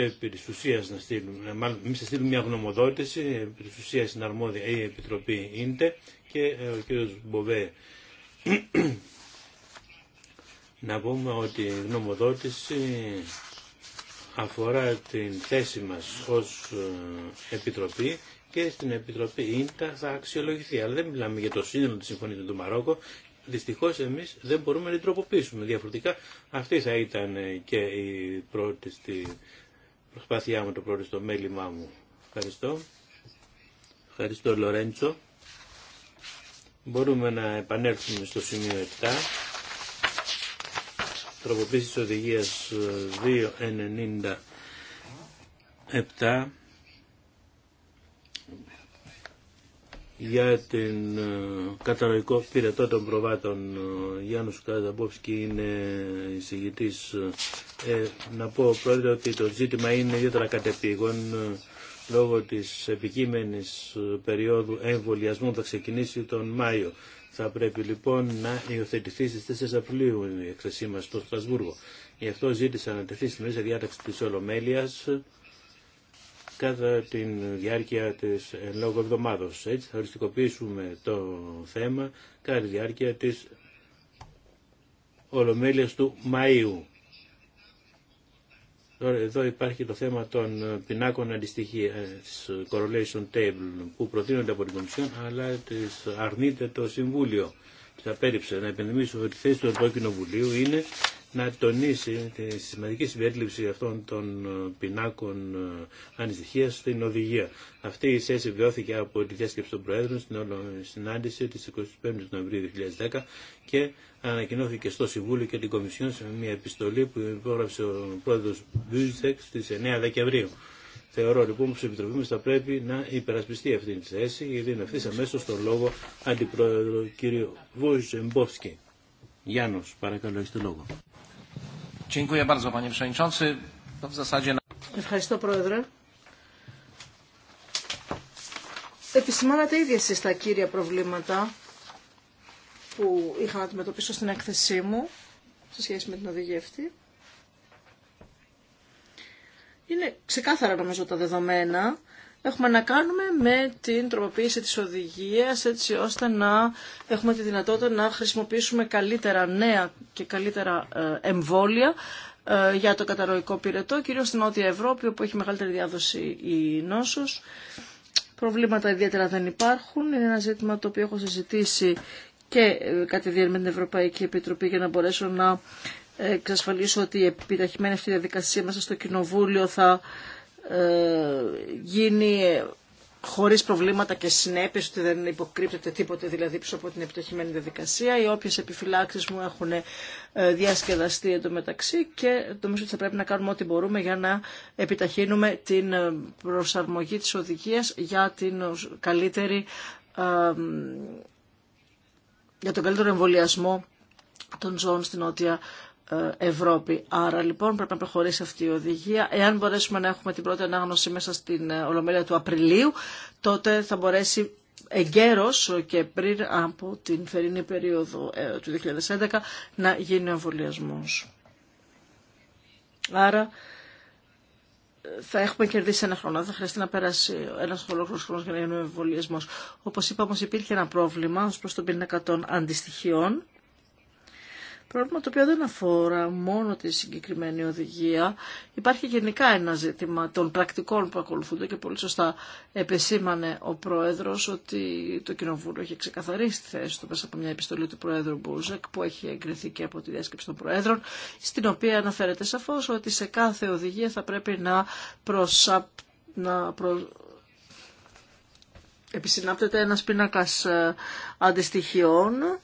επί της να στείλουμε, μάλλον στείλουμε μια γνωμοδότηση, επί της ουσίας είναι αρμόδια η Επιτροπή ίντε και ο κ. Μποβέ να πούμε ότι η γνωμοδότηση αφορά την θέση μας ως ε, Επιτροπή και στην Επιτροπή ΙΝΤΑ θα αξιολογηθεί. Αλλά δεν μιλάμε για το σύνολο της Συμφωνίας του Μαρόκο. Δυστυχώς εμείς δεν μπορούμε να την τροποποιήσουμε. Διαφορετικά αυτή θα ήταν ε, και η πρώτη στη προσπάθειά μου, το πρώτο στο μέλημά μου. Ευχαριστώ. Ευχαριστώ Λορέντσο. Μπορούμε να επανέλθουμε στο σημείο 7 τροποποίηση της οδηγίας 297 ε, για την ε, κατανοϊκό πυρετό των προβάτων ε, Γιάννους Καταμπόφσκι είναι εισηγητής να πω πρώτα ότι το ζήτημα είναι ιδιαίτερα κατεπήγον λόγω της επικείμενης περίοδου εμβολιασμού που θα ξεκινήσει τον Μάιο. Θα πρέπει λοιπόν να υιοθετηθεί στις 4 Απριλίου η εκθεσή μα στο Στρασβούργο. Γι' αυτό ζήτησα να τεθεί στη μέσα διάταξη τη Ολομέλεια κατά τη διάρκεια της λόγω εβδομάδος. Έτσι θα οριστικοποιήσουμε το θέμα κατά τη διάρκεια τη Ολομέλειας του Μαΐου. Τώρα εδώ υπάρχει το θέμα των ε, πινάκων αντιστοιχίας correlation table που προτείνονται από την Κομισιόν αλλά τις αρνείται το Συμβούλιο. Τις απέριψε να επενδυμίσω ότι η θέση του Ευρωπαϊκού Κοινοβουλίου είναι να τονίσει τη σημαντική συμπερίληψη αυτών των ε, πινάκων ε, ανησυχία στην οδηγία. Αυτή η θέση βιώθηκε από τη διάσκεψη των Προέδρων στην συνάντηση τη 25η Νοεμβρίου 2010 και ανακοινώθηκε στο Συμβούλιο και την Κομισιόν σε μια επιστολή που υπόγραψε ο πρόεδρο Μπιούζεκ στι 9 Δεκεμβρίου. Θεωρώ λοιπόν πω η Επιτροπή μα θα πρέπει να υπερασπιστεί αυτή τη θέση γιατί είναι ευθύς αμέσω τον λόγο αντιπρόεδρο κ. Βοζεμπόφσκι. Γιάννο, παρακαλώ, έχεις το λόγο. Ευχαριστώ Πρόεδρε. Επισημάνατε ίδια εσείς τα κύρια προβλήματα που είχα να αντιμετωπίσω στην έκθεσή μου σε σχέση με την οδηγία αυτή. Είναι ξεκάθαρα νομίζω τα δεδομένα. Έχουμε να κάνουμε με την τροποποίηση της οδηγίας έτσι ώστε να έχουμε τη δυνατότητα να χρησιμοποιήσουμε καλύτερα νέα και καλύτερα ε, εμβόλια ε, για το καταρροϊκό πυρετό, κυρίως στην Νότια Ευρώπη όπου έχει μεγαλύτερη διάδοση η νόσος. Προβλήματα ιδιαίτερα δεν υπάρχουν. Είναι ένα ζήτημα το οποίο έχω συζητήσει και ε, κάτι με την Ευρωπαϊκή Επιτροπή για να μπορέσω να εξασφαλίσω ότι η επιταχυμένη αυτή διαδικασία μέσα στο Κοινοβούλιο θα ε, γίνει ε, χωρίς προβλήματα και συνέπειες ότι δεν υποκρύπτεται τίποτε δηλαδή πίσω από την επιτυχημένη διαδικασία. Οι όποιες επιφυλάξεις μου έχουν διασκεδαστεί εντωμεταξύ και νομίζω ότι θα πρέπει να κάνουμε ό,τι μπορούμε για να επιταχύνουμε την προσαρμογή της οδηγίας για την καλύτερη για τον καλύτερο εμβολιασμό των ζώων στην Νότια ε, Ευρώπη. Άρα λοιπόν πρέπει να προχωρήσει αυτή η οδηγία. Εάν μπορέσουμε να έχουμε την πρώτη ανάγνωση μέσα στην ε, Ολομέλεια του Απριλίου, τότε θα μπορέσει εγκαίρως και πριν από την φερινή περίοδο ε, του 2011 να γίνει ο εμβολιασμός. Άρα θα έχουμε κερδίσει ένα χρόνο. Δεν Θα χρειαστεί να πέρασει ένα ολόκληρο χρόνο για να γίνει ο εμβολιασμό. Όπω είπα, όμω υπήρχε ένα πρόβλημα ω προ τον πυρήνα των αντιστοιχειών Πρόβλημα το οποίο δεν αφορά μόνο τη συγκεκριμένη οδηγία. Υπάρχει γενικά ένα ζήτημα των πρακτικών που ακολουθούνται και πολύ σωστά επεσήμανε ο Πρόεδρος ότι το Κοινοβούλιο έχει ξεκαθαρίσει τη θέση του μέσα από μια επιστολή του Πρόεδρου Μπούζεκ που έχει εγκριθεί και από τη διάσκεψη των Προέδρων στην οποία αναφέρεται σαφώς ότι σε κάθε οδηγία θα πρέπει να, προσα... να προ επισυνάπτεται ένας πίνακας ε, αντιστοιχειών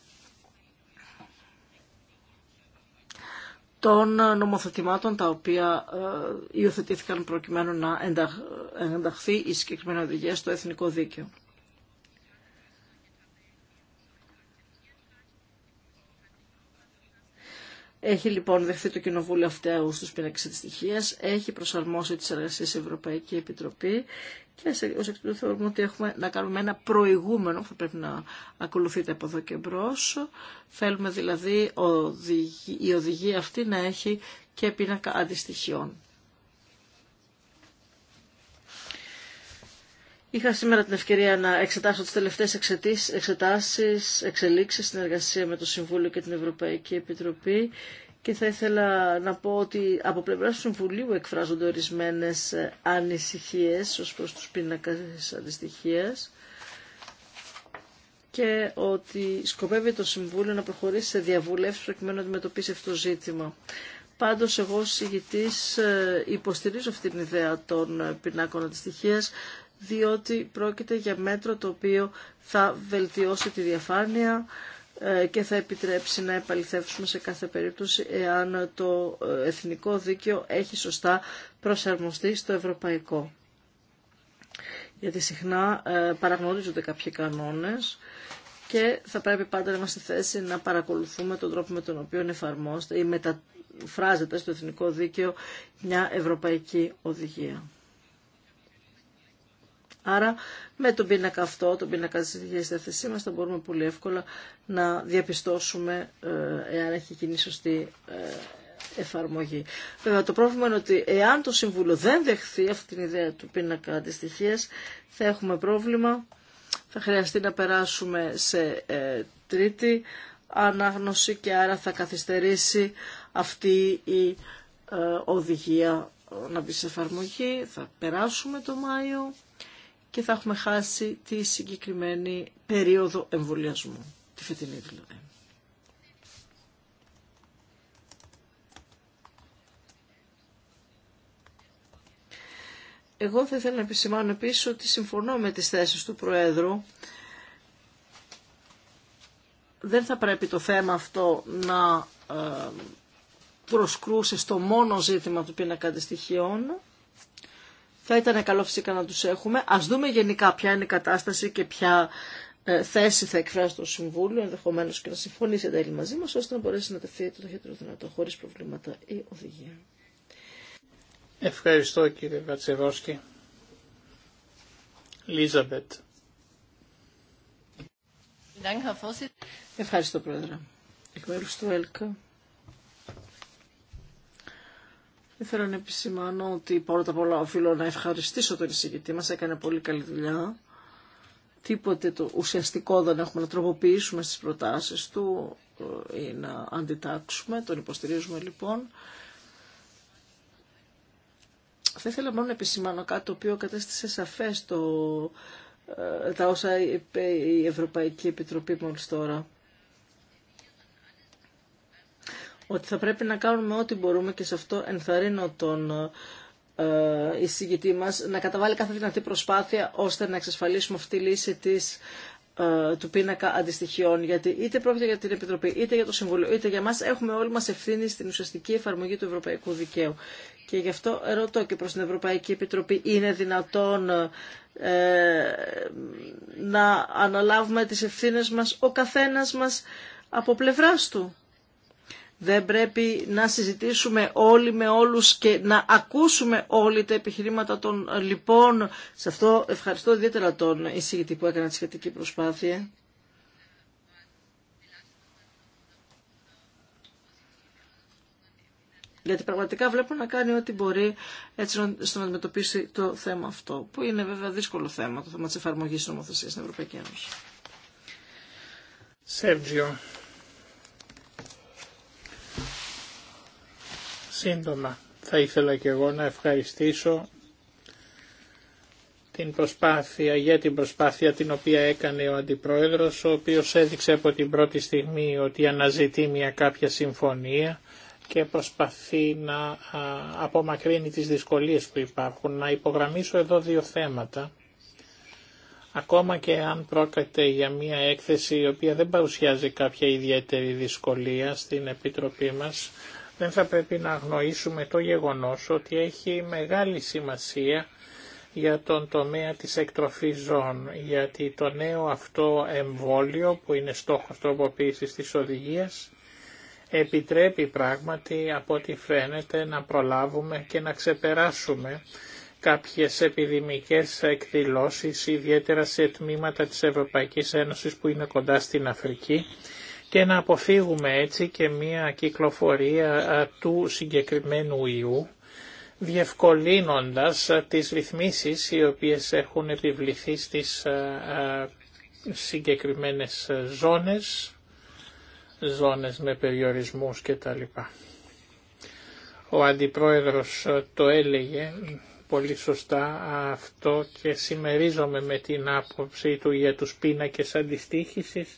των ε, νομοθετημάτων τα οποία ε, υιοθετήθηκαν προκειμένου να ε, ενταχθεί η συγκεκριμένη οδηγία στο εθνικό δίκαιο. Έχει λοιπόν δεχθεί το Κοινοβούλιο αυταίου στους πίνακες της έχει προσαρμόσει τις εργασίες Ευρωπαϊκή Επιτροπή και σε, ως εκ τούτου θεωρούμε ότι έχουμε να κάνουμε ένα προηγούμενο που θα πρέπει να ακολουθείτε από εδώ και μπρος. Θέλουμε δηλαδή η οδηγία αυτή να έχει και πίνακα αντιστοιχειών. Είχα σήμερα την ευκαιρία να εξετάσω τις τελευταίες εξετάσεις, εξελίξεις, συνεργασία με το Συμβούλιο και την Ευρωπαϊκή Επιτροπή και θα ήθελα να πω ότι από πλευράς του Συμβουλίου εκφράζονται ορισμένες ανησυχίες ως προς τους πίνακες αντιστοιχίας και ότι σκοπεύει το Συμβούλιο να προχωρήσει σε διαβουλεύσεις προκειμένου να αντιμετωπίσει αυτό το ζήτημα. Πάντως εγώ ως ε, υποστηρίζω αυτή την ιδέα των πινάκων αντιστοιχίας διότι πρόκειται για μέτρο το οποίο θα βελτιώσει τη διαφάνεια ε, και θα επιτρέψει να επαληθεύσουμε σε κάθε περίπτωση εάν το ε, εθνικό δίκαιο έχει σωστά προσαρμοστεί στο ευρωπαϊκό. Γιατί συχνά ε, παραγνωρίζονται κάποιοι κανόνες και θα πρέπει πάντα να είμαστε θέση να παρακολουθούμε τον τρόπο με τον οποίο εφαρμόζεται ή μεταφράζεται στο εθνικό δίκαιο μια ευρωπαϊκή οδηγία. Άρα με τον πίνακα αυτό, τον πίνακα της ίδιας διαθεσή μας, θα μπορούμε πολύ εύκολα να διαπιστώσουμε ε, εάν έχει γίνει σωστή ε, εφαρμογή. Βέβαια το πρόβλημα είναι ότι εάν το Σύμβουλο δεν δεχθεί αυτή την ιδέα του πίνακα αντιστοιχίας, θα έχουμε πρόβλημα, θα χρειαστεί να περάσουμε σε ε, τρίτη ανάγνωση και άρα θα καθυστερήσει αυτή η οδηγία να μπει σε εφαρμογή. Θα περάσουμε το Μάιο και θα έχουμε χάσει τη συγκεκριμένη περίοδο εμβολιασμού, τη φετινή δηλαδή. Εγώ θα ήθελα να επισημάνω επίσης ότι συμφωνώ με τις θέσεις του Προέδρου. Δεν θα πρέπει το θέμα αυτό να ε, προσκρούσε στο μόνο ζήτημα του πίνακα αντιστοιχειών. Θα ήταν καλό φυσικά να τους έχουμε. Ας δούμε γενικά ποια είναι η κατάσταση και ποια ε, θέση θα εκφράσει το Συμβούλιο, ενδεχομένω και να συμφωνήσει εν τέλει μαζί μα, ώστε να μπορέσει να τεθεί το ταχύτερο δυνατό χωρίς προβλήματα η οδηγία. Ευχαριστώ κύριε Βατσεβόσκη. Λίζαμπετ. Ευχαριστώ πρόεδρε. Εκ του ΕΛΚΑ Θέλω να επισημάνω ότι πρώτα απ' όλα οφείλω να ευχαριστήσω τον εισηγητή μας, έκανε πολύ καλή δουλειά. Τίποτε το ουσιαστικό δεν έχουμε να τροποποιήσουμε στις προτάσεις του ή να αντιτάξουμε, τον υποστηρίζουμε λοιπόν. Θα ήθελα μόνο να επισημάνω κάτι το οποίο κατέστησε σαφές το, ε, τα όσα είπε η Ευρωπαϊκή Επιτροπή μόλις τώρα. ότι θα πρέπει να κάνουμε ό,τι μπορούμε και σε αυτό ενθαρρύνω τον ε, εισηγητή μας να καταβάλει κάθε δυνατή προσπάθεια ώστε να εξασφαλίσουμε αυτή τη λύση της ε, του πίνακα αντιστοιχειών, γιατί είτε πρόκειται για την Επιτροπή, είτε για το Συμβούλιο, είτε για μας έχουμε όλοι μας ευθύνη στην ουσιαστική εφαρμογή του ευρωπαϊκού δικαίου. Και γι' αυτό ρωτώ και προς την Ευρωπαϊκή Επιτροπή, είναι δυνατόν ε, να αναλάβουμε τις ευθύνες μας ο καθένας μας από πλευράς του. Δεν πρέπει να συζητήσουμε όλοι με όλους και να ακούσουμε όλοι τα επιχειρήματα των ε, λοιπόν. Σε αυτό ευχαριστώ ιδιαίτερα τον εισηγητή που έκανε τη σχετική προσπάθεια. Γιατί πραγματικά βλέπω να κάνει ό,τι μπορεί έτσι να αντιμετωπίσει το θέμα αυτό. Που είναι βέβαια δύσκολο θέμα, το θέμα της εφαρμογής νομοθεσίας στην Ευρωπαϊκή Ένωση. Σύντομα θα ήθελα και εγώ να ευχαριστήσω την προσπάθεια, για την προσπάθεια την οποία έκανε ο Αντιπρόεδρος, ο οποίος έδειξε από την πρώτη στιγμή ότι αναζητεί μια κάποια συμφωνία και προσπαθεί να απομακρύνει τις δυσκολίες που υπάρχουν. Να υπογραμμίσω εδώ δύο θέματα. Ακόμα και αν πρόκειται για μια έκθεση η οποία δεν παρουσιάζει κάποια ιδιαίτερη δυσκολία στην Επιτροπή μας, δεν θα πρέπει να αγνοήσουμε το γεγονός ότι έχει μεγάλη σημασία για τον τομέα της εκτροφής ζώων, γιατί το νέο αυτό εμβόλιο που είναι στόχος τροποποίησης της οδηγίας επιτρέπει πράγματι από ό,τι φαίνεται να προλάβουμε και να ξεπεράσουμε κάποιες επιδημικές εκδηλώσεις, ιδιαίτερα σε τμήματα της Ευρωπαϊκής Ένωσης που είναι κοντά στην Αφρική και να αποφύγουμε έτσι και μία κυκλοφορία του συγκεκριμένου ιού, διευκολύνοντας τις ρυθμίσεις οι οποίες έχουν επιβληθεί στις συγκεκριμένες ζώνες, ζώνες με περιορισμούς κτλ. Ο Αντιπρόεδρος το έλεγε πολύ σωστά αυτό και συμμερίζομαι με την άποψή του για τους πίνακες αντιστοίχησης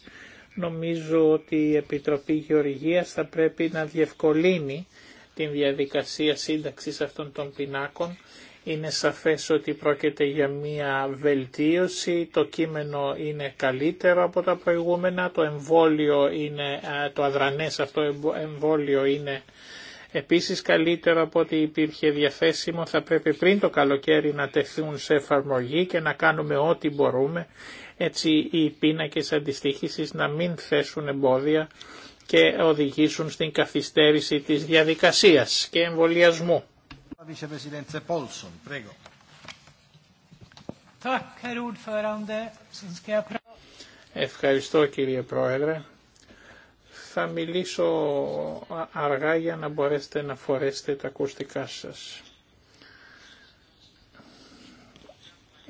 Νομίζω ότι η Επιτροπή Γεωργίας θα πρέπει να διευκολύνει την διαδικασία σύνταξης αυτών των πινάκων. Είναι σαφές ότι πρόκειται για μία βελτίωση, το κείμενο είναι καλύτερο από τα προηγούμενα, το εμβόλιο είναι, το αδρανές αυτό εμβόλιο είναι επίσης καλύτερο από ό,τι υπήρχε διαθέσιμο, θα πρέπει πριν το καλοκαίρι να τεθούν σε εφαρμογή και να κάνουμε ό,τι μπορούμε έτσι οι πίνακες αντιστοίχησης να μην θέσουν εμπόδια και οδηγήσουν στην καθυστέρηση της διαδικασίας και εμβολιασμού. Ευχαριστώ κύριε Πρόεδρε. Θα μιλήσω αργά για να μπορέσετε να φορέσετε τα ακουστικά σας.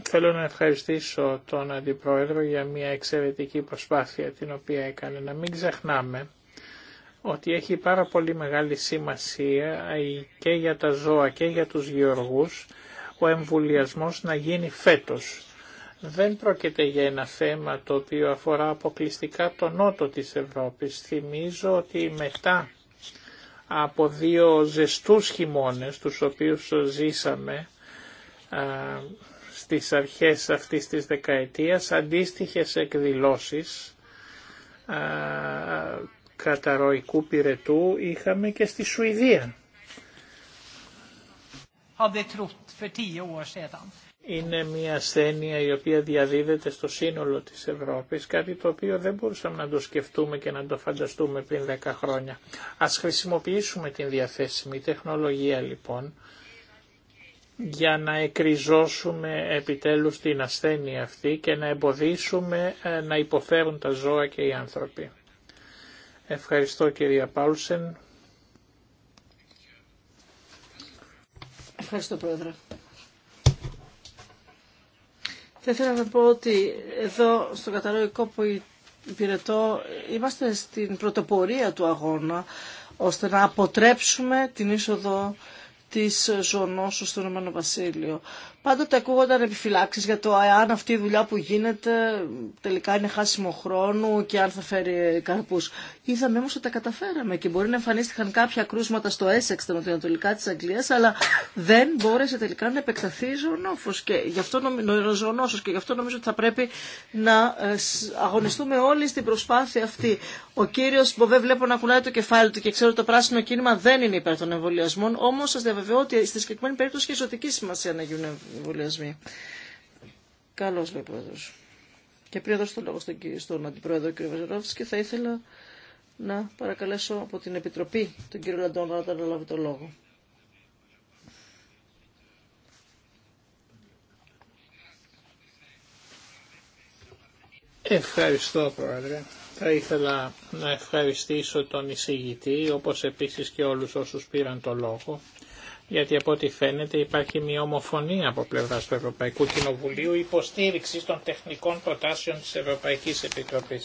Θέλω να ευχαριστήσω τον Αντιπρόεδρο για μια εξαιρετική προσπάθεια την οποία έκανε. Να μην ξεχνάμε ότι έχει πάρα πολύ μεγάλη σημασία και για τα ζώα και για τους γεωργούς ο εμβολιασμός να γίνει φέτος. Δεν πρόκειται για ένα θέμα το οποίο αφορά αποκλειστικά τον νότο της Ευρώπης. Θυμίζω ότι μετά από δύο ζεστούς χειμώνες, τους οποίους ζήσαμε, στις αρχές αυτής της δεκαετίας αντίστοιχες εκδηλώσεις α, καταρροϊκού πυρετού είχαμε και στη Σουηδία. Είναι μια ασθένεια η οποία διαδίδεται στο σύνολο της Ευρώπης, κάτι το οποίο δεν μπορούσαμε να το σκεφτούμε και να το φανταστούμε πριν δέκα χρόνια. Ας χρησιμοποιήσουμε την διαθέσιμη τεχνολογία λοιπόν, για να εκριζώσουμε επιτέλους την ασθένεια αυτή και να εμποδίσουμε ε, να υποφέρουν τα ζώα και οι άνθρωποι. Ευχαριστώ κυρία Πάουλσεν. Ευχαριστώ πρόεδρε. Θα ήθελα να πω ότι εδώ στο καταλογικό που υπηρετώ είμαστε στην πρωτοπορία του αγώνα ώστε να αποτρέψουμε την είσοδο της ζωνός στον Ηνωμένο Βασίλειο. Πάντοτε ακούγονταν επιφυλάξει για το αν αυτή η δουλειά που γίνεται τελικά είναι χάσιμο χρόνο και αν θα φέρει καρπού. Είδαμε όμω ότι τα καταφέραμε και μπορεί να εμφανίστηκαν κάποια κρούσματα στο Έσεξ, τα νοτιοανατολικά τη Αγγλία, αλλά δεν μπόρεσε τελικά να επεκταθεί η ζωονόφο. Και γι' αυτό, νομίζω, και γι' νομίζω ότι θα πρέπει να ε, αγωνιστούμε όλοι στην προσπάθεια αυτή. Ο κύριο Μποβέ βλέπω να κουνάει το κεφάλι του και ξέρω ότι το πράσινο κίνημα δεν είναι υπέρ των εμβολιασμών, όμω σα διαβεβαιώ ότι στη συγκεκριμένη περίπτωση έχει ζωτική σημασία να γίνουν εμβολιασμοί. Καλώ λέει ο Πρόεδρο. Και πριν δώσω το λόγο στον, κύριο στον Αντιπρόεδρο κ. Βαζερόφσκι, θα ήθελα να παρακαλέσω από την Επιτροπή τον κύριο Λαντόνα να λάβει το λόγο. Ευχαριστώ Πρόεδρε. Θα ήθελα να ευχαριστήσω τον εισηγητή, όπως επίσης και όλους όσους πήραν το λόγο γιατί από ό,τι φαίνεται υπάρχει μια ομοφωνία από πλευρά του Ευρωπαϊκού Κοινοβουλίου υποστήριξη των τεχνικών προτάσεων τη Ευρωπαϊκή Επιτροπή.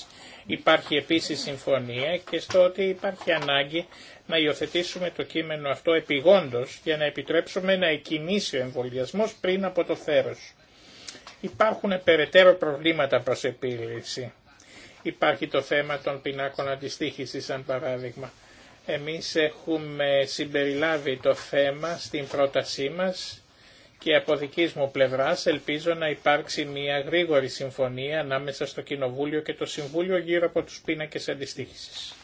Υπάρχει επίσης συμφωνία και στο ότι υπάρχει ανάγκη να υιοθετήσουμε το κείμενο αυτό επιγόντω για να επιτρέψουμε να εκκινήσει ο εμβολιασμό πριν από το θέρο. Υπάρχουν περαιτέρω προβλήματα προ επίλυση. Υπάρχει το θέμα των πινάκων αντιστοίχηση, σαν παράδειγμα εμείς έχουμε συμπεριλάβει το θέμα στην πρότασή μας και από δική μου πλευράς ελπίζω να υπάρξει μια γρήγορη συμφωνία ανάμεσα στο Κοινοβούλιο και το Συμβούλιο γύρω από τους πίνακες αντιστοίχησης.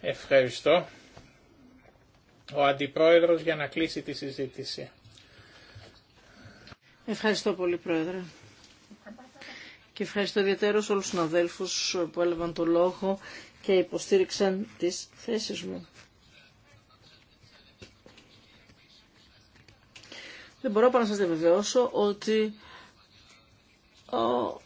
Ευχαριστώ. Ο Αντιπρόεδρος για να κλείσει τη συζήτηση. Ευχαριστώ πολύ Πρόεδρε. Και ευχαριστώ ιδιαίτερα όλους τους συναδέλφους που έλαβαν το λόγο και υποστήριξαν τις θέσεις μου. Δεν μπορώ παρά να σας διαβεβαιώσω ότι ο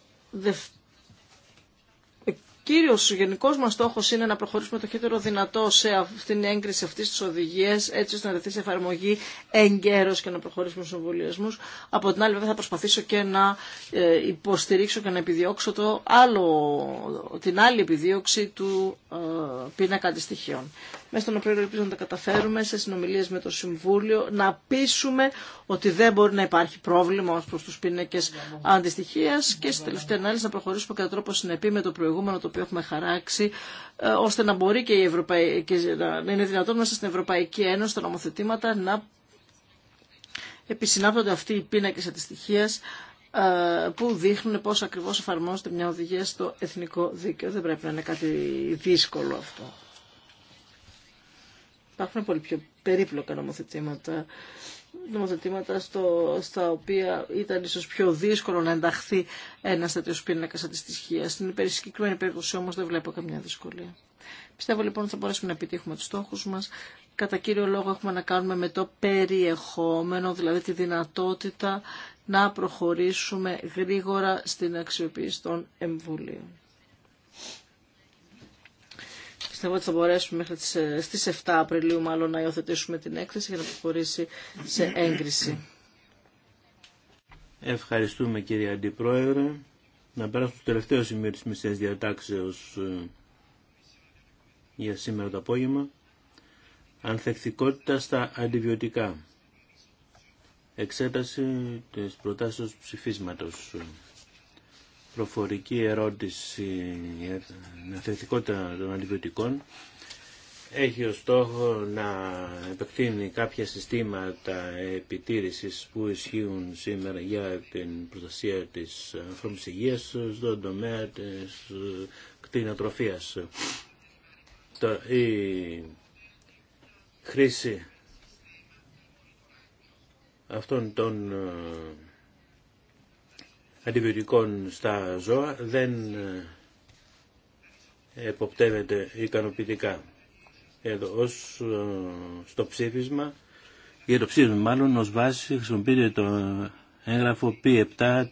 κύριος γενικό μας στόχος είναι να προχωρήσουμε το χύτερο δυνατό σε αυτήν την έγκριση αυτής της οδηγίας, έτσι ώστε να δεθεί σε εφαρμογή εγκαίρω και να προχωρήσουμε στου εμβολιασμού. Από την άλλη βέβαια θα προσπαθήσω και να ε, υποστηρίξω και να επιδιώξω το άλλο, την άλλη επιδίωξη του ε, πίνακα αντιστοιχείων μέσα στον Απρίλιο ελπίζω να τα καταφέρουμε σε συνομιλίες με το Συμβούλιο, να πείσουμε ότι δεν μπορεί να υπάρχει πρόβλημα ως προς τους πίνακες αντιστοιχίας και στη τελευταία ανάλυση να προχωρήσουμε κατά τρόπο συνεπή με το προηγούμενο το οποίο έχουμε χαράξει, ε, ώστε να μπορεί και, η να είναι δυνατόν μέσα στην Ευρωπαϊκή Ένωση τα νομοθετήματα να επισυνάπτονται αυτοί οι πίνακες αντιστοιχία ε, που δείχνουν πώς ακριβώς εφαρμόζεται μια οδηγία στο εθνικό δίκαιο. Δεν πρέπει να είναι κάτι δύσκολο αυτό. Υπάρχουν πολύ πιο περίπλοκα νομοθετήματα, νομοθετήματα στο, στα οποία ήταν ίσω πιο δύσκολο να ενταχθεί ένα τέτοιο πίνακα αντιστοιχεία. Στην υπερσυγκεκριμένη περίπτωση όμω δεν βλέπω καμιά δυσκολία. Πιστεύω λοιπόν ότι θα μπορέσουμε να επιτύχουμε του στόχου μα. Κατά κύριο λόγο έχουμε να κάνουμε με το περιεχόμενο, δηλαδή τη δυνατότητα να προχωρήσουμε γρήγορα στην αξιοποίηση των εμβολίων. Πιστεύω ότι θα μπορέσουμε μέχρι τις, ε, στις 7 Απριλίου μάλλον να υιοθετήσουμε την έκθεση για να προχωρήσει σε έγκριση. Ευχαριστούμε κύριε Αντιπρόεδρε. Να περάσουμε στο τελευταίο σημείο της μισθές διατάξεως ε, για σήμερα το απόγευμα. Ανθεκτικότητα στα αντιβιωτικά. Εξέταση της προτάσεως ψηφίσματος προφορική ερώτηση για την αθλητικότητα των αντιβιωτικών έχει ως στόχο να επεκτείνει κάποια συστήματα επιτήρησης που ισχύουν σήμερα για την προστασία της ανθρώπινης υγείας στον τομέα της κτηνοτροφίας. Η χρήση αυτών των αντιβιωτικών στα ζώα δεν ε, εποπτεύεται ικανοποιητικά. Εδώ ως ε, στο ψήφισμα, για το ψήφισμα μάλλον ως βάση χρησιμοποιείται το έγγραφο P7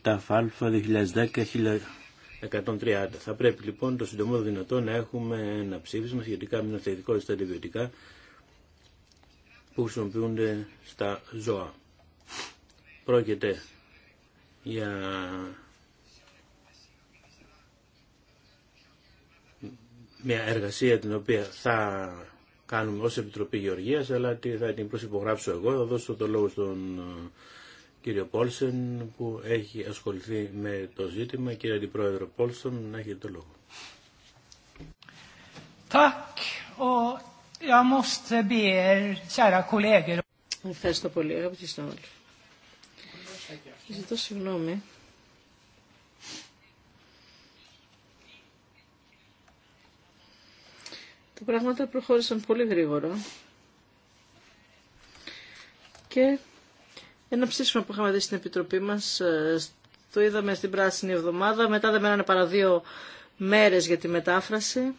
τα 2010 130. Θα πρέπει λοιπόν το συντομό δυνατό να έχουμε ένα ψήφισμα σχετικά με την αυθεντικότητα στα αντιβιωτικά που χρησιμοποιούνται στα ζώα. Πρόκειται για μια εργασία την οποία θα κάνουμε ως Επιτροπή Γεωργίας, αλλά τι θα την προσυπογράψω εγώ, θα δώσω το λόγο στον ε, κύριο Πόλσεν που έχει ασχοληθεί με το ζήτημα. Κύριε Αντιπρόεδρο Πόλσεν, να έχει το λόγο. Ευχαριστώ πολύ, αγαπητοί συνάδελφοι. Ζητώ συγγνώμη. Τα πράγματα προχώρησαν πολύ γρήγορα και ένα ψήφισμα που είχαμε δει στην Επιτροπή μας ε, το είδαμε στην Πράσινη Εβδομάδα. Μετά δεν μένανε παρά δύο μέρες για τη μετάφραση.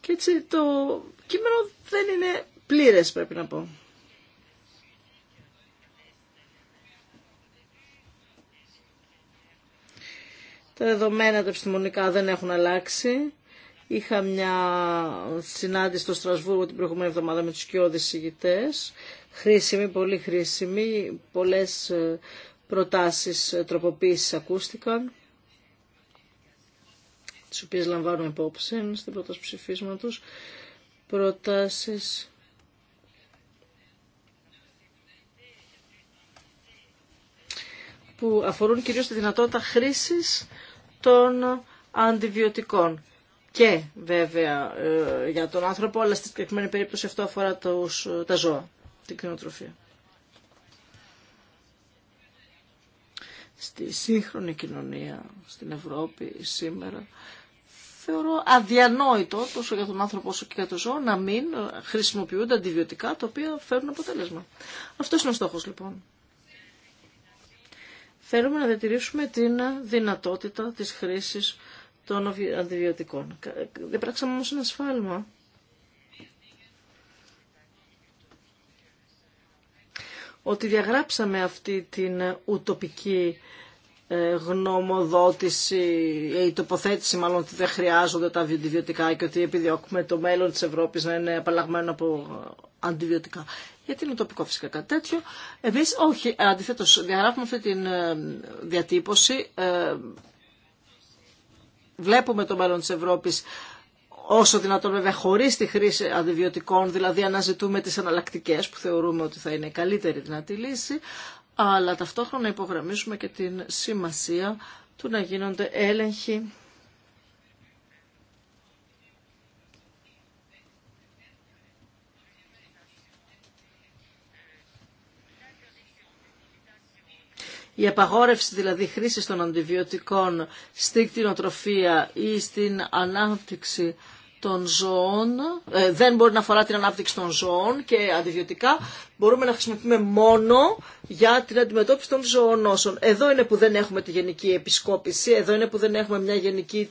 Και έτσι το κείμενο δεν είναι πλήρες πρέπει να πω. Τα δεδομένα τα επιστημονικά δεν έχουν αλλάξει. Είχα μια συνάντηση στο Στρασβούργο την προηγούμενη εβδομάδα με τους κοιόδης ηγητές. Χρήσιμη, πολύ χρήσιμη. Πολλές ε, προτάσεις ε, τροποποίησης ακούστηκαν τις οποίες λαμβάνουμε υπόψη στην πρόταση ψηφίσματος. Προτάσεις που αφορούν κυρίως τη δυνατότητα χρήσης των αντιβιωτικών. Και βέβαια ε, για τον άνθρωπο, αλλά στη συγκεκριμένη περίπτωση αυτό αφορά τους, ε, τα ζώα, την κτηνοτροφία. Στη σύγχρονη κοινωνία, στην Ευρώπη σήμερα, θεωρώ αδιανόητο τόσο για τον άνθρωπο όσο και για το ζώο να μην χρησιμοποιούνται αντιβιωτικά τα οποία φέρουν αποτέλεσμα. Αυτός είναι ο στόχος λοιπόν. Θέλουμε να διατηρήσουμε την δυνατότητα της χρήσης των αντιβιωτικών. Δεν πράξαμε όμως ένα σφάλμα. Ότι διαγράψαμε αυτή την ουτοπική ε, γνωμοδότηση ή τοποθέτηση μάλλον ότι δεν χρειάζονται τα αντιβιωτικά και ότι επιδιώκουμε το μέλλον της Ευρώπης να είναι απαλλαγμένο από αντιβιωτικά. Γιατί είναι τοπικό φυσικά κάτι τέτοιο. Εμείς όχι, αντιθέτως διαγράφουμε αυτή τη ε, διατύπωση. Ε, βλέπουμε το μέλλον της Ευρώπης όσο δυνατόν βέβαια χωρίς τη χρήση αντιβιωτικών, δηλαδή αναζητούμε τις εναλλακτικέ που θεωρούμε ότι θα είναι η καλύτερη δυνατή λύση, αλλά ταυτόχρονα υπογραμμίζουμε και την σημασία του να γίνονται έλεγχοι Η απαγόρευση δηλαδή χρήση των αντιβιωτικών στην κτηνοτροφία ή στην ανάπτυξη των ζώων, ε, δεν μπορεί να αφορά την ανάπτυξη των ζώων και αντιβιωτικά μπορούμε να χρησιμοποιούμε μόνο για την αντιμετώπιση των ζωονόσων. Εδώ είναι που δεν έχουμε τη γενική επισκόπηση, εδώ είναι που δεν έχουμε μια γενική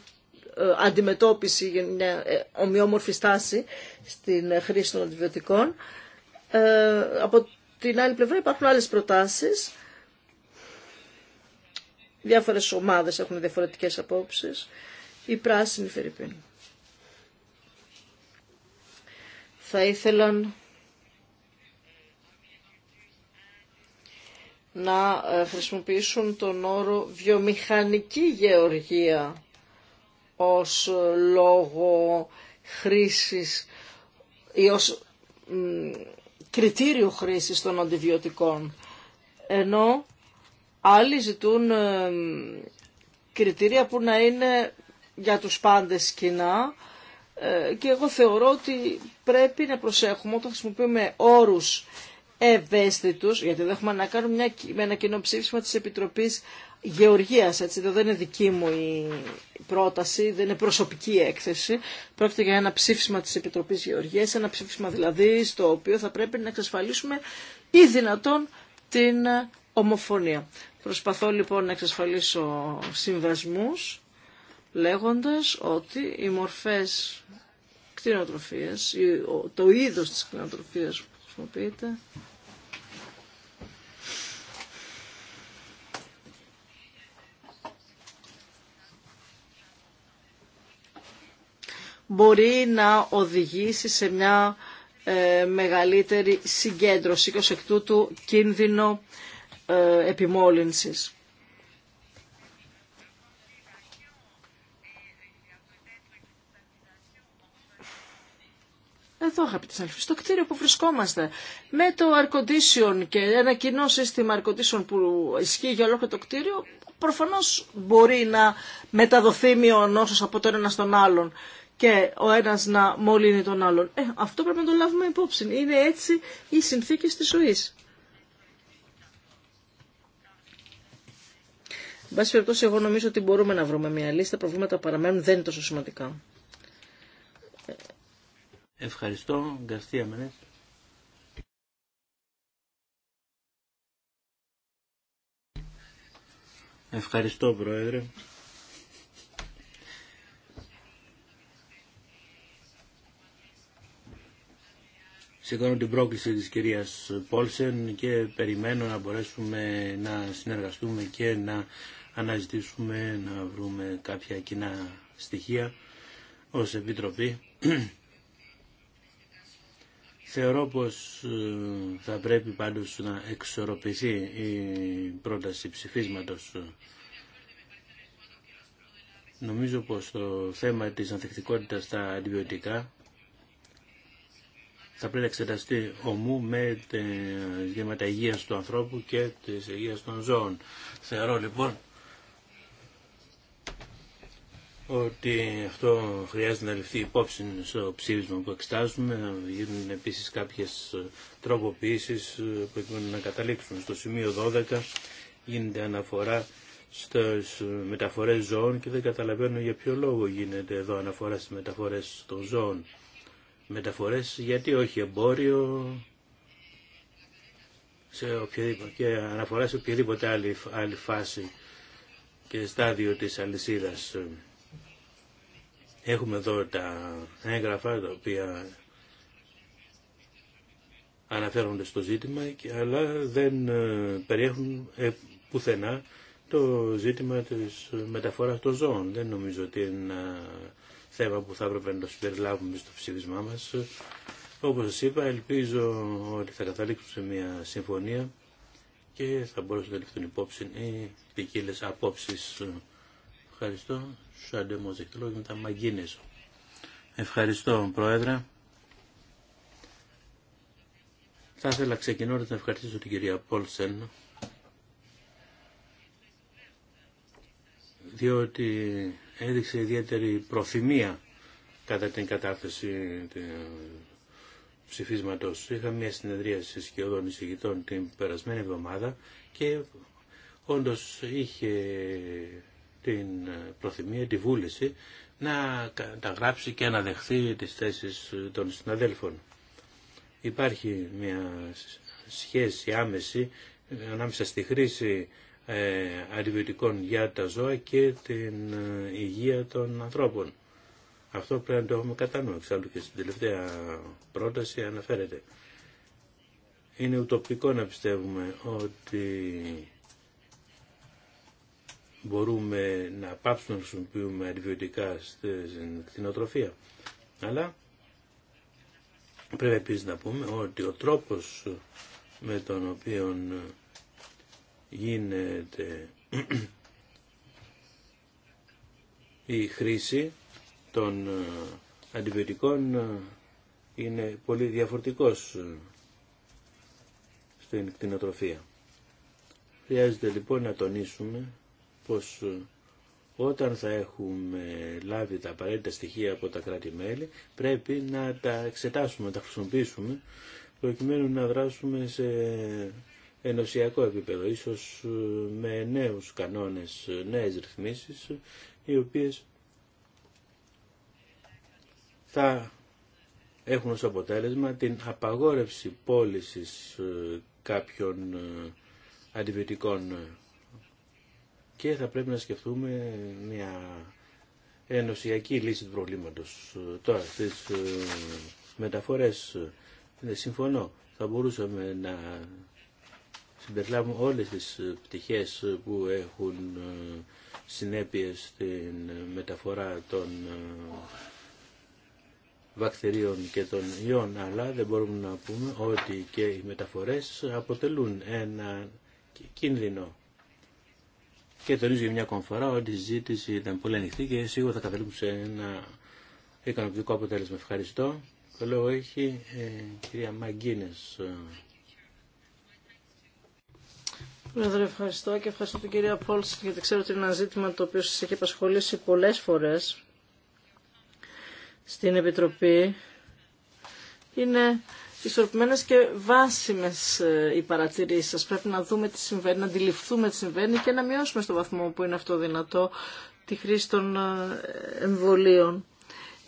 ε, αντιμετώπιση, μια ε, ομοιόμορφη στάση στην χρήση των αντιβιωτικών. Ε, από την άλλη πλευρά υπάρχουν άλλες προτάσεις Διάφορες ομάδες έχουν διαφορετικές απόψεις. Η πράσινη Φερρυπίνη. Θα ήθελαν να ε, χρησιμοποιήσουν τον όρο βιομηχανική γεωργία ως ε, λόγο χρήσης ή ως κριτήριο χρήσης των αντιβιωτικών. Ενώ Άλλοι ζητούν ε, κριτήρια που να είναι για τους πάντες κοινά ε, και εγώ θεωρώ ότι πρέπει να προσέχουμε όταν χρησιμοποιούμε όρους ευαίσθητους, γιατί δεν έχουμε να κάνουμε μια, με ένα κοινό ψήφισμα της Επιτροπής Γεωργίας, έτσι, δεν είναι δική μου η πρόταση, δεν είναι προσωπική έκθεση, πρόκειται για ένα ψήφισμα της Επιτροπής Γεωργίας, ένα ψήφισμα δηλαδή στο οποίο θα πρέπει να εξασφαλίσουμε ή δυνατόν την ομοφωνία. Προσπαθώ λοιπόν να εξασφαλίσω συμβασμούς λέγοντας ότι οι μορφές κτηνοτροφίας, το είδος της κτηνοτροφίας που χρησιμοποιείται μπορεί να οδηγήσει σε μια ε, μεγαλύτερη συγκέντρωση και ως εκ τούτου κίνδυνο ε, επιμόλυνσης. Εδώ, αγαπητοί συνάδελφοι, στο κτίριο που βρισκόμαστε, με το air condition και ένα κοινό σύστημα air condition που ισχύει για ολόκληρο το κτίριο, προφανώ μπορεί να μεταδοθεί μειονόσο από τον ένα στον άλλον και ο ένα να μολύνει τον άλλον. Ε, αυτό πρέπει να το λάβουμε υπόψη. Είναι έτσι οι συνθήκε τη ζωή. Εν πάση περιπτώσει, εγώ νομίζω ότι μπορούμε να βρούμε μια τα Προβλήματα παραμένουν, δεν είναι τόσο σημαντικά. Ευχαριστώ, Γκαρθία Μενές. Ευχαριστώ, Πρόεδρε. Σηκώνω την πρόκληση της κυρίας Πόλσεν και περιμένω να μπορέσουμε να συνεργαστούμε και να αναζητήσουμε να βρούμε κάποια κοινά στοιχεία ως Επιτροπή. Θεωρώ πως ε, θα πρέπει πάντως να εξορροπηθεί η πρόταση ψηφίσματος. Νομίζω πως το θέμα της ανθεκτικότητας στα αντιβιωτικά θα πρέπει να εξεταστεί ομού με τα υγείας του ανθρώπου και της υγείας των ζώων. Θεωρώ λοιπόν ότι αυτό χρειάζεται να ληφθεί υπόψη στο ψήφισμα που εξετάζουμε, να γίνουν επίσης κάποιες ε, τροποποιήσεις ε, έχουν να καταλήξουν. Στο σημείο 12 γίνεται αναφορά στις ε, μεταφορές ζώων και δεν καταλαβαίνω για ποιο λόγο γίνεται εδώ αναφορά στις μεταφορές των ζώων. Μεταφορές γιατί όχι εμπόριο σε και αναφορά σε οποιαδήποτε άλλη, άλλη φάση και στάδιο της αλυσίδας. Έχουμε εδώ τα έγγραφα τα οποία αναφέρονται στο ζήτημα, αλλά δεν ε, περιέχουν ε, πουθενά το ζήτημα της μεταφοράς των ζώων. Δεν νομίζω ότι είναι ένα θέμα που θα έπρεπε να το συμπεριλάβουμε στο ψήφισμά μας. Όπως σας είπα, ελπίζω ότι θα καταλήξουμε σε μια συμφωνία και θα μπορούσαν να ληφθούν υπόψη οι ποικίλε απόψεις. Ευχαριστώ τα Ευχαριστώ Πρόεδρε. Θα ήθελα ξεκινώντας να ευχαριστήσω την κυρία Πόλσεν διότι έδειξε ιδιαίτερη προθυμία κατά την κατάθεση του ψηφίσματος. Είχα μια συνεδρίαση σχεδόν εισηγητών την περασμένη εβδομάδα και όντως είχε την ε, προθυμία, τη βούληση να καταγράψει και να δεχθεί τις θέσεις ε, των συναδέλφων. Υπάρχει μια σχέση άμεση ε, ανάμεσα στη χρήση αντιβιωτικών για τα ζώα και την υγεία των ανθρώπων. Αυτό πρέπει να το έχουμε κατά νου, εξάλλου και στην τελευταία πρόταση αναφέρεται. Είναι ουτοπικό να πιστεύουμε ότι μπορούμε να πάψουμε να χρησιμοποιούμε αντιβιωτικά στην κτηνοτροφία. Αλλά πρέπει επίσης να πούμε ότι ο τρόπος με τον οποίο γίνεται η χρήση των αντιβιωτικών είναι πολύ διαφορετικός στην κτηνοτροφία. Χρειάζεται λοιπόν να τονίσουμε πως ε, όταν θα έχουμε λάβει τα απαραίτητα στοιχεία από τα κράτη-μέλη πρέπει να τα εξετάσουμε, να τα χρησιμοποιήσουμε προκειμένου να δράσουμε σε ενωσιακό επίπεδο, ίσως ε, με νέους κανόνες, ε, νέες ρυθμίσεις, οι οποίες θα έχουν ως αποτέλεσμα την απαγόρευση πώλησης κάποιων αντιβιωτικών και θα πρέπει να σκεφτούμε μια ενωσιακή λύση του προβλήματος. Τώρα, στις ε, μεταφορές ε, συμφωνώ. Θα μπορούσαμε να συμπεριλάβουμε όλες τις ε, πτυχές που έχουν συνέπειες στην μεταφορά των βακτηρίων και των ιών, αλλά δεν μπορούμε να πούμε ότι και οι μεταφορές αποτελούν ένα κίνδυνο και τονίζω για μια ακόμα φορά ότι η συζήτηση ήταν πολύ ανοιχτή και σίγουρα θα καταλήξουμε σε ένα ικανοποιητικό αποτέλεσμα. Ευχαριστώ. Το λόγο έχει η ε, κυρία Μαγκίνες. Πρόεδρε, ευχαριστώ και ευχαριστώ την κυρία Πόλση γιατί ξέρω ότι είναι ένα ζήτημα το οποίο σας έχει απασχολήσει πολλές φορές στην Επιτροπή. Είναι ισορροπημένε και βάσιμες ε, οι παρατηρήσει σας. Πρέπει να δούμε τι συμβαίνει, να αντιληφθούμε τι συμβαίνει και να μειώσουμε στο βαθμό που είναι αυτό δυνατό τη χρήση των ε, εμβολίων.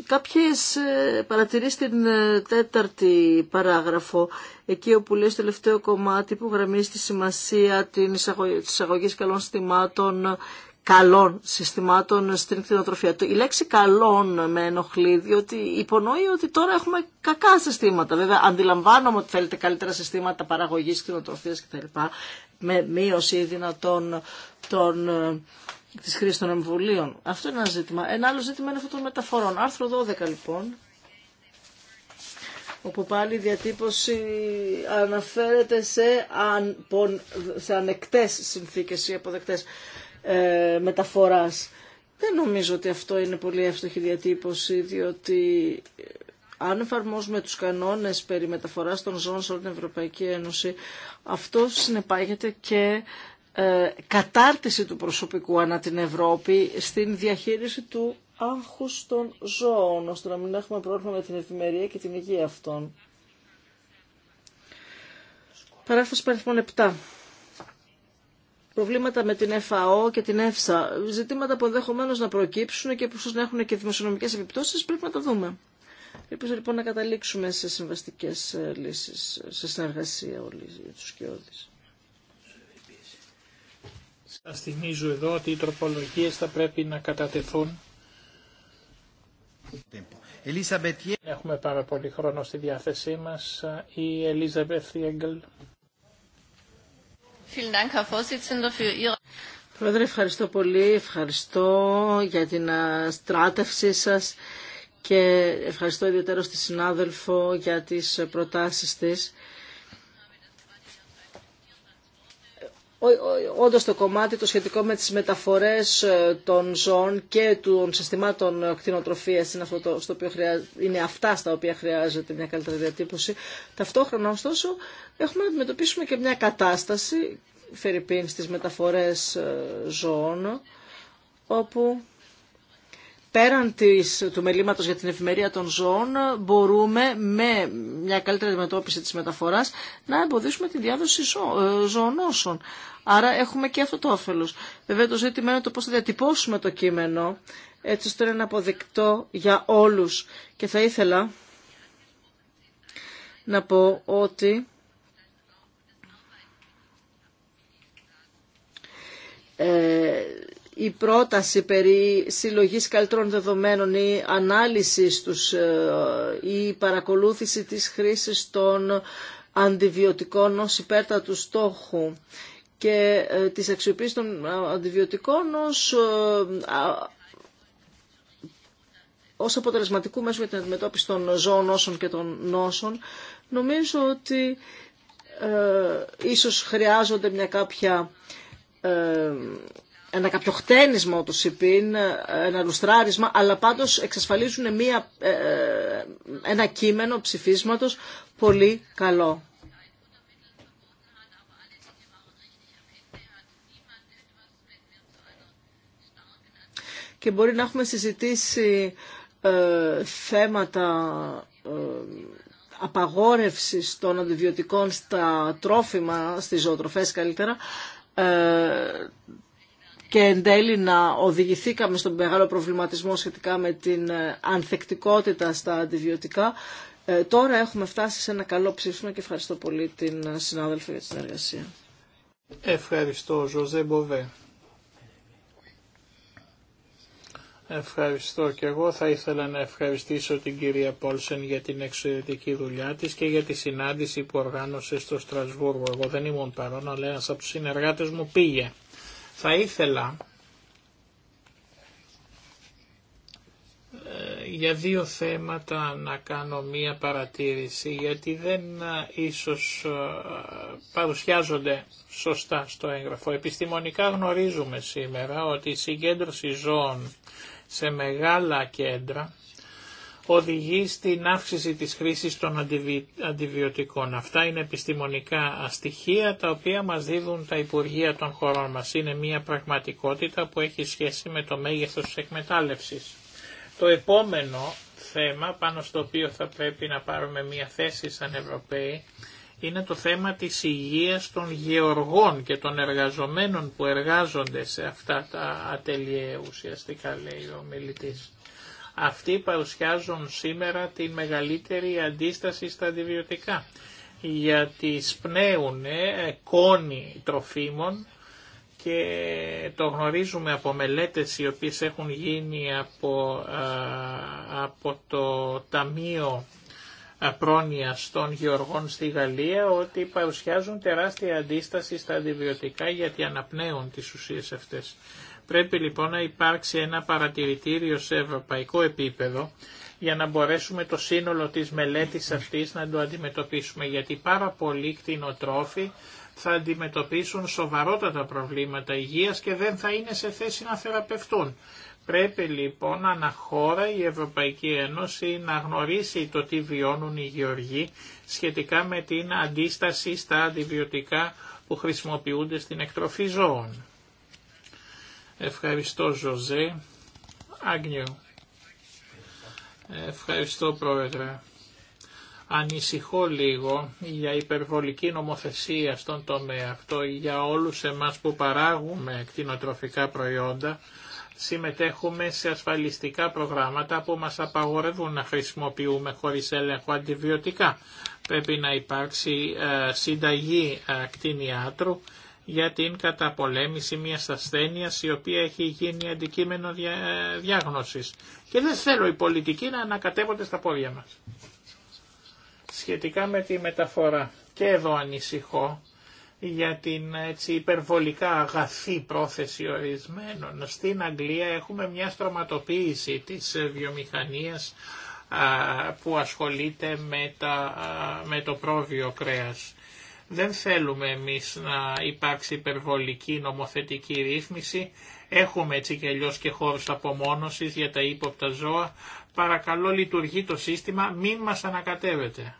Κάποιες ε, παρατηρήσει στην τέταρτη παράγραφο, εκεί όπου λέει στο τελευταίο κομμάτι που γραμμίζει τη σημασία της εισαγωγής καλών στιμάτων καλών συστημάτων στην κτηνοτροφία. Η λέξη καλών με ενοχλεί, διότι υπονοεί ότι τώρα έχουμε κακά συστήματα. Βέβαια, αντιλαμβάνομαι ότι θέλετε καλύτερα συστήματα παραγωγής κτηνοτροφίας κτλ. με μείωση δυνατών των ε, τη χρήση των εμβολίων. Αυτό είναι ένα ζήτημα. Ένα άλλο ζήτημα είναι αυτό των μεταφορών. Άρθρο 12 λοιπόν, όπου πάλι η διατύπωση αναφέρεται σε, αν, σε ανεκτές συνθήκες ή αποδεκτές ε, μεταφοράς. Δεν νομίζω ότι αυτό είναι πολύ εύστοχη διατύπωση, διότι ε, αν εφαρμόζουμε τους κανόνες περί μεταφοράς των ζώων σε όλη την Ευρωπαϊκή Ένωση, αυτό συνεπάγεται και ε, κατάρτιση του προσωπικού ανά την Ευρώπη στην διαχείριση του άγχους των ζώων, ώστε να μην έχουμε πρόβλημα με την ευημερία και την υγεία αυτών. Παράφωση παριθμών 7 προβλήματα με την ΕΦΑΟ και την ΕΦΣΑ, ζητήματα που ενδεχομένω να προκύψουν και που ίσω να έχουν και δημοσιονομικέ επιπτώσει, πρέπει να τα δούμε. Ελπίζω λοιπόν να καταλήξουμε σε συμβαστικέ ε, λύσει, σε συνεργασία όλοι του κοιόδη. Σα θυμίζω εδώ ότι οι τροπολογίε θα πρέπει να κατατεθούν. Έχουμε πάρα πολύ χρόνο στη διάθεσή μας. Η Ελίζα Πρόεδρε, ευχαριστώ πολύ. Ευχαριστώ για την στράτευσή σας και ευχαριστώ ιδιαίτερα στη συνάδελφο για τις προτάσεις της. Όντω το κομμάτι το σχετικό με τις μεταφορές ε, των ζώων και των συστημάτων ε, κτηνοτροφίας είναι, αυτό το, στο οποίο αυτά στα οποία χρειάζεται μια καλύτερη διατύπωση. Ταυτόχρονα ωστόσο έχουμε να αντιμετωπίσουμε και μια κατάσταση, φερειπίν στις μεταφορές ε, ζώων, όπου πέραν της, του μελήματος για την εφημερία των ζώων μπορούμε με μια καλύτερη αντιμετώπιση της μεταφοράς να εμποδίσουμε τη διάδοση ζωονόσων. Ε, Άρα έχουμε και αυτό το όφελος. Βέβαια το ζήτημα είναι το πώς θα διατυπώσουμε το κείμενο έτσι ώστε να είναι αποδεικτό για όλους. Και θα ήθελα να πω ότι... Ε, η πρόταση περί συλλογής καλύτερων δεδομένων ή ανάλυση τους ε, ή παρακολούθηση της χρήσης των αντιβιωτικών ως υπέρτατου στόχου και ε, της αξιοποίησης των ε, αντιβιωτικών ως, ως αποτελεσματικού μέσου για την αντιμετώπιση των ζώων νόσων και των νόσων, νομίζω ότι ε, ίσως χρειάζονται μια κάποια ένα κάποιο χτένισμα όπως είπε, ένα λουστράρισμα, αλλά πάντως εξασφαλίζουν μια, ε, ένα κείμενο ψηφίσματος πολύ καλό. Και μπορεί να έχουμε συζητήσει ε, θέματα ε, απαγόρευσης των αντιβιωτικών στα τρόφιμα, στις ζωοτροφές καλύτερα, ε, και εν τέλει να οδηγηθήκαμε στον μεγάλο προβληματισμό σχετικά με την ε, ανθεκτικότητα στα αντιβιωτικά. Ε, τώρα έχουμε φτάσει σε ένα καλό ψήφισμα και ευχαριστώ πολύ την ε, συνάδελφο για τη συνεργασία. Ευχαριστώ, Ζωζέ Μποβέ. Ευχαριστώ και εγώ θα ήθελα να ευχαριστήσω την κυρία Πόλσεν για την εξαιρετική δουλειά της και για τη συνάντηση που οργάνωσε στο Στρασβούργο. Εγώ δεν ήμουν παρόν, αλλά ένας από τους συνεργάτες μου πήγε. Θα ήθελα ε, για δύο θέματα να κάνω μία παρατήρηση γιατί δεν ε, ίσως ε, παρουσιάζονται σωστά στο έγγραφο. Επιστημονικά γνωρίζουμε σήμερα ότι η συγκέντρωση ζώων σε μεγάλα κέντρα οδηγεί στην αύξηση της χρήσης των αντιβιωτικών. Αυτά είναι επιστημονικά στοιχεία τα οποία μας δίδουν τα Υπουργεία των χωρών μας. Είναι μια πραγματικότητα που έχει σχέση με το μέγεθος της εκμετάλλευσης. Το επόμενο θέμα πάνω στο οποίο θα πρέπει να πάρουμε μια θέση σαν Ευρωπαίοι είναι το θέμα της υγείας των γεωργών και των εργαζομένων που εργάζονται σε αυτά τα ατελειέ ουσιαστικά λέει ο μιλητής αυτοί παρουσιάζουν σήμερα τη μεγαλύτερη αντίσταση στα αντιβιωτικά γιατί σπνέουν κόνη τροφίμων και το γνωρίζουμε από μελέτες οι οποίες έχουν γίνει από, από το Ταμείο πρόνοιας των γεωργών στη Γαλλία ότι παρουσιάζουν τεράστια αντίσταση στα αντιβιωτικά γιατί αναπνέουν τις ουσίες αυτές. Πρέπει λοιπόν να υπάρξει ένα παρατηρητήριο σε ευρωπαϊκό επίπεδο για να μπορέσουμε το σύνολο της μελέτης αυτής να το αντιμετωπίσουμε γιατί πάρα πολλοί κτηνοτρόφοι θα αντιμετωπίσουν σοβαρότατα προβλήματα υγείας και δεν θα είναι σε θέση να θεραπευτούν. Πρέπει λοιπόν αναχώρα η Ευρωπαϊκή Ένωση να γνωρίσει το τι βιώνουν οι γεωργοί σχετικά με την αντίσταση στα αντιβιωτικά που χρησιμοποιούνται στην εκτροφή ζώων. Ευχαριστώ Ζωζέ. Άγνιο. Ευχαριστώ Πρόεδρε. Ανησυχώ λίγο για υπερβολική νομοθεσία στον τομέα αυτό, για όλους εμάς που παράγουμε κτηνοτροφικά προϊόντα, συμμετέχουμε σε ασφαλιστικά προγράμματα που μας απαγορεύουν να χρησιμοποιούμε χωρίς έλεγχο αντιβιωτικά. Πρέπει να υπάρξει ε, συνταγή ε, κτηνιάτρου για την καταπολέμηση μιας ασθένειας η οποία έχει γίνει αντικείμενο δια... Ε, διάγνωσης. Και δεν θέλω οι πολιτικοί να ανακατεύονται στα πόδια μας. Σχετικά με τη μεταφορά. Και εδώ ανησυχώ για την έτσι, υπερβολικά αγαθή πρόθεση ορισμένων. Στην Αγγλία έχουμε μια στρωματοποίηση της βιομηχανίας που ασχολείται με, το πρόβιο κρέας. Δεν θέλουμε εμείς να υπάρξει υπερβολική νομοθετική ρύθμιση. Έχουμε έτσι και αλλιώς και χώρους απομόνωσης για τα ύποπτα ζώα. Παρακαλώ λειτουργεί το σύστημα, μην μας ανακατεύετε.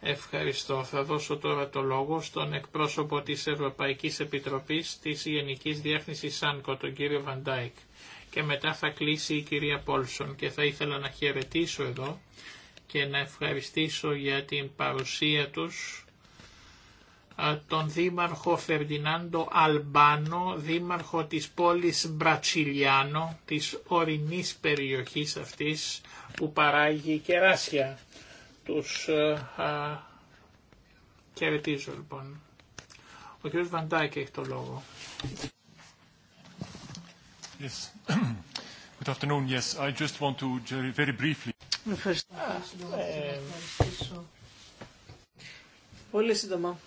Ευχαριστώ. Θα δώσω τώρα το λόγο στον εκπρόσωπο της Ευρωπαϊκής Επιτροπής της Γενικής Διεύθυνσης ΣΑΝΚΟ, τον κύριο Βαντάικ. Και μετά θα κλείσει η κυρία Πόλσον και θα ήθελα να χαιρετήσω εδώ και να ευχαριστήσω για την παρουσία τους τον δήμαρχο Φερντινάντο Αλμπάνο, δήμαρχο της πόλης Μπρατσιλιάνο, της ορεινής περιοχής αυτής που παράγει κεράσια. Τους α, χαιρετίζω λοιπόν. Ο κ. Βαντάκη έχει το λόγο. Good afternoon. Yes, I just want to very briefly. Ευχαριστώ. Ε, πολύ σύντομα.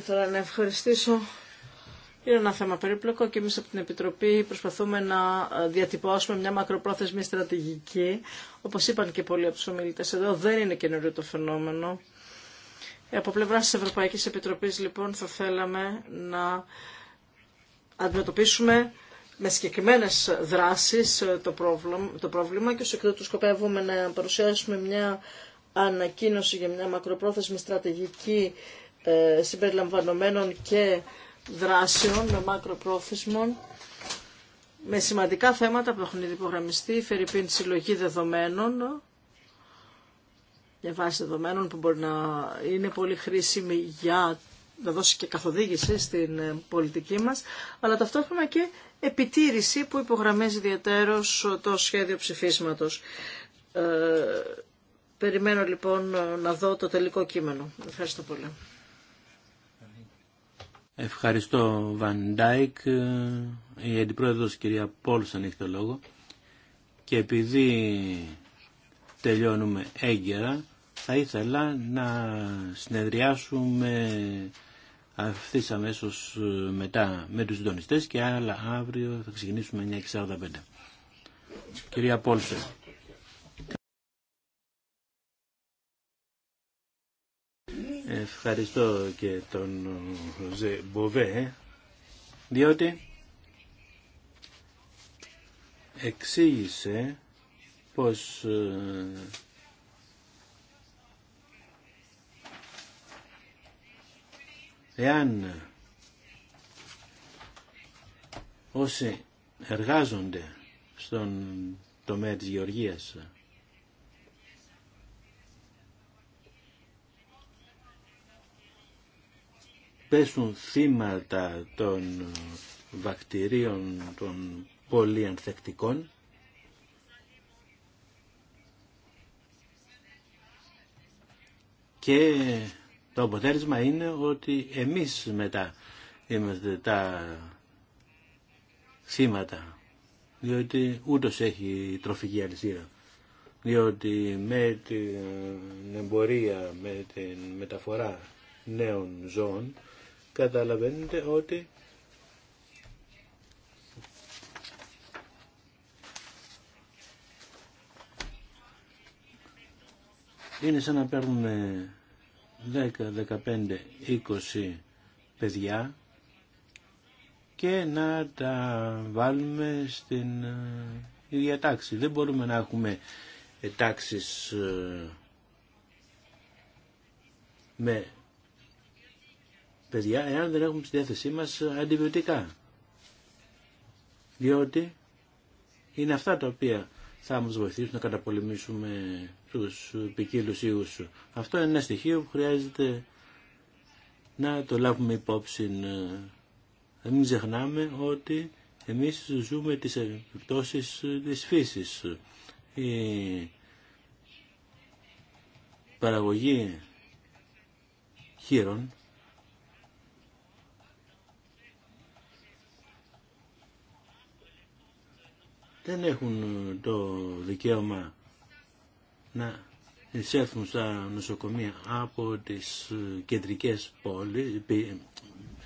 Θα ε, να ευχαριστήσω. Είναι ένα θέμα περίπλοκο και εμεί από την Επιτροπή προσπαθούμε να ε, διατυπώσουμε μια μακροπρόθεσμη στρατηγική. Όπω είπαν και πολλοί από του ομιλητέ εδώ, δεν είναι καινούριο το φαινόμενο. Από πλευρά τη Ευρωπαϊκή Επιτροπή, λοιπόν, θα θέλαμε να αντιμετωπίσουμε με συγκεκριμένες δράσεις ε, το πρόβλημα, το και ως εκ τούτου σκοπεύουμε να παρουσιάσουμε μια ανακοίνωση για μια μακροπρόθεσμη στρατηγική ε, συμπεριλαμβανομένων και δράσεων με μακροπρόθεσμων με σημαντικά θέματα που έχουν ήδη υπογραμμιστεί, η Φερρυπίν συλλογή δεδομένων, ε, μια βάση δεδομένων που μπορεί να είναι πολύ χρήσιμη για να δώσει και καθοδήγηση στην ε, πολιτική μας, αλλά ταυτόχρονα και επιτήρηση που υπογραμμίζει ιδιαίτερος το σχέδιο ψηφίσματος. Ε, περιμένω λοιπόν να δω το τελικό κείμενο. Ευχαριστώ πολύ. Ευχαριστώ Βαν Ντάικ. Η αντιπρόεδρος κυρία Πόλσον έχει το λόγο. Και επειδή τελειώνουμε έγκαιρα, θα ήθελα να συνεδριάσουμε αυτής αμέσως ε, μετά με τους συντονιστές και άλλα αύριο θα ξεκινήσουμε 9.45. Κυρία Πόλσε. Ευχαριστώ και τον Ζε Μποβέ, ε, διότι εξήγησε πως ε, Εάν όσοι εργάζονται στον τομέα της γεωργίας πέσουν θύματα των βακτηρίων των ανθεκτικών και το αποτέλεσμα είναι ότι εμείς μετά είμαστε τα σήματα διότι ούτως έχει τροφική αλυσίδα. Διότι με την εμπορία, με την μεταφορά νέων ζώων, καταλαβαίνετε ότι είναι σαν να παίρνουμε 10, 15, 20 παιδιά και να τα βάλουμε στην ε, ίδια τάξη. Δεν μπορούμε να έχουμε ε, τάξεις ε, με παιδιά εάν δεν έχουμε στη διάθεσή μας αντιβιωτικά. Διότι είναι αυτά τα οποία θα μας βοηθήσουν να καταπολεμήσουμε τους ποικίλου ιούς. Αυτό είναι ένα στοιχείο που χρειάζεται να το λάβουμε υπόψη. Να μην ξεχνάμε ότι εμείς ζούμε τις επιπτώσεις της φύσης. Η παραγωγή χείρων δεν έχουν το δικαίωμα να εισέλθουν στα νοσοκομεία από τις ε, κεντρικές πόλεις,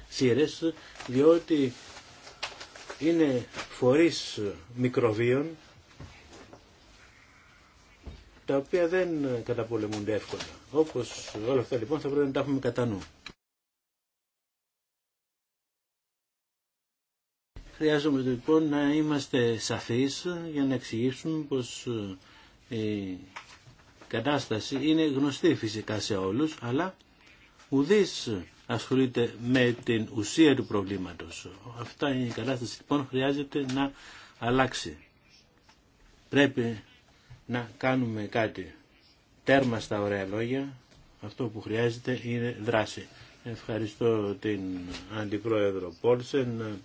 σύρες, διότι είναι φορείς μικροβίων τα οποία δεν καταπολεμούνται εύκολα. Όπως όλα αυτά λοιπόν θα πρέπει να τα έχουμε κατά νου. Χρειάζομαι λοιπόν να είμαστε σαφείς για να εξηγήσουμε πως η ε, κατάσταση είναι γνωστή φυσικά σε όλους, αλλά ουδής ασχολείται με την ουσία του προβλήματος. Αυτά είναι η κατάσταση λοιπόν χρειάζεται να αλλάξει. Πρέπει να κάνουμε κάτι. Τέρμα στα ωραία λόγια, αυτό που χρειάζεται είναι δράση. Ευχαριστώ την Αντιπρόεδρο Πόλσεν.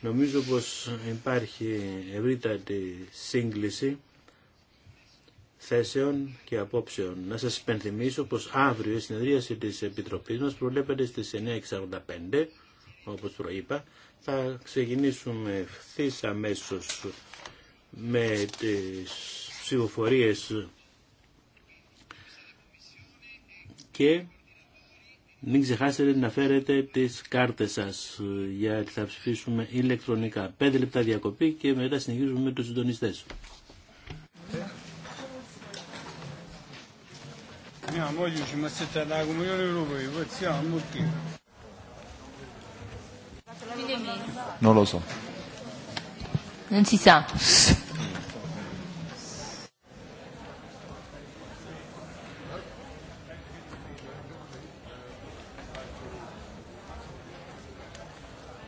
Νομίζω πως υπάρχει ευρύτατη σύγκληση θέσεων και απόψεων. Να σας υπενθυμίσω πως αύριο η συνεδρίαση της Επιτροπής μας προβλέπεται στις 9.45, όπως προείπα. Θα ξεκινήσουμε ευθύ αμέσω με τις ψηφοφορίες και μην ξεχάσετε να φέρετε τις κάρτες σας γιατί θα ψηφίσουμε ηλεκτρονικά. 5 λεπτά διακοπή και μετά συνεχίζουμε με τους συντονιστές. Μα μουλιούς μα σε τα μου τι;